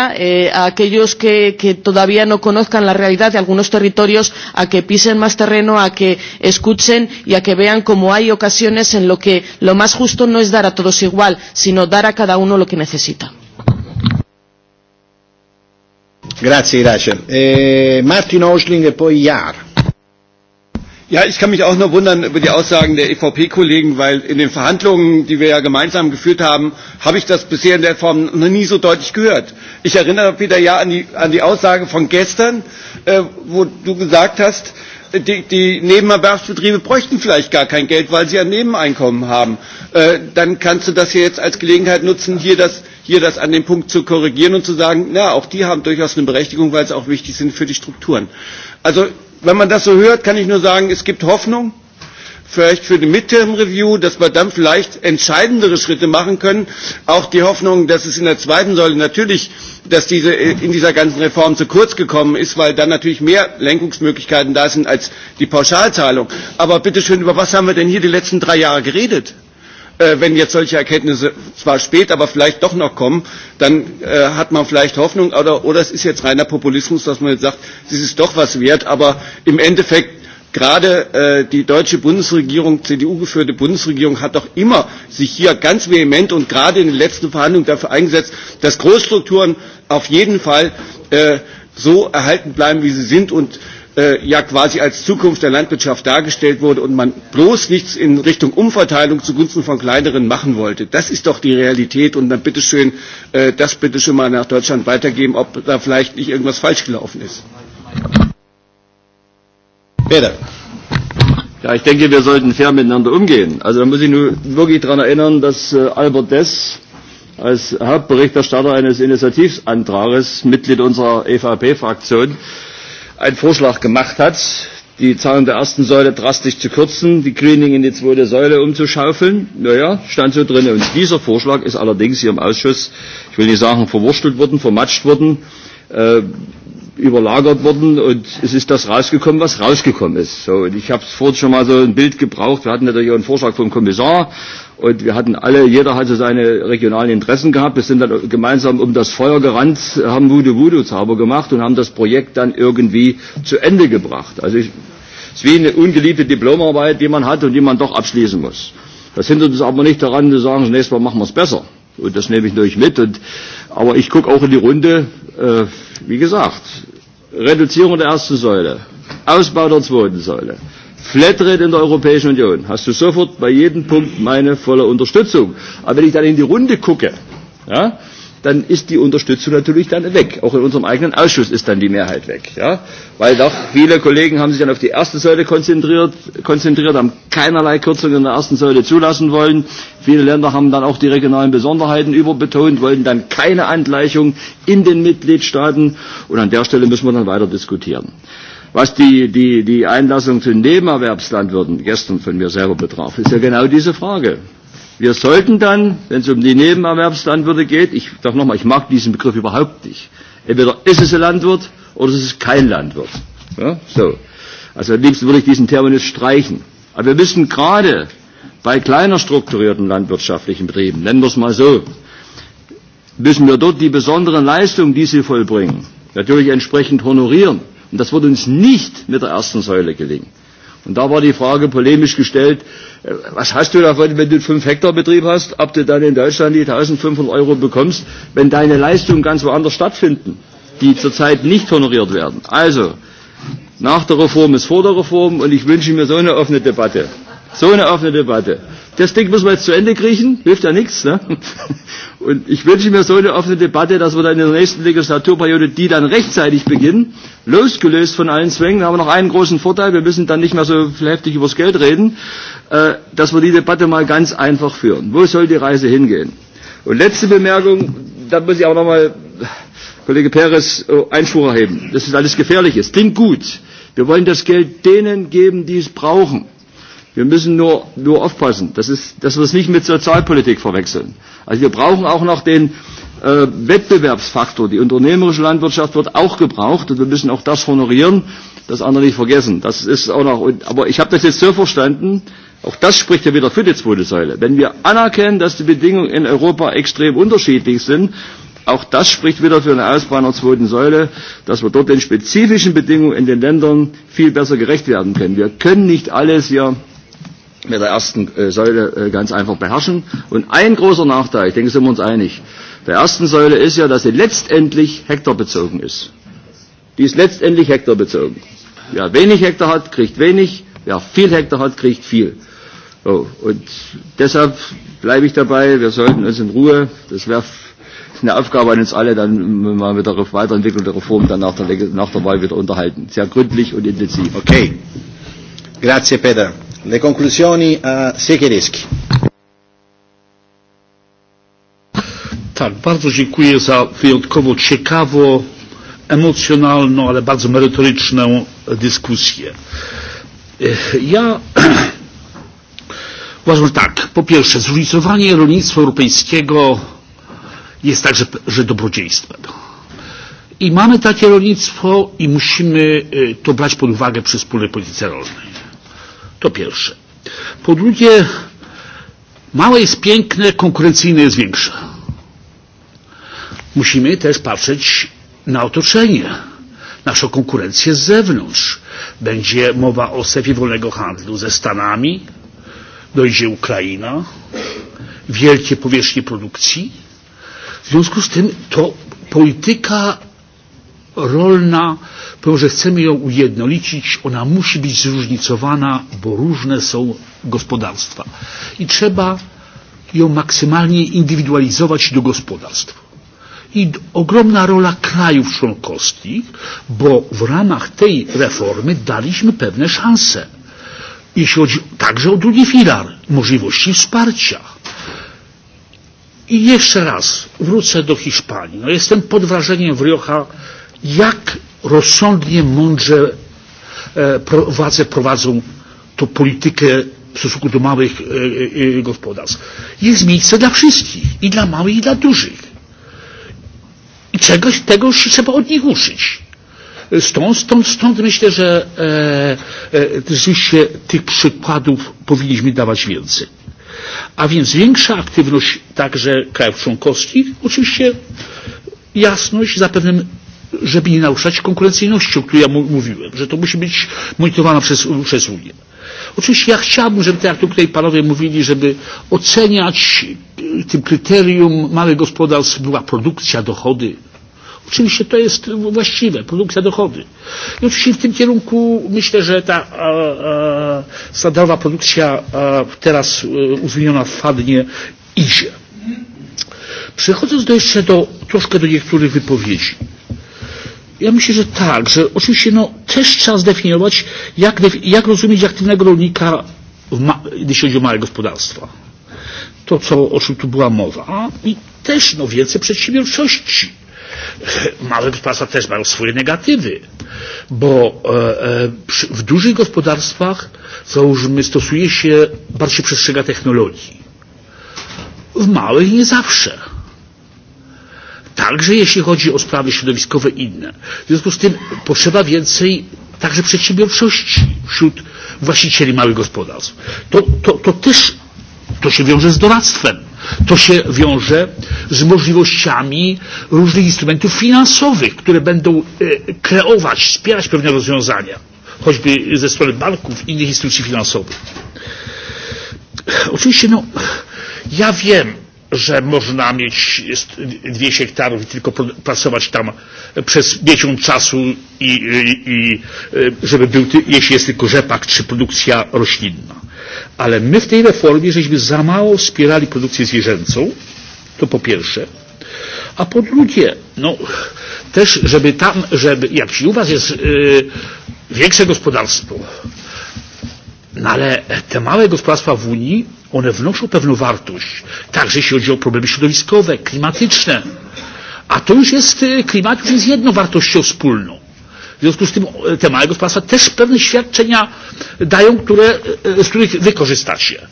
[SPEAKER 14] a aquellos que, que todavía no conozcan la realidad de algunos territorios a que pisen más terreno, a que escuchen y a que vean cómo hay ocasiones en las que lo más justo no es dar a todos igual, sino dar a cada uno lo que necesita.
[SPEAKER 3] Grazie Irace.
[SPEAKER 1] Eh, Martin Oschling e poi Jahr.
[SPEAKER 3] Ja, ich kann mich auch nur wundern über die Aussagen der EVP-Kollegen, weil in den Verhandlungen, die wir ja gemeinsam geführt haben, habe ich das bisher in der Form noch nie so deutlich gehört. Ich erinnere wieder ja an die, an die Aussage von gestern, äh, wo du gesagt hast, äh, die, die Nebenerwerbsbetriebe bräuchten vielleicht gar kein Geld, weil sie ein Nebeneinkommen haben. Äh, dann kannst du das hier jetzt als Gelegenheit nutzen, hier das hier das an dem Punkt zu korrigieren und zu sagen, na, auch die haben durchaus eine Berechtigung, weil sie auch wichtig sind für die Strukturen. Also wenn man das so hört, kann ich nur sagen, es gibt Hoffnung, vielleicht für die Midterm Review, dass wir dann vielleicht entscheidendere Schritte machen können. Auch die Hoffnung, dass es in der zweiten Säule natürlich, dass diese äh, in dieser ganzen Reform zu kurz gekommen ist, weil dann natürlich mehr Lenkungsmöglichkeiten da sind als die Pauschalzahlung. Aber bitteschön, über was haben wir denn hier die letzten drei Jahre geredet? Äh, wenn jetzt solche Erkenntnisse zwar spät, aber vielleicht doch noch kommen, dann äh, hat man vielleicht Hoffnung oder, oder es ist jetzt reiner Populismus, dass man jetzt sagt, es ist doch was wert, aber im Endeffekt gerade äh, die deutsche Bundesregierung, CDU-geführte Bundesregierung hat doch immer sich hier ganz vehement und gerade in den letzten Verhandlungen dafür eingesetzt, dass Großstrukturen auf jeden Fall äh, so erhalten bleiben, wie sie sind und äh, ja quasi als Zukunft der Landwirtschaft dargestellt wurde und man bloß nichts in Richtung Umverteilung zugunsten von kleineren machen wollte. Das ist doch die Realität und dann bitteschön, äh, das bitte schon mal nach Deutschland weitergeben, ob da vielleicht nicht irgendwas falsch gelaufen ist. Peter. Ja, ich denke, wir sollten
[SPEAKER 4] fair miteinander umgehen. Also da muss ich nur wirklich daran erinnern, dass äh, Albert Dess als Hauptberichterstatter eines Initiativantrages Mitglied unserer EVP-Fraktion äh, einen Vorschlag gemacht hat, die Zahlen der ersten Säule drastisch zu kürzen, die Greening in die zweite Säule umzuschaufeln. Naja, stand so drin. Und dieser Vorschlag ist allerdings hier im Ausschuss, ich will nicht sagen verwurstelt worden, vermatscht worden, äh, überlagert worden und es ist das rausgekommen, was rausgekommen ist. So, und ich habe es vorhin schon mal so ein Bild gebraucht. Wir hatten natürlich auch einen Vorschlag vom Kommissar, Und wir hatten alle, jeder hatte seine regionalen Interessen gehabt. Wir sind dann gemeinsam um das Feuer gerannt, haben Wudu Wudu zauber gemacht und haben das Projekt dann irgendwie zu Ende gebracht. Also ich, es ist wie eine ungeliebte Diplomarbeit, die man hat und die man doch abschließen muss. Das hindert uns aber nicht daran, zu sagen, das nächste Mal machen wir es besser. Und das nehme ich natürlich mit. Und, aber ich gucke auch in die Runde, äh, wie gesagt, Reduzierung der ersten Säule, Ausbau der zweiten Säule, Flatrate in der Europäischen Union. Hast du sofort bei jedem Punkt meine volle Unterstützung. Aber wenn ich dann in die Runde gucke, ja, dann ist die Unterstützung natürlich dann weg. Auch in unserem eigenen Ausschuss ist dann die Mehrheit weg. Ja? Weil doch viele Kollegen haben sich dann auf die erste Säule konzentriert, konzentriert, haben keinerlei Kürzungen in der ersten Säule zulassen wollen. Viele Länder haben dann auch die regionalen Besonderheiten überbetont, wollten dann keine Angleichung in den Mitgliedstaaten. Und an der Stelle müssen wir dann weiter diskutieren. Was die, die, die Einlassung zu Nebenerwerbslandwirten gestern von mir selber betraf, ist ja genau diese Frage. Wir sollten dann, wenn es um die Nebenerwerbslandwirte geht, ich sage nochmal, ich mag diesen Begriff überhaupt nicht. Entweder ist es ein Landwirt oder es ist kein Landwirt. Ja, so. Also am liebsten würde ich diesen Terminus streichen. Aber wir müssen gerade bei kleiner strukturierten landwirtschaftlichen Betrieben, nennen wir es mal so, müssen wir dort die besonderen Leistungen, die sie vollbringen, natürlich entsprechend honorieren. Und das wird uns nicht mit der ersten Säule gelingen. Und da war die Frage polemisch gestellt, äh, was hast du davon, wenn du einen 5-Hektar-Betrieb hast, ob du dann in Deutschland die 1500 Euro bekommst, wenn deine Leistungen ganz woanders stattfinden, die zurzeit nicht honoriert werden. Also, nach der Reform ist vor der Reform und ich wünsche mir so eine offene Debatte. So eine offene Debatte. Das Ding muss man jetzt zu Ende kriechen, hilft ja nichts. Ne? Und ich wünsche mir so eine offene Debatte, dass wir dann in der nächsten Legislaturperiode, die dann rechtzeitig beginnen, losgelöst von allen Zwängen, haben wir noch einen großen Vorteil, wir müssen dann nicht mehr so heftig über das Geld reden, äh, dass wir die Debatte mal ganz einfach führen. Wo soll die Reise hingehen? Und letzte Bemerkung, da muss ich auch nochmal, Kollege Peres, äh, Einspruch erheben, Das ist alles gefährlich Es Klingt gut. Wir wollen das Geld denen geben, die es brauchen. Wir müssen nur, nur aufpassen, das ist, dass wir es nicht mit Sozialpolitik verwechseln. Also wir brauchen auch noch den äh, Wettbewerbsfaktor. Die unternehmerische Landwirtschaft wird auch gebraucht und wir müssen auch das honorieren. Das andere nicht vergessen. Das ist auch noch, aber ich habe das jetzt so verstanden, auch das spricht ja wieder für die zweite Säule. Wenn wir anerkennen, dass die Bedingungen in Europa extrem unterschiedlich sind, auch das spricht wieder für eine Ausbau einer zweiten Säule, dass wir dort den spezifischen Bedingungen in den Ländern viel besser gerecht werden können. Wir können nicht alles hier mit der ersten äh, Säule äh, ganz einfach beherrschen. Und ein großer Nachteil, ich denke, sind wir uns einig, der ersten Säule ist ja, dass sie letztendlich hektarbezogen ist. Die ist letztendlich hektarbezogen. Wer wenig Hektar hat, kriegt wenig. Wer viel Hektar hat, kriegt viel. So, und deshalb bleibe ich dabei, wir sollten uns in Ruhe, das wäre eine Aufgabe an uns alle, dann mal mit der Weiterentwicklung der Reform dann nach der, nach der Wahl wieder
[SPEAKER 1] unterhalten. Sehr gründlich und intensiv. Okay. Grazie, Peter. Le conclusioni
[SPEAKER 6] a eh, Siekierski. Tak, bardzo dziękuję za wyjątkowo ciekawą, emocjonalną, ale bardzo merytoryczną dyskusję. Eh, ja uważam, że tak. Po pierwsze, zróżnicowanie rolnictwa europejskiego jest także że dobrodziejstwem. I mamy takie rolnictwo i musimy to brać pod uwagę przy wspólnej polityce rolnej To pierwsze. Po drugie, małe jest piękne, konkurencyjne jest większe. Musimy też patrzeć na otoczenie, naszą konkurencję z zewnątrz. Będzie mowa o strefie wolnego handlu ze Stanami, dojdzie Ukraina, wielkie powierzchnie produkcji. W związku z tym to polityka rolna, pomimo że chcemy ją ujednolicić, ona musi być zróżnicowana, bo różne są gospodarstwa. I trzeba ją maksymalnie indywidualizować do gospodarstw. I ogromna rola krajów członkowskich, bo w ramach tej reformy daliśmy pewne szanse. Jeśli chodzi także o drugi filar, możliwości wsparcia. I jeszcze raz wrócę do Hiszpanii. No, jestem pod wrażeniem w Riocha jak rozsądnie, mądrze władze prowadzą tą politykę w stosunku do małych gospodarstw. Jest miejsce dla wszystkich, i dla małych, i dla dużych. I czegoś tego już trzeba od nich uczyć. Stąd, stąd, stąd myślę, że e, e, rzeczywiście tych przykładów powinniśmy dawać więcej. A więc większa aktywność także krajów członkowskich, oczywiście jasność zapewne żeby nie naruszać konkurencyjności, o której ja mówiłem, że to musi być monitorowane przez, przez Unię. Oczywiście ja chciałbym, żeby tak jak tutaj panowie mówili, żeby oceniać tym kryterium małych gospodarstw była produkcja, dochody. Oczywiście to jest właściwe, produkcja, dochody. I oczywiście w tym kierunku myślę, że ta a, a, standardowa produkcja a, teraz uzmieniona w fadnie idzie. Przechodząc do jeszcze do, troszkę do niektórych wypowiedzi. Ja myślę, że tak, że oczywiście no, też trzeba zdefiniować, jak, jak rozumieć aktywnego rolnika, ma, jeśli chodzi o małe gospodarstwa. To, co, o czym tu była mowa. I też no, więcej przedsiębiorczości. Małe gospodarstwa też mają swoje negatywy, bo e, przy, w dużych gospodarstwach, załóżmy, stosuje się, bardziej przestrzega technologii. W małych nie zawsze Także jeśli chodzi o sprawy środowiskowe i inne. W związku z tym potrzeba więcej także przedsiębiorczości wśród właścicieli małych gospodarstw. To, to, to też to się wiąże z doradztwem. To się wiąże z możliwościami różnych instrumentów finansowych, które będą kreować, wspierać pewne rozwiązania, choćby ze strony banków i innych instytucji finansowych. Oczywiście, no, ja wiem, że można mieć 200 hektarów i tylko pracować tam przez miesiąc czasu i, i, i żeby był, jeśli jest tylko rzepak czy produkcja roślinna. Ale my w tej reformie żeśmy za mało wspierali produkcję zwierzęcą, to po pierwsze. A po drugie, no też, żeby tam, żeby, jak ci u Was jest yy, większe gospodarstwo, no ale te małe gospodarstwa w Unii One wnoszą pewną wartość, także jeśli chodzi o problemy środowiskowe, klimatyczne. A to już jest, klimat już jest jedną wartością wspólną. W związku z tym te małe gospodarstwa też pewne świadczenia dają, które, z których wy korzystacie.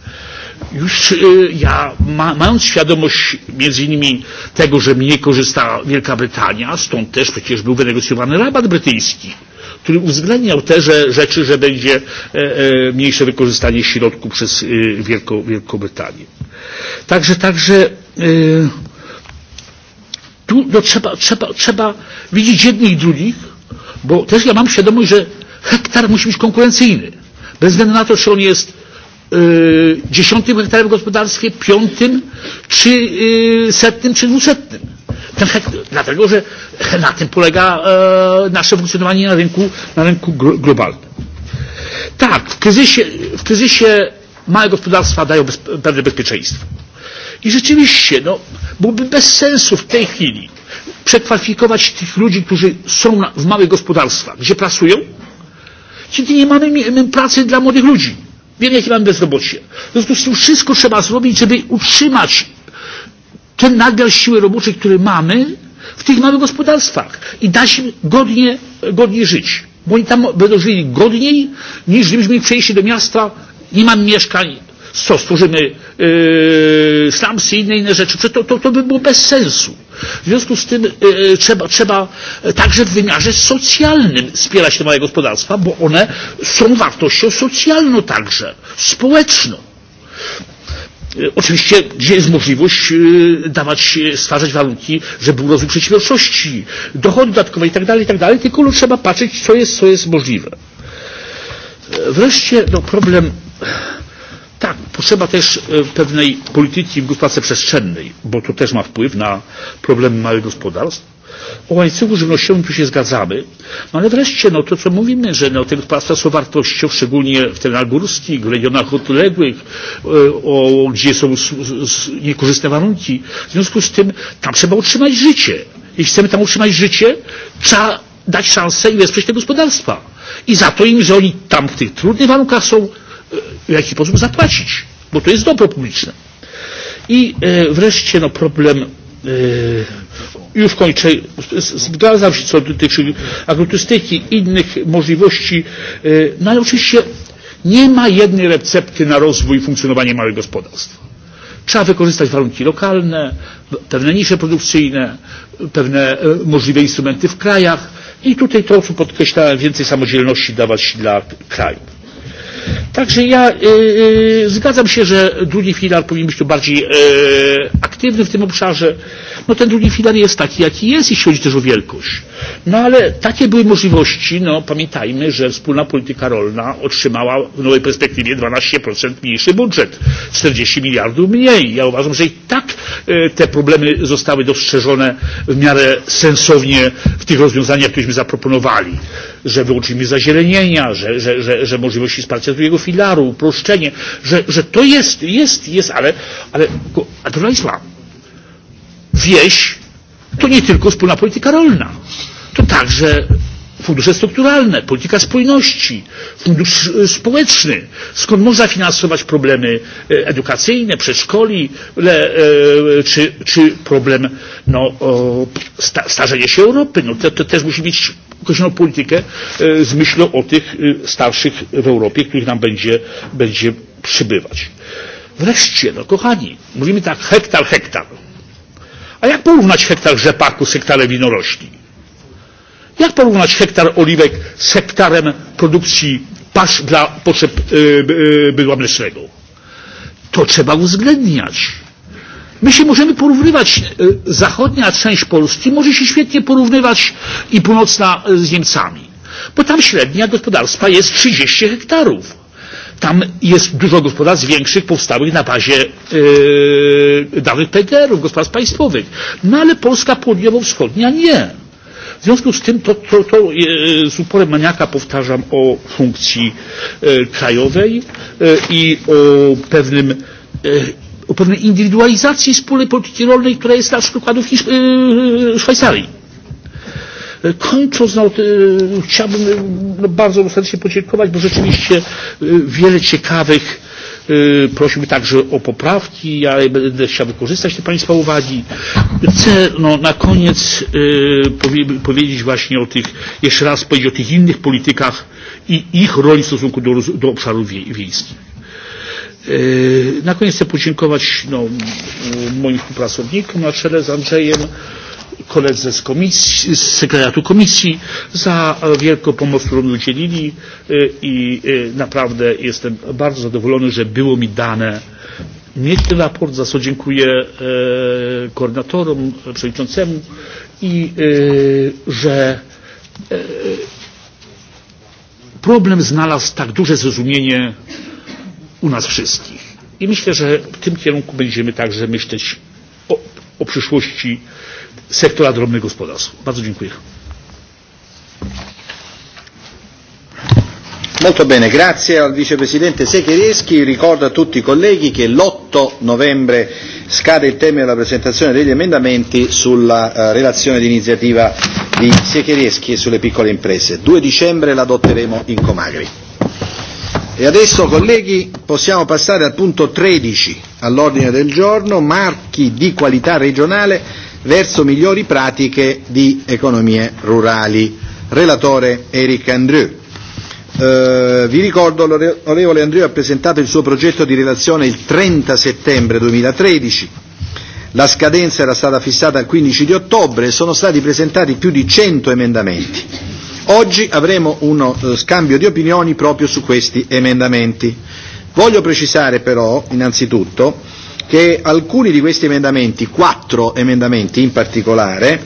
[SPEAKER 6] Już ja, ma, mając świadomość między innymi tego, że mniej korzysta Wielka Brytania, stąd też przecież był wynegocjowany rabat brytyjski, który uwzględniał te że, rzeczy, że będzie e, e, mniejsze wykorzystanie środków przez e, Wielką, Wielką Brytanię. Także, także e, tu no, trzeba, trzeba, trzeba widzieć jednych i drugich, bo też ja mam świadomość, że hektar musi być konkurencyjny. Bez względu na to, czy on jest dziesiątym hektarem w gospodarstwie, piątym, czy setnym, czy dwusetnym Ten, dlatego, że na tym polega e, nasze funkcjonowanie na rynku, na rynku globalnym. Tak, w kryzysie, w kryzysie małe gospodarstwa dają bez, pewne bezpieczeństwo. I rzeczywiście, no, byłoby bez sensu w tej chwili przekwalifikować tych ludzi, którzy są na, w małych gospodarstwach, gdzie pracują, kiedy nie mamy pracy dla młodych ludzi. Wiemy, jakie mamy bezrobocie. W związku z tym wszystko trzeba zrobić, żeby utrzymać ten nadmiar siły roboczej, który mamy w tych małych gospodarstwach i da się godnie, godnie żyć. Bo oni tam będą żyli godniej niż gdybyśmy przejść do miasta, nie mam mieszkań, co stworzymy yy, slumsy i inne, inne rzeczy. to, to, to by było bez sensu. W związku z tym yy, trzeba, trzeba także w wymiarze socjalnym wspierać te małe gospodarstwa, bo one są wartością socjalną także, społeczną. Oczywiście, gdzie jest możliwość dawać, stwarzać warunki, żeby był rozwój przedsiębiorczości, dochody dodatkowe itd., itd., tylko no, trzeba patrzeć, co jest, co jest możliwe. Wreszcie no, problem, tak, potrzeba też pewnej polityki w gospodarce przestrzennej, bo to też ma wpływ na problemy małych gospodarstw o łańcuchu żywnościowym tu się zgadzamy. No ale wreszcie no, to, co mówimy, że no, te gospodarstwa są wartością, szczególnie w terenach górskich, w regionach odległych, o, gdzie są niekorzystne warunki. W związku z tym tam trzeba utrzymać życie. Jeśli chcemy tam utrzymać życie, trzeba dać szansę i wesprzeć te gospodarstwa. I za to im, że oni tam w tych trudnych warunkach są, w jaki sposób zapłacić, bo to jest dobro publiczne. I e, wreszcie no, problem już kończę, zgadzam się co do tych agroturystyki, innych możliwości, no ale oczywiście nie ma jednej recepty na rozwój i funkcjonowanie małych gospodarstw. Trzeba wykorzystać warunki lokalne, pewne nisze produkcyjne, pewne możliwe instrumenty w krajach i tutaj to, co podkreślałem, więcej samodzielności dawać dla krajów. Także ja yy, zgadzam się, że drugi filar powinien być tu bardziej yy, aktywny w tym obszarze. No ten drugi filar jest taki, jaki jest, jeśli chodzi też o wielkość. No ale takie były możliwości. No pamiętajmy, że wspólna polityka rolna otrzymała w nowej perspektywie 12% mniejszy budżet, 40 miliardów mniej. Ja uważam, że i tak yy, te problemy zostały dostrzeżone w miarę sensownie w tych rozwiązaniach, któreśmy zaproponowali że wyłączymy zazielenienia, że, że, że, że możliwości wsparcia drugiego filaru, uproszczenie, że, że to jest, jest, jest, ale, ale a proszę Państwa, wieś to nie tylko wspólna polityka rolna. To także fundusze strukturalne, polityka spójności, fundusz społeczny, skąd można finansować problemy edukacyjne, przedszkoli le, czy, czy problem no, sta, starzenia się Europy. No, to, to też musi mieć określoną politykę z myślą o tych starszych w Europie, których nam będzie, będzie przybywać. Wreszcie, no kochani, mówimy tak hektar, hektar. A jak porównać hektar rzepaku z hektarem winorośli? Jak porównać hektar oliwek z hektarem produkcji pasz dla potrzeb bydła mlecznego? To trzeba uwzględniać. My się możemy porównywać, zachodnia część Polski może się świetnie porównywać i północna z Niemcami, bo tam średnia gospodarstwa jest 30 hektarów. Tam jest dużo gospodarstw większych powstałych na bazie yy, dawnych PGR-ów, gospodarstw państwowych. No ale Polska południowo-wschodnia nie W związku z tym to, to, to z uporem maniaka powtarzam o funkcji e, krajowej e, i o pewnym e, o pewnej indywidualizacji wspólnej polityki rolnej, która jest na przykład w Hisz Szwajcarii. Kończąc, no, chciałbym no, bardzo serdecznie podziękować, bo rzeczywiście wiele ciekawych Prosimy także o poprawki. Ja będę chciał wykorzystać te Państwa uwagi. Chcę no, na koniec powie, powiedzieć właśnie o tych, jeszcze raz powiedzieć o tych innych politykach i ich roli w stosunku do, do obszarów wie, wiejskich. Na koniec chcę podziękować no, moim współpracownikom na czele z Andrzejem koledze z, komisji, z sekretariatu komisji za wielką pomoc, którą mi udzielili i naprawdę jestem bardzo zadowolony, że było mi dane mieć ten raport, za co dziękuję koordynatorom, przewodniczącemu i że problem znalazł tak duże zrozumienie u nas wszystkich. I myślę, że w tym kierunku będziemy także myśleć o, o przyszłości sektora drobnych gospodarstw. Bardzo dziękuję.
[SPEAKER 1] Molto bene, grazie al vicepresidente Secherieschi. Ricordo a tutti i colleghi che l'8 novembre scade il termine della presentazione degli emendamenti sulla eh, relazione d'iniziativa di Secherieschi e sulle piccole imprese. 2 dicembre l'adotteremo in Comagri. E adesso, colleghi, possiamo passare al punto 13 all'ordine del giorno, marchi di qualità regionale verso migliori pratiche di economie rurali. Relatore Eric Andrew. Eh, vi ricordo l'onorevole Andrew ha presentato il suo progetto di relazione il 30 settembre 2013. La scadenza era stata fissata il 15 di ottobre e sono stati presentati più di 100 emendamenti. Oggi avremo uno eh, scambio di opinioni proprio su questi emendamenti. Voglio precisare però, innanzitutto, che alcuni di questi emendamenti, quattro emendamenti in particolare,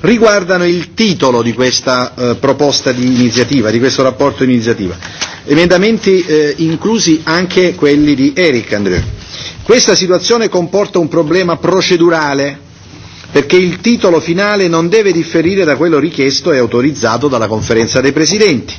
[SPEAKER 1] riguardano il titolo di questa eh, proposta di iniziativa, di questo rapporto di iniziativa. Emendamenti eh, inclusi anche quelli di Eric Andrew. Questa situazione comporta un problema procedurale perché il titolo finale non deve differire da quello richiesto e autorizzato dalla conferenza dei presidenti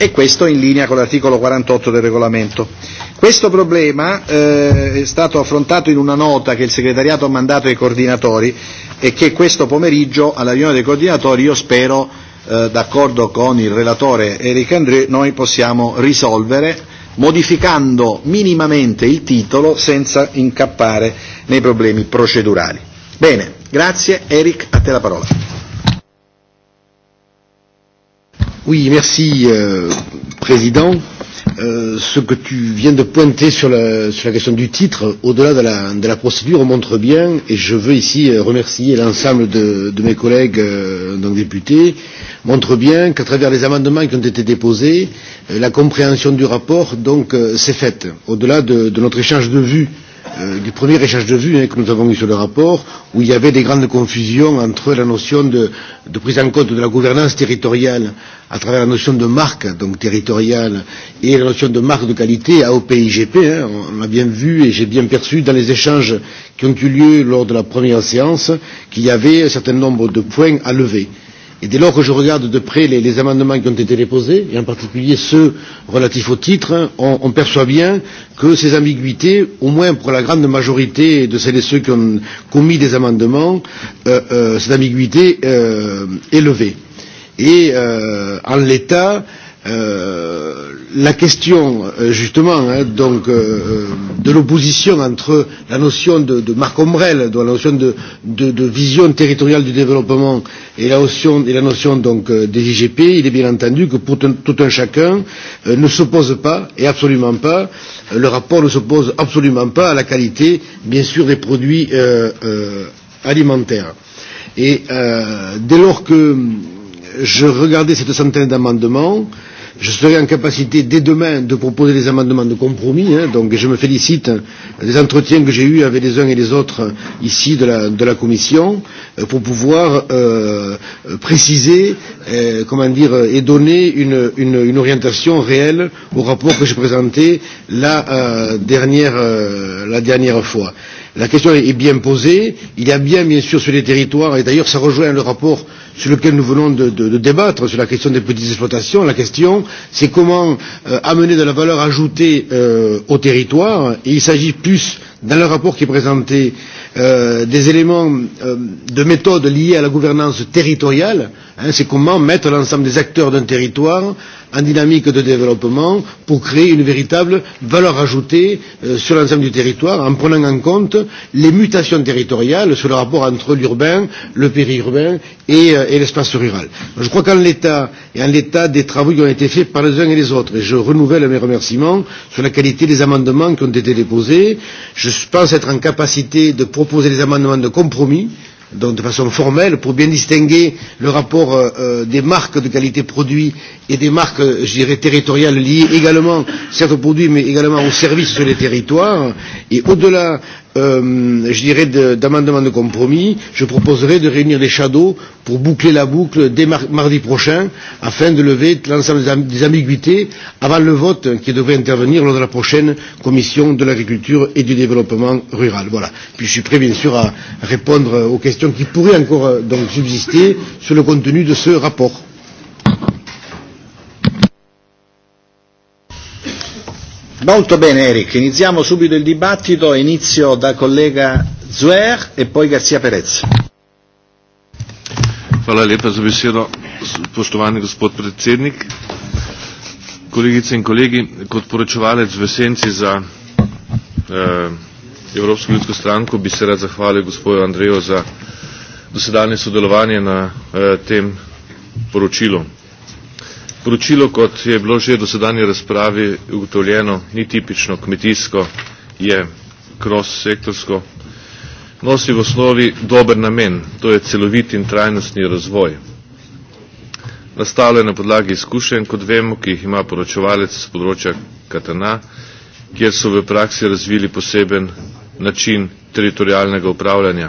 [SPEAKER 1] e questo in linea con l'articolo 48 del regolamento. Questo problema eh, è stato affrontato in una nota che il segretariato ha mandato ai coordinatori e che questo pomeriggio alla riunione dei coordinatori io spero, eh, d'accordo con il relatore Eric André, noi possiamo risolvere modificando minimamente il titolo senza incappare nei problemi procedurali. Bene, grazie Eric, a te la parola.
[SPEAKER 5] Oui, merci, euh, Président. Euh, ce que tu viens de pointer sur la, sur la question du titre, au-delà de la, de la procédure, montre bien, et je veux ici euh, remercier l'ensemble de, de mes collègues euh, donc députés, montre bien qu'à travers les amendements qui ont été déposés, euh, la compréhension du rapport donc euh, s'est faite, au-delà de, de notre échange de vues euh, Euh, du premier échange de vue hein, que nous avons eu sur le rapport, où il y avait des grandes confusions entre la notion de, de prise en compte de la gouvernance territoriale à travers la notion de marque donc territoriale et la notion de marque de qualité à OPIGP. Hein, on l'a bien vu et j'ai bien perçu dans les échanges qui ont eu lieu lors de la première séance qu'il y avait un certain nombre de points à lever. Et dès lors que je regarde de près les, les amendements qui ont été déposés, et en particulier ceux relatifs au titre, on, on perçoit bien que ces ambiguïtés, au moins pour la grande majorité de celles et ceux qui ont commis des amendements, euh, euh, cette ambiguïté euh, est levée. Et euh, en l'état, euh, Euh, la question euh, justement hein, donc euh, euh, de l'opposition entre la notion de, de Marc Ombrel, de la notion de, de, de vision territoriale du développement et la notion, et la notion donc euh, des IGP, il est bien entendu que pour tout un chacun euh, ne s'oppose pas et absolument pas euh, le rapport ne s'oppose absolument pas à la qualité bien sûr des produits euh, euh, alimentaires. Et euh, dès lors que je regardais cette centaine d'amendements, euh, je serai en capacité dès demain de proposer des amendements de compromis. Hein, donc je me félicite des entretiens que j'ai eus avec les uns et les autres ici de la, de la Commission euh, pour pouvoir euh, préciser, euh, comment dire, et donner une, une, une orientation réelle au rapport que j'ai présenté la, euh, dernière, euh, la dernière fois la question est bien posée. Il y a bien, bien sûr, sur les territoires, et d'ailleurs, ça rejoint le rapport sur lequel nous venons de, de, de débattre, sur la question des petites exploitations. La question, c'est comment euh, amener de la valeur ajoutée euh, au territoire. Et il s'agit plus dans le rapport qui est présenté euh, des éléments euh, de méthode liés à la gouvernance territoriale, hein, c'est comment mettre l'ensemble des acteurs d'un territoire en dynamique de développement pour créer une véritable valeur ajoutée euh, sur l'ensemble du territoire en prenant en compte les mutations territoriales sur le rapport entre l'urbain, le périurbain et, euh, et l'espace rural. Je crois qu'en l'état et en l'état des travaux qui ont été faits par les uns et les autres, et je renouvelle mes remerciements sur la qualité des amendements qui ont été déposés, je je pense être en capacité de proposer des amendements de compromis donc de façon formelle pour bien distinguer le rapport euh, euh des marques de qualité produit et des marques, euh, je dirais, territoriales liées également, certes aux produits, mais également aux services sur les territoires. Et au-delà euh, je dirais, d'amendements de, de compromis, je proposerai de réunir les shadows pour boucler la boucle dès mar mardi prochain, afin de lever l'ensemble des, amb des ambiguïtés avant le vote qui devrait intervenir lors de la prochaine commission de l'agriculture et du développement rural. Voilà. Puis je suis prêt, bien sûr, à répondre aux questions qui pourraient
[SPEAKER 1] encore euh, donc subsister sur le contenu de ce rapport. Molto bene Eric, iniziamo subito il dibattito, inizio da collega Zuer e poi Garzia Perez.
[SPEAKER 15] Hvala lepa za besedo, spoštovani gospod predsednik. Kolegice in kolegi, kot poročevalec v esenci za eh, Evropsko ljudsko stranko bi se rad zahvalil gospodu Andreju za dosedanje sodelovanje na eh, tem poročilu. Poročilo, kot je bilo že do sedanje razpravi ugotovljeno, ni tipično kmetijsko, je cross-sektorsko, nosi v osnovi dober namen, to je celovit in trajnostni razvoj. Nastalo je na podlagi izkušenj, kot vemo, ki jih ima poročevalec z področja Katana, kjer so v praksi razvili poseben način teritorijalnega upravljanja.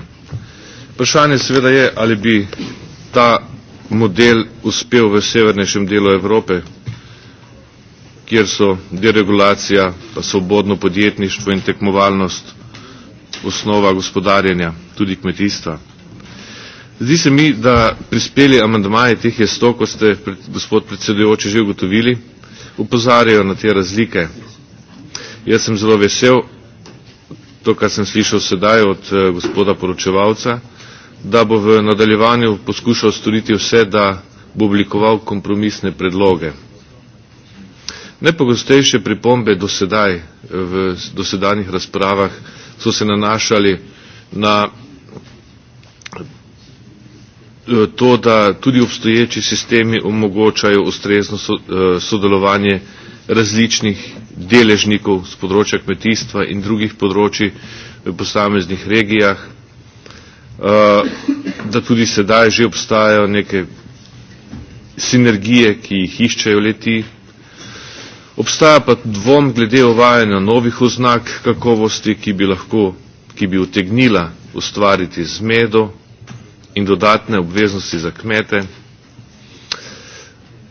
[SPEAKER 15] Vprašanje seveda je, ali bi ta model uspel v severnejšem delu Evrope, kjer so deregulacija, pa svobodno podjetništvo in tekmovalnost osnova gospodarjenja, tudi kmetijstva. Zdi se mi, da prispeli amandmaje teh je sto, ko ste, gospod predsedujoči, že ugotovili, upozarjajo na te razlike. Jaz sem zelo vesel, to, kar sem slišal sedaj od uh, gospoda poročevalca, da bo v nadaljevanju poskušal storiti vse, da bo oblikoval kompromisne predloge. Najpogostejše pripombe do sedaj v dosedanjih razpravah so se nanašali na eh, to, da tudi obstoječi sistemi omogočajo ustrezno eh, sodelovanje različnih deležnikov z področja kmetijstva in drugih področji v posameznih regijah, Eh, da tudi sedaj že obstajajo neke sinergije, ki jih iščejo leti. Obstaja pa dvom glede uvajanja novih oznak kakovosti, ki bi lahko, ki bi utegnila ustvariti zmedo in dodatne obveznosti za kmete.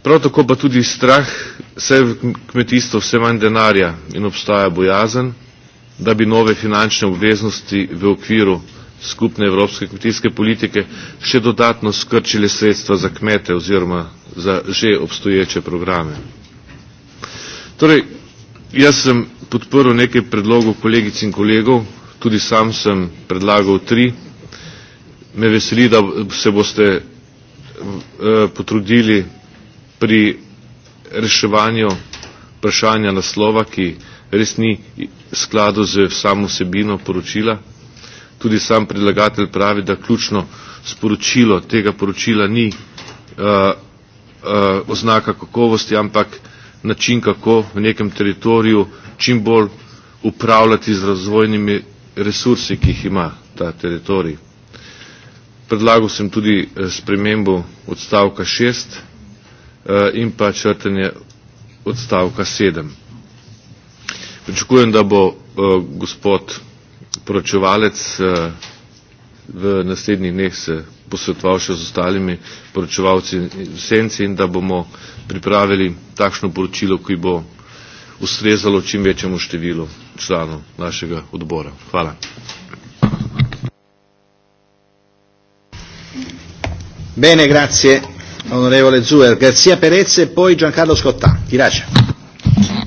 [SPEAKER 15] Prav tako pa tudi strah, vse v kmetijstvu vse manj denarja in obstaja bojazen, da bi nove finančne obveznosti v okviru skupne evropske kmetijske politike še dodatno skrčili sredstva za kmete oziroma za že obstoječe programe. Torej, jaz sem podprl nekaj predlogov kolegic in kolegov, tudi sam sem predlagal tri. Me veseli, da se boste eh, potrudili pri reševanju vprašanja naslova, ki res ni skladu z samo sebino poročila Tudi sam predlagatelj pravi, da ključno sporočilo tega poročila ni uh, uh, oznaka kakovosti, ampak način, kako v nekem teritoriju čim bolj upravljati z razvojnimi resursi, ki jih ima ta teritorij. Predlagal sem tudi eh, spremembo odstavka 6 in pa črtanje odstavka 7. Pričakujem, da bo gospod poročevalec eh, v naslednjih dneh se posvetoval še z ostalimi poročevalci v senci in da bomo pripravili takšno poročilo, ki bo ustrezalo čim večjemu številu članov našega odbora. Hvala.
[SPEAKER 1] Bene, grazie onorevole Zuer. Garcia Perez e poi Giancarlo Scottà. Grazie.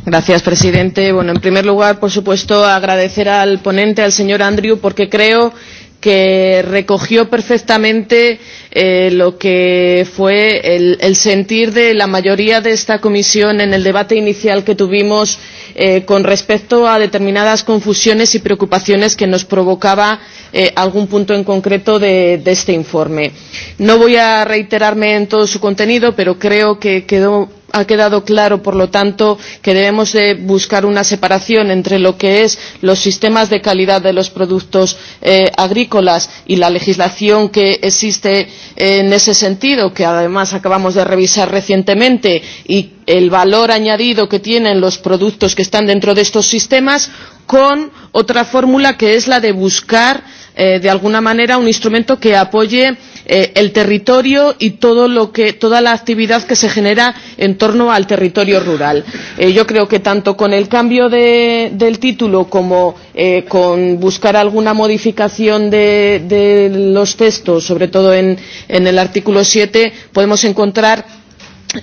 [SPEAKER 14] Gracias, presidente. Bueno, en primer lugar, por supuesto, agradecer al ponente, al señor Andrew, porque creo que recogió perfectamente eh, lo que fue el, el sentir de la mayoría de esta comisión en el debate inicial que tuvimos eh, con respecto a determinadas confusiones y preocupaciones que nos provocaba eh, algún punto en concreto de, de este informe. No voy a reiterarme en todo su contenido, pero creo que quedó ha quedado claro por lo tanto que debemos de buscar una separación entre lo que son los sistemas de calidad de los productos eh, agrícolas y la legislación que existe en ese sentido que además acabamos de revisar recientemente y el valor añadido que tienen los productos que están dentro de estos sistemas con otra fórmula que es la de buscar eh, de alguna manera un instrumento que apoye eh, el territorio y todo lo que, toda la actividad que se genera en torno al territorio rural. Eh, yo creo que tanto con el cambio de, del título como eh, con buscar alguna modificación de, de los textos, sobre todo en, en el artículo 7, podemos encontrar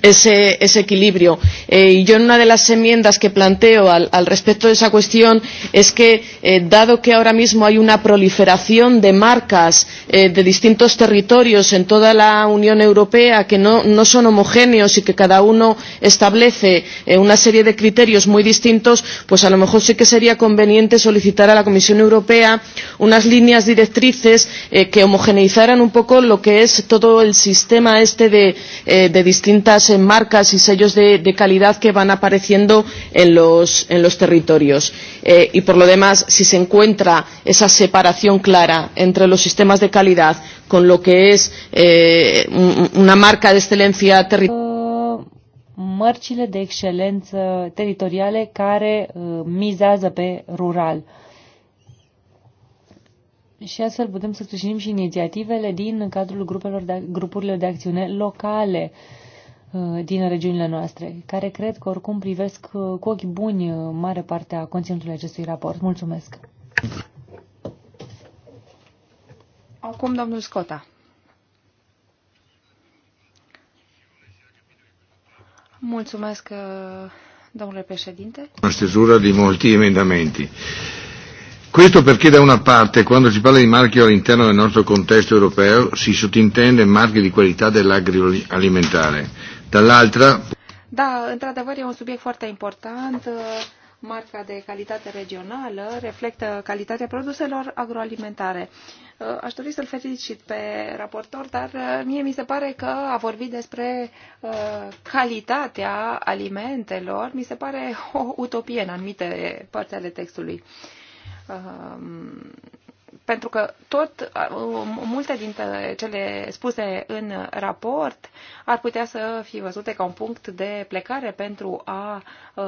[SPEAKER 14] ese, ese equilibrio. Eh, y yo en una de las enmiendas que planteo al, al respecto de esa cuestión es que, eh, dado que ahora mismo hay una proliferación de marcas eh, de distintos territorios en toda la Unión Europea que no, no son homogéneos y que cada uno establece eh, una serie de criterios muy distintos, pues a lo mejor sí que sería conveniente solicitar a la Comisión Europea unas líneas directrices eh, que homogeneizaran un poco lo que es todo el sistema este de, eh, de distintas las marcas y sellos de, de calidad que van apareciendo en los, en los territorios. Eh, y por lo demás, si se encuentra esa separación clara entre los sistemas de calidad con lo que es eh, una marca de excelencia territorial
[SPEAKER 16] mărcile de excelență teritoriale care uh, mizează pe rural. Și astfel putem să sprijinim și inițiativele din cadrul grupelor de, grupurilor de acțiune locale. Uh, Uh, din regiunile noastre, care cred că oricum privesc uh, cu ochi buni uh, mare parte a conținutului acestui raport. Mulțumesc!
[SPEAKER 17] Acum domnul Scota. Mulțumesc, domnule președinte.
[SPEAKER 1] Una stesura di molti emendamenti. Questo perché da una parte, quando si parla di marchio all'interno del nostro contesto europeo, si sottintende marchio di qualità dell'agroalimentare dall'altra.
[SPEAKER 17] Da, într-adevăr e un subiect foarte important. Marca de calitate regională reflectă calitatea produselor agroalimentare. Aș dori să-l felicit pe raportor, dar uh, mie mi se pare că a vorbit despre uh, calitatea alimentelor, mi se pare o utopie în anumite părți ale textului um, pentru că tot uh, multe dintre cele spuse în raport ar putea să fie văzute ca un punct de plecare pentru a uh,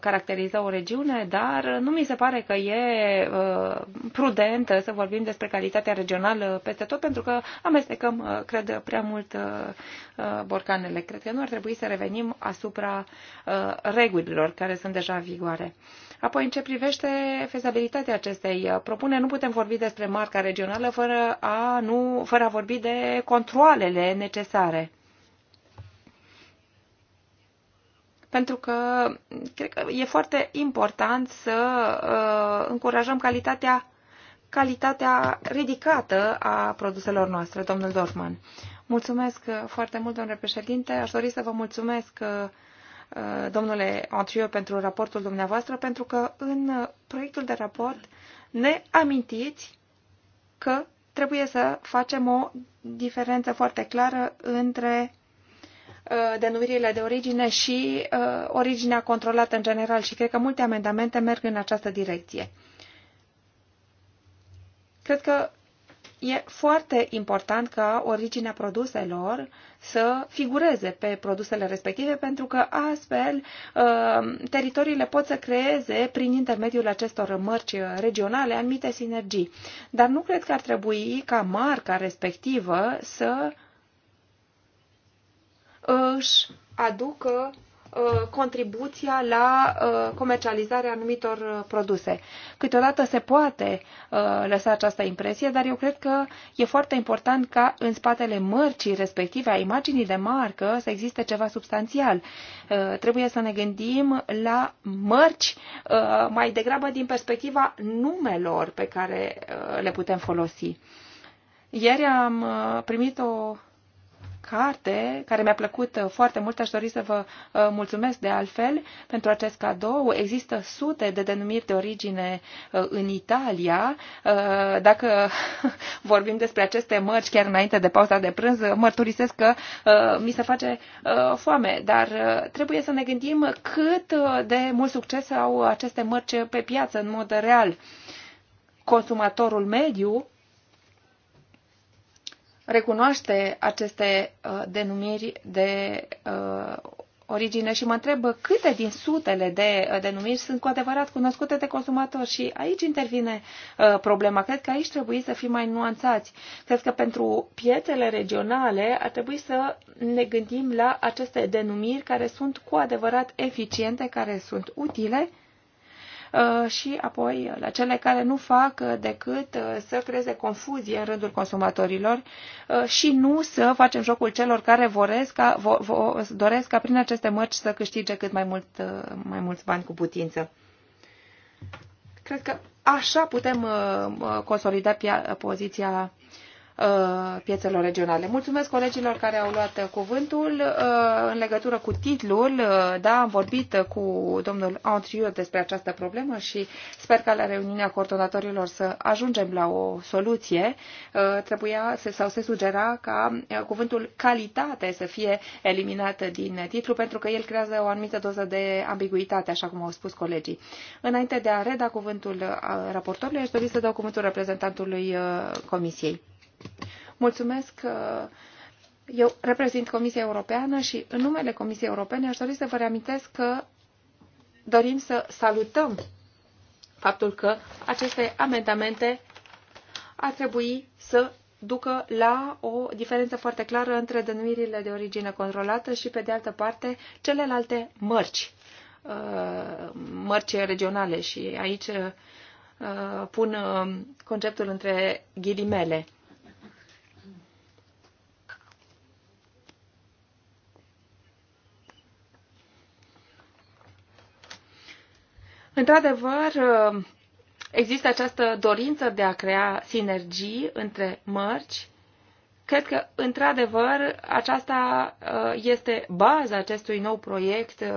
[SPEAKER 17] caracteriza o regiune, dar nu mi se pare că e uh, prudent să vorbim despre calitatea regională peste tot, pentru că amestecăm, cred, prea mult borcanele. Cred că nu ar trebui să revenim asupra regulilor care sunt deja în vigoare. Apoi, în ce privește fezabilitatea acestei uh, propuneri, nu putem vorbi despre marca regională fără a, nu, fără a vorbi de controlele necesare. pentru că cred că e foarte important să uh, încurajăm calitatea, calitatea ridicată a produselor noastre, domnul Dorfman. Mulțumesc uh, foarte mult, domnule președinte. Aș dori să vă mulțumesc uh, Uh, domnule antrio pentru raportul dumneavoastră, pentru că în proiectul de raport ne amintiți că trebuie să facem o diferență foarte clară între uh, denumirile de origine și uh, originea controlată în general și cred că multe amendamente merg în această direcție. Cred că E foarte important ca originea produselor să figureze pe produsele respective, pentru că astfel uh, teritoriile pot să creeze, prin intermediul acestor mărci regionale, anumite sinergii. Dar nu cred că ar trebui ca marca respectivă să își aducă Uh, contribuția la uh, comercializarea anumitor uh, produse. Câteodată se poate lăsa această impresie, dar eu cred că e foarte important ca în spatele mărcii respective, a imaginii de marcă, să existe ceva substanțial. Trebuie să ne gândim la mărci mai degrabă din perspectiva numelor pe care le putem folosi. Ieri am primit o carte care mi-a plăcut uh, foarte mult. Aș dori să vă uh, mulțumesc de altfel pentru acest cadou. Există sute de denumiri de origine uh, în Italia. Dacă vorbim despre aceste mărci chiar înainte de pauza de prânz, mărturisesc că mi se face foame, dar trebuie să ne gândim cât de mult succes au aceste mărci pe piață în mod real. Consumatorul mediu recunoaște aceste uh, denumiri de uh, origine și mă întreb câte din sutele de uh, denumiri sunt cu adevărat cunoscute de consumator și aici intervine uh, problema. Cred că aici trebuie să fim mai nuanțați. Cred că pentru piețele regionale ar trebui să ne gândim la aceste denumiri care sunt cu adevărat eficiente, care sunt utile Uh, și apoi uh, la cele care nu fac uh, decât să creeze confuzie în rândul consumatorilor și nu să facem jocul celor care voresc ca, vo, vo, doresc ca prin aceste mărci să câștige cât mai, mult, mai mulți bani cu putință. Cred că așa putem consolida poziția Uh, piețelor regionale. Mulțumesc colegilor care au luat cuvântul uh, în legătură cu titlul. Uh, da, am vorbit cu domnul Antriu despre această problemă și sper că la reuniunea coordonatorilor să ajungem la o soluție. Trebuia sau se sugera ca cuvântul calitate să fie eliminat din titlu pentru că el creează o anumită doză de ambiguitate, așa cum au spus colegii. Înainte de a reda cuvântul raportorului, aș dori să dau cuvântul reprezentantului Comisiei. Mulțumesc. Eu reprezint Comisia Europeană și în numele Comisiei Europene aș dori să vă reamintesc că dorim să salutăm faptul că aceste amendamente ar trebui să ducă la o diferență foarte clară între denumirile de origine controlată și, pe de altă parte, celelalte mărci, uh, mărci regionale. Și aici uh, pun uh, conceptul între ghilimele Într-adevăr, există această dorință de a crea sinergii între mărci. Cred că, într-adevăr, aceasta uh, este baza acestui nou proiect uh,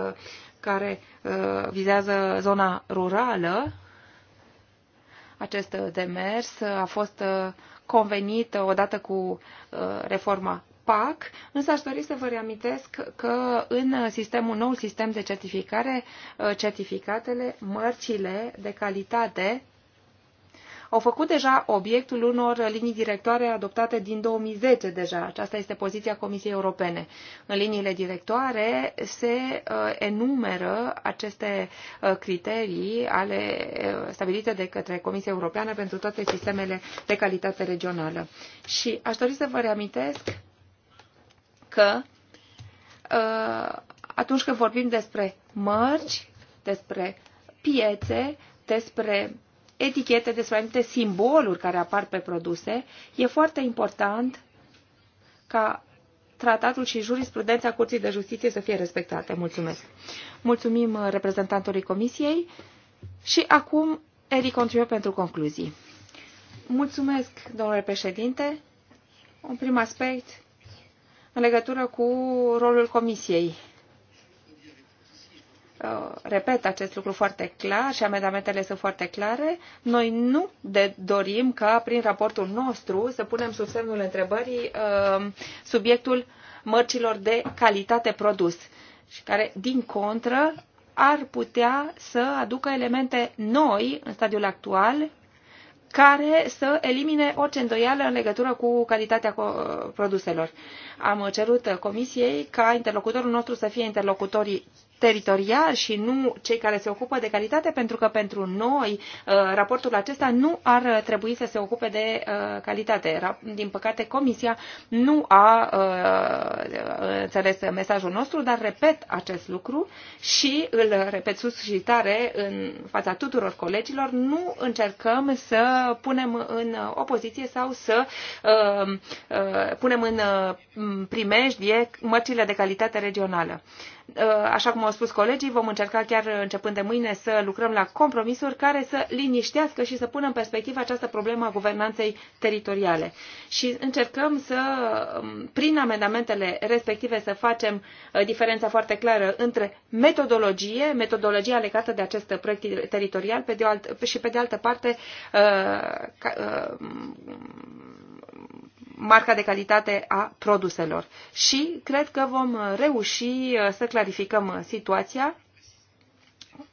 [SPEAKER 17] care uh, vizează zona rurală. Acest demers a fost convenit odată cu reforma PAC, însă aș dori să vă reamintesc că în sistemul nou sistem de certificare, uh, certificatele, mărcile de calitate au făcut deja obiectul unor linii directoare adoptate din 2010 deja. Aceasta este poziția Comisiei Europene. În liniile directoare se uh, enumeră aceste uh, criterii ale, stabilite de către Comisia Europeană pentru toate sistemele de calitate regională. Și aș dori să vă reamintesc că uh, atunci când vorbim despre mărci, despre piețe, despre etichete, despre anumite simboluri care apar pe produse, e foarte important ca tratatul și jurisprudența Curții de Justiție să fie respectate. Mulțumesc. Mulțumim uh, reprezentantului Comisiei și acum Eric Contriu pentru concluzii. Mulțumesc, domnule președinte. Un prim aspect în legătură cu rolul Comisiei. Uh, repet acest lucru foarte clar și amendamentele sunt foarte clare. Noi nu de dorim ca prin raportul nostru să punem sub semnul întrebării uh, subiectul mărcilor de calitate produs și care, din contră, ar putea să aducă elemente noi în stadiul actual care să elimine orice îndoială în legătură cu calitatea uh, produselor. Am cerut uh, Comisiei ca interlocutorul nostru să fie interlocutorii teritorial și nu cei care se ocupă de calitate, pentru că pentru noi uh, raportul acesta nu ar uh, trebui să se ocupe de uh, calitate. Din păcate, Comisia nu a înțeles mesajul nostru, dar repet acest lucru și îl repet sus și tare în fața tuturor colegilor, nu încercăm să punem în opoziție sau să punem în primejdie mărcile de calitate regională. Uh, așa cum au spus colegii, vom încerca chiar începând de mâine să lucrăm la compromisuri care să liniștească și să pună în perspectivă această problemă a guvernanței teritoriale. Și încercăm să, um, prin amendamentele respective, să facem uh, diferența foarte clară între metodologie, metodologia legată de acest proiect teritorial pe de alt, și, pe de altă parte, uh, ca, marca de calitate a produselor. Și cred că vom reuși uh, să clarificăm uh, situația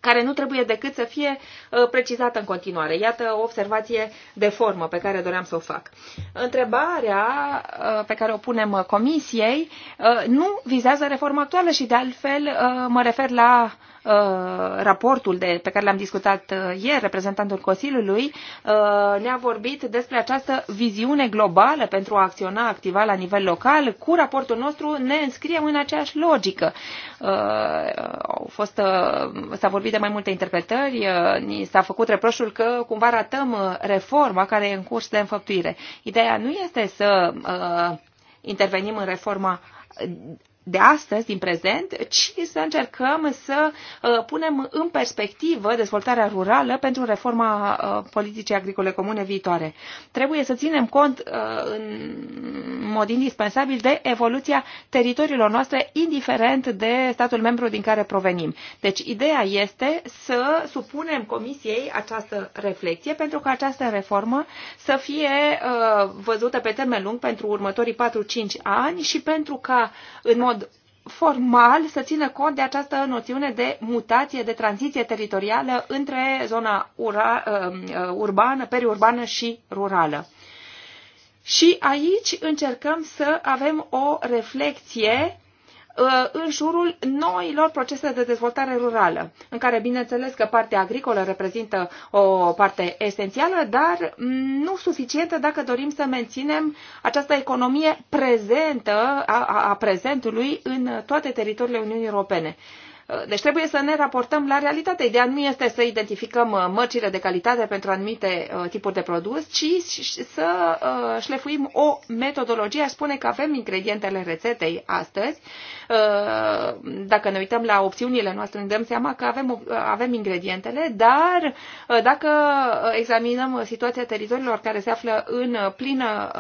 [SPEAKER 17] care nu trebuie decât să fie uh, precizată în continuare. Iată o observație de formă pe care doream să o fac. Întrebarea pe care o punem comisiei nu vizează reforma actuală și de altfel mă refer la Uh, raportul de, pe care l-am discutat uh, ieri, reprezentantul Consiliului, uh, ne-a vorbit despre această viziune globală pentru a acționa, activa la nivel local. Cu raportul nostru ne înscriem în aceeași logică. Au fost, s-a vorbit de mai multe interpretări, ni s-a făcut reproșul că cumva ratăm reforma care e în curs de înfăptuire. Ideea nu este să intervenim în reforma de astăzi, din prezent, ci să încercăm să uh, punem în perspectivă dezvoltarea rurală pentru reforma uh, politicii agricole comune viitoare. Trebuie să ținem cont uh, în mod indispensabil de evoluția teritoriilor noastre, indiferent de statul membru din care provenim. Deci, ideea este să supunem Comisiei această reflexie pentru că această reformă să fie văzută pe termen lung pentru următorii 4-5 ani și pentru ca, în mod formal să țină cont de această noțiune de mutație, de tranziție teritorială între zona ura, um, uh, urbană, periurbană și rurală. Și aici încercăm să avem o reflexie Uh, în jurul noilor procese de dezvoltare rurală, în care, bineînțeles, că partea agricolă reprezintă o parte esențială, dar mm, nu suficientă dacă dorim să menținem această economie prezentă, a, a prezentului, în toate teritoriile Uniunii Europene. Uh, deci trebuie să ne raportăm la realitate. Ideea nu este să identificăm uh, mărcile de calitate pentru anumite uh, tipuri de produs, ci să șlefuim o metodologie. Aș spune că avem ingredientele rețetei astăzi. Dacă ne uităm la opțiunile noastre, ne dăm seama că avem, avem ingredientele, dar dacă examinăm situația teritoriilor care se află în plină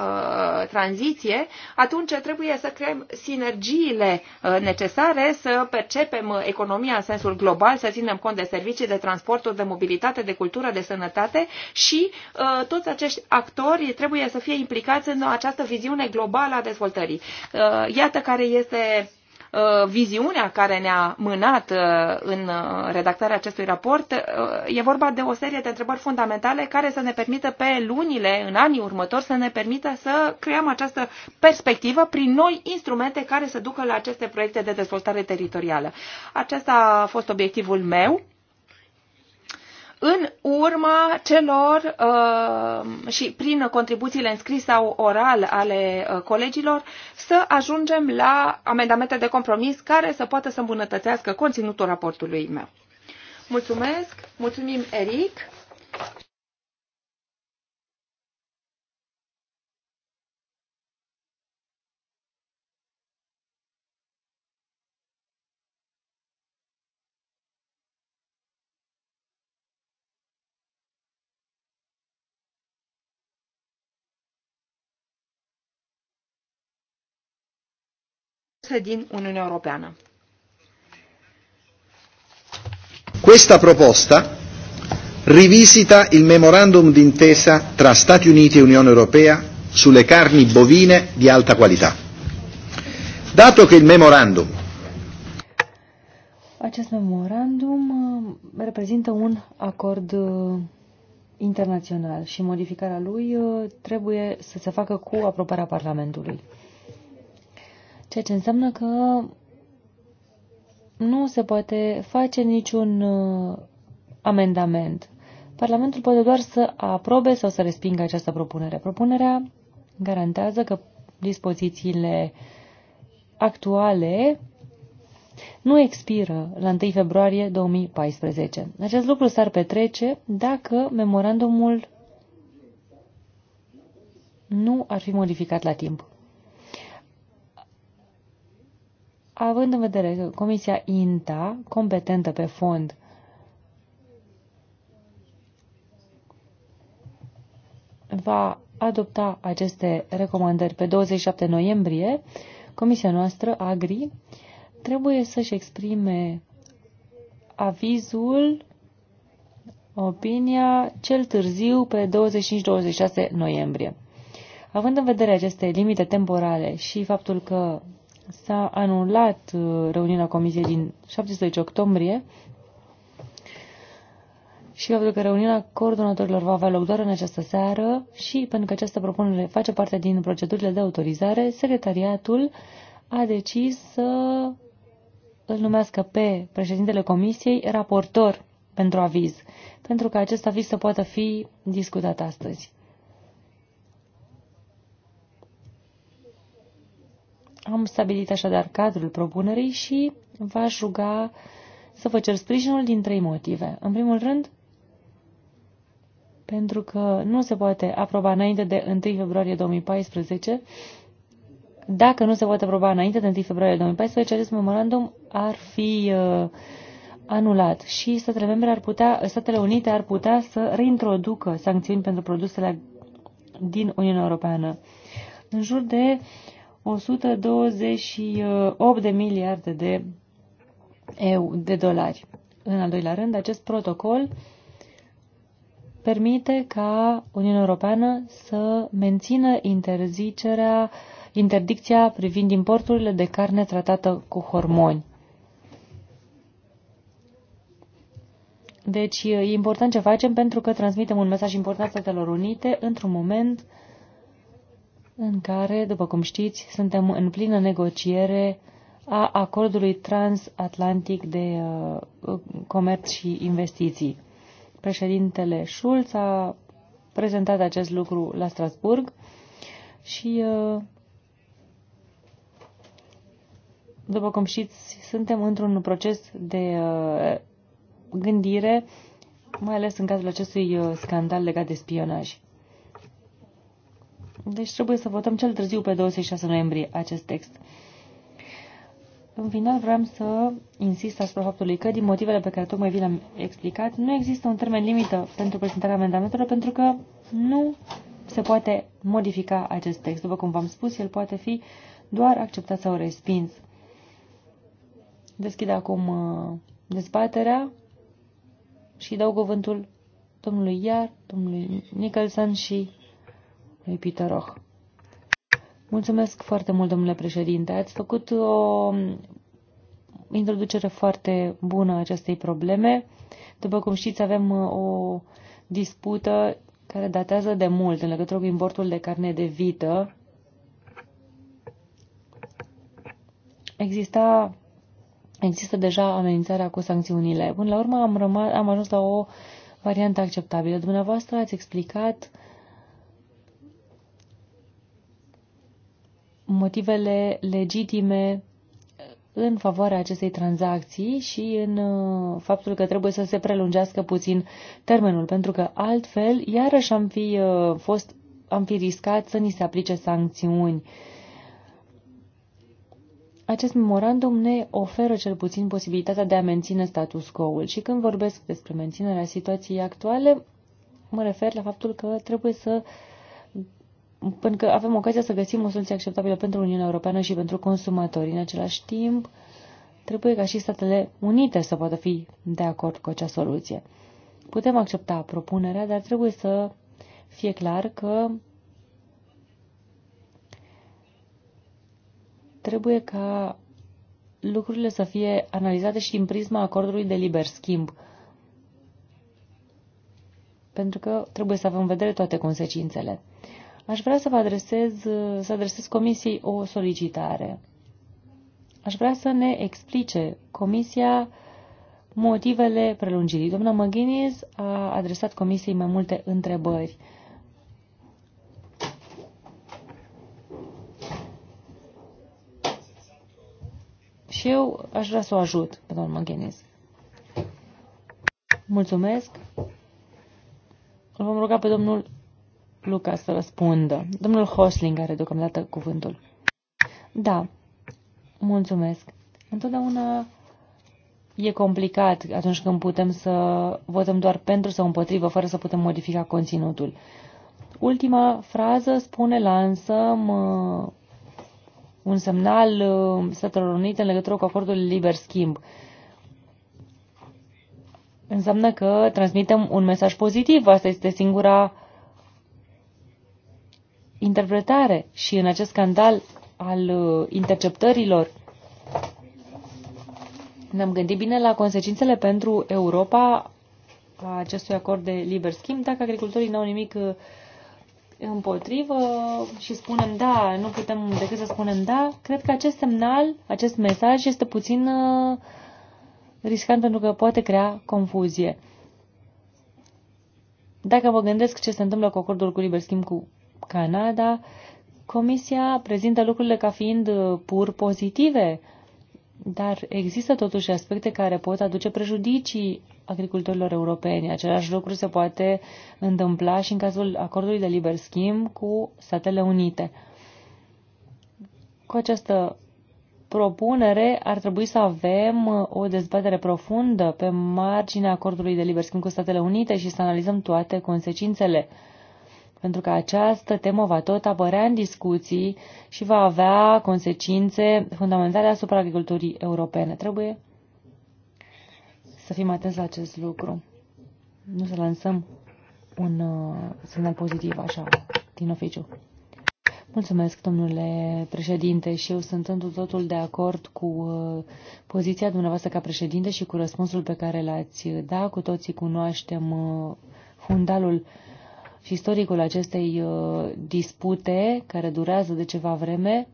[SPEAKER 17] tranziție, atunci trebuie să creăm sinergiile necesare, să percepem economia economia în sensul global, să ținem cont de servicii, de transporturi, de mobilitate, de cultură, de sănătate și uh, toți acești actori trebuie să fie implicați în această viziune globală a dezvoltării. Uh, iată care este Uh, viziunea care ne-a mânat uh, în uh, redactarea acestui raport. E vorba de o serie de întrebări fundamentale care să ne permită pe lunile, în anii următori, să ne permită să creăm această perspectivă prin noi instrumente care să ducă la aceste proiecte de dezvoltare teritorială. Acesta a fost obiectivul meu în urma celor uh, și prin contribuțiile în scris sau oral ale uh, colegilor să ajungem la amendamente de compromis care să poată să îmbunătățească conținutul raportului meu. Mulțumesc, mulțumim Eric noastre din Uniunea Europeană.
[SPEAKER 1] Questa proposta rivisita il memorandum d'intesa tra Stati Uniti e Unione Europea sulle carni bovine di alta qualità. Dato che il memorandum
[SPEAKER 16] acest memorandum uh, reprezintă un acord uh, internațional și modificarea lui uh, trebuie să se facă cu aprobarea Parlamentului ceea ce înseamnă că nu se poate face niciun uh, amendament. Parlamentul poate doar să aprobe sau să respingă această propunere. Propunerea garantează că dispozițiile actuale nu expiră la 1 februarie 2014. Acest lucru s-ar petrece dacă memorandumul nu ar fi modificat la timp. având în vedere că Comisia INTA, competentă pe fond, va adopta aceste recomandări pe 27 noiembrie, Comisia noastră, AGRI, trebuie să-și exprime avizul, opinia, cel târziu pe 25-26 noiembrie. Având în vedere aceste limite temporale și faptul că s-a anulat uh, reuniunea comisiei din 17 octombrie și faptul că reuniunea coordonatorilor va avea loc doar în această seară și pentru că această propunere face parte din procedurile de autorizare, secretariatul a decis să îl numească pe președintele comisiei raportor pentru aviz, pentru că acest aviz să poată fi discutat astăzi. Am stabilit așadar cadrul propunerii și v-aș ruga să vă cer sprijinul din trei motive. În primul rând, pentru că nu se poate aproba înainte de 1 februarie 2014. Dacă nu se poate aproba înainte de 1 februarie 2014, acest memorandum ar fi uh, anulat și statele, membre ar putea, statele Unite ar putea să reintroducă sancțiuni pentru produsele din Uniunea Europeană. În jur de 128 de miliarde de, eu, de dolari. În al doilea rând, acest protocol permite ca Uniunea Europeană să mențină interzicerea, interdicția privind importurile de carne tratată cu hormoni. Deci e important ce facem pentru că transmitem un mesaj important Statelor Unite într-un moment uh, în care, după cum știți, suntem în plină negociere a acordului transatlantic de uh, comerț și investiții. Președintele Schulz a prezentat acest lucru la Strasburg și, uh, după cum știți, suntem într-un proces de uh, gândire, mai ales în cazul acestui scandal legat de spionaj. Deci trebuie să votăm cel târziu pe 26 noiembrie acest text. În final vreau să insist asupra faptului că, din motivele pe care tocmai vi le-am explicat, nu există un termen limită pentru prezentarea amendamentelor, pentru că nu se poate modifica acest text. După cum v-am spus, el poate fi doar acceptat sau respins. Deschid acum uh, dezbaterea și dau cuvântul domnului Iar, domnului Nicholson și lui Mulțumesc foarte mult, domnule președinte. Ați făcut o introducere foarte bună a acestei probleme. După cum știți, avem uh, o dispută care datează de mult în legătură cu importul de carne de vită. Exista, există deja amenințarea cu sancțiunile. Până la urmă am, rămas, am ajuns la o variantă acceptabilă. Dumneavoastră ați explicat motivele legitime în favoarea acestei tranzacții și în uh, faptul că trebuie să se prelungească puțin termenul, pentru că altfel iarăși am fi uh, fost am fi riscat să ni se aplice sancțiuni. Acest memorandum ne oferă cel puțin posibilitatea de a menține status quo-ul și când vorbesc despre menținerea situației actuale, mă refer la faptul că trebuie să uh, până că avem ocazia să găsim o soluție acceptabilă pentru Uniunea Europeană și pentru consumatori. În același timp, trebuie ca și Statele Unite să poată fi de acord cu acea soluție. Putem accepta propunerea, dar trebuie să fie clar că trebuie ca lucrurile să fie analizate și din prisma acordului de liber schimb. Pentru că trebuie să avem în vedere toate consecințele. Aș vrea să vă adresez, să adresez comisiei o solicitare. Aș vrea să ne explice comisia motivele prelungirii. Doamna McGuinness a adresat comisiei mai multe întrebări. Și eu aș vrea să o ajut pe doamna McGuinness. Mulțumesc. Îl vom ruga pe domnul Luca să răspundă. Domnul Hosling are deocamdată cuvântul. Da, mulțumesc. Întotdeauna e complicat atunci când putem să votăm doar pentru sau împotrivă, fără să putem modifica conținutul. Ultima frază spune lansăm uh, un semnal uh, Statelor Unite în legătură cu acordul liber schimb. Înseamnă că transmitem un mesaj pozitiv. Asta este singura uh, interpretare și în acest scandal al uh, interceptărilor ne-am gândit bine la consecințele pentru Europa a acestui acord de liber schimb. Dacă agricultorii n-au nimic uh, împotrivă și spunem da, nu putem decât să spunem da, cred că acest semnal, acest mesaj este puțin uh, riscant pentru că poate crea confuzie. Dacă vă gândesc ce se întâmplă cu acordul cu liber schimb cu Canada, Comisia prezintă lucrurile ca fiind uh, pur pozitive, dar există totuși aspecte care pot aduce prejudicii agricultorilor europeni. Același lucru se poate întâmpla și în cazul acordului de liber schimb cu Statele Unite. Cu această propunere ar trebui să avem uh, o dezbatere profundă pe marginea acordului de liber schimb cu Statele Unite și să analizăm toate consecințele pentru că această temă va tot apărea în discuții și va avea consecințe fundamentale asupra agriculturii europene. Trebuie să fim atenți la acest lucru. Nu să lansăm un uh, semnal pozitiv așa din oficiu. Mulțumesc, domnule președinte, și eu sunt întotdeauna totul de acord cu uh, poziția dumneavoastră ca președinte și cu răspunsul pe care l-ați dat. Cu toții cunoaștem uh, fundalul uh, și istoricul acestei uh, dispute, care durează de ceva vreme,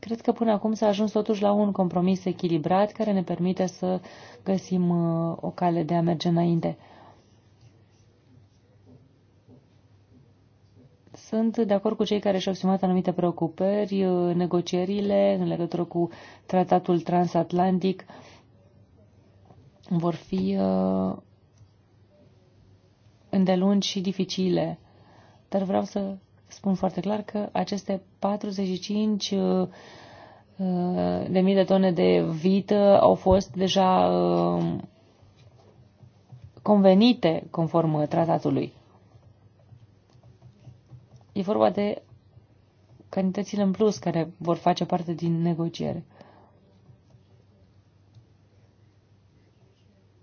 [SPEAKER 16] cred că până acum s-a ajuns totuși la un compromis echilibrat care ne permite să găsim uh, o cale de a merge înainte. Sunt de acord cu cei care și-au simat anumite preocupări, uh, negocierile în legătură cu tratatul transatlantic vor fi uh, îndelungi și dificile, dar vreau să spun foarte clar că aceste 45 uh, uh, de mii de tone de vită au fost deja uh, convenite conform tratatului. E vorba de cantitățile în plus care vor face parte din negociere.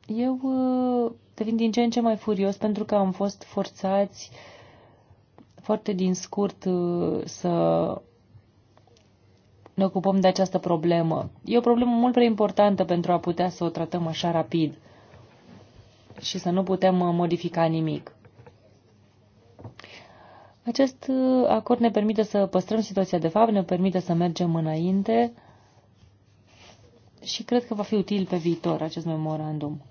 [SPEAKER 16] Eu uh, devin din ce în ce mai furios pentru că am fost forțați foarte din scurt uh, să ne ocupăm de această problemă. E o problemă mult prea importantă pentru a putea să o tratăm așa rapid și să nu putem uh, modifica nimic. Acest acord ne permite să păstrăm situația de fapt, ne permite să mergem înainte și cred că va fi util pe viitor acest memorandum.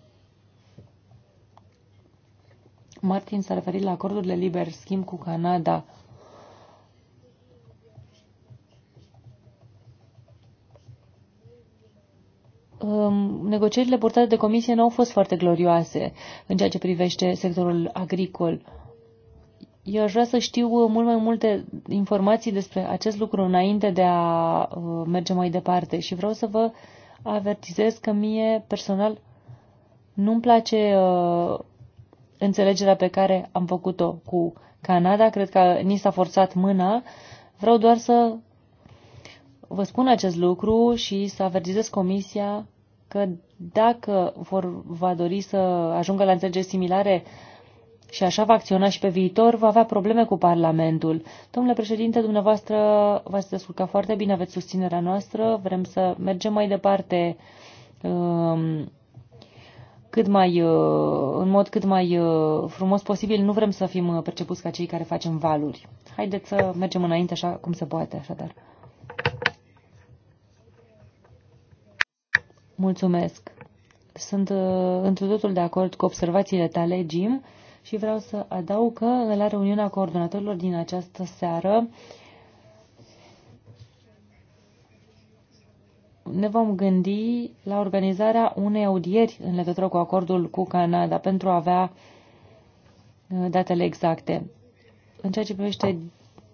[SPEAKER 16] Martin s-a referit la acordul de liber schimb cu Canada. Um, negocierile purtate de comisie nu au fost foarte glorioase în ceea ce privește sectorul agricol. Eu aș vrea să știu mult mai multe informații despre acest lucru înainte de a uh, merge mai departe și vreau să vă avertizez că mie personal nu-mi place uh, înțelegerea pe care am făcut-o cu Canada. Cred că ni s-a forțat mâna. Vreau doar să vă spun acest lucru și să avertizez Comisia că dacă vor, va dori să ajungă la înțelegeri similare și așa va acționa și pe viitor, va avea probleme cu Parlamentul. Domnule președinte, dumneavoastră v-ați descurcat foarte bine, aveți susținerea noastră, vrem să mergem mai departe um, cât mai, uh, în mod cât mai uh, frumos posibil. Nu vrem să fim uh, percepuți ca cei care facem valuri. Haideți să mergem înainte așa cum se poate, așadar. Mulțumesc. Sunt într totul de acord cu observațiile tale, Jim, și vreau să adaug că la reuniunea coordonatorilor din această seară uh, ne vom gândi la organizarea unei audieri în legătură cu acordul cu Canada pentru a avea uh, datele exacte. În ceea ce privește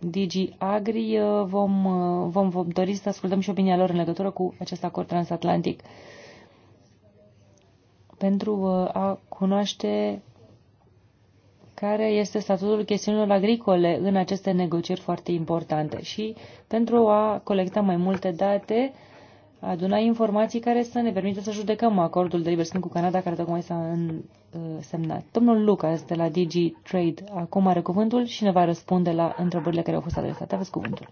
[SPEAKER 16] Digi Agri, uh, vom, uh, vom, vom dori să ascultăm și opinia lor în legătură cu acest acord transatlantic pentru a cunoaște care este statutul chestiunilor agricole în aceste negocieri foarte importante și pentru a colecta mai multe date aduna informații care să ne permită să judecăm acordul de liber schimb cu Canada, care tocmai s-a uh, semnat. Domnul Lucas de la DG Trade acum are cuvântul și ne va răspunde la întrebările care au fost adresate. Aveți cuvântul.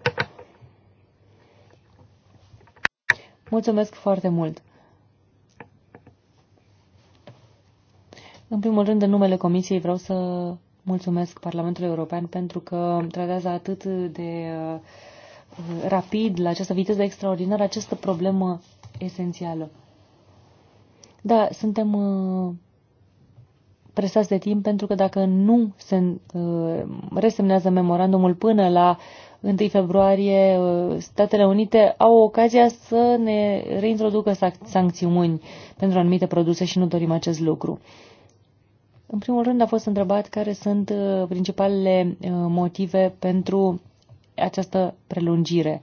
[SPEAKER 16] Mulțumesc foarte mult! În primul rând, în numele Comisiei vreau să mulțumesc Parlamentului European pentru că tratează atât de uh, Uh, rapid, la această viteză extraordinară, această problemă esențială. Da, suntem uh, presați de timp pentru că dacă nu se uh, resemnează memorandumul până la 1 februarie, Statele Unite au ocazia să ne reintroducă sancțiuni pentru anumite produse și nu dorim acest lucru. În primul rând a fost întrebat care sunt principalele motive pentru această prelungire.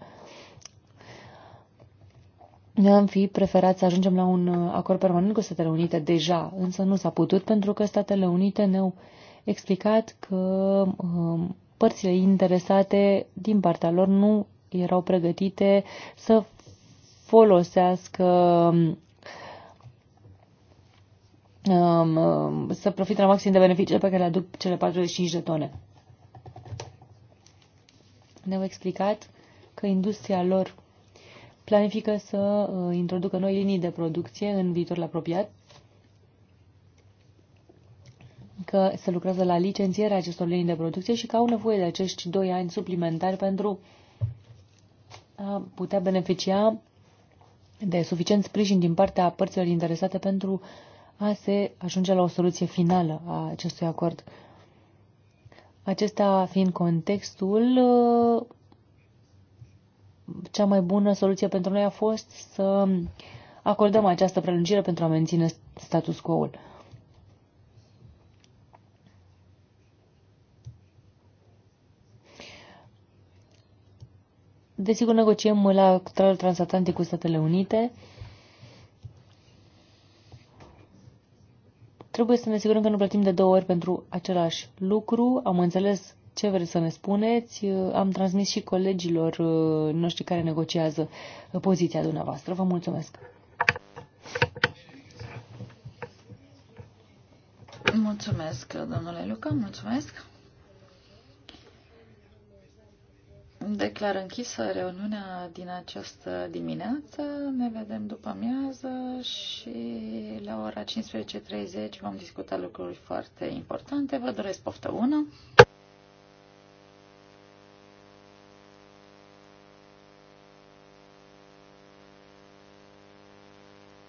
[SPEAKER 16] Ne-am fi preferat să ajungem la un uh, acord permanent cu Statele Unite deja, însă nu s-a putut pentru că Statele Unite ne-au explicat că um, părțile interesate din partea lor nu erau pregătite să folosească um, um să profite la maxim de beneficiile pe care le aduc cele 45 de tone ne-au explicat că industria lor planifică să uh, introducă noi linii de producție în viitorul apropiat, că se lucrează la licențierea acestor linii de producție și că au nevoie de acești doi ani suplimentari pentru a putea beneficia de suficient sprijin din partea părților interesate pentru a se ajunge la o soluție finală a acestui acord. Acesta fiind contextul, uh, cea mai bună soluție pentru noi a fost să acordăm această prelungire pentru a menține status quo-ul. Desigur, negociem la actualul transatlantic cu Statele Unite. Trebuie să ne asigurăm că nu plătim de două ori pentru același lucru. Am înțeles ce vreți să ne spuneți. Am transmis și colegilor uh, noștri care negociază uh, poziția dumneavoastră. Vă mulțumesc!
[SPEAKER 9] Mulțumesc, domnule Luca, mulțumesc!
[SPEAKER 17] Declar închisă reuniunea din această dimineață. Ne vedem după amiază și la ora 15.30 vom discuta lucruri foarte importante. Vă doresc poftă
[SPEAKER 9] bună!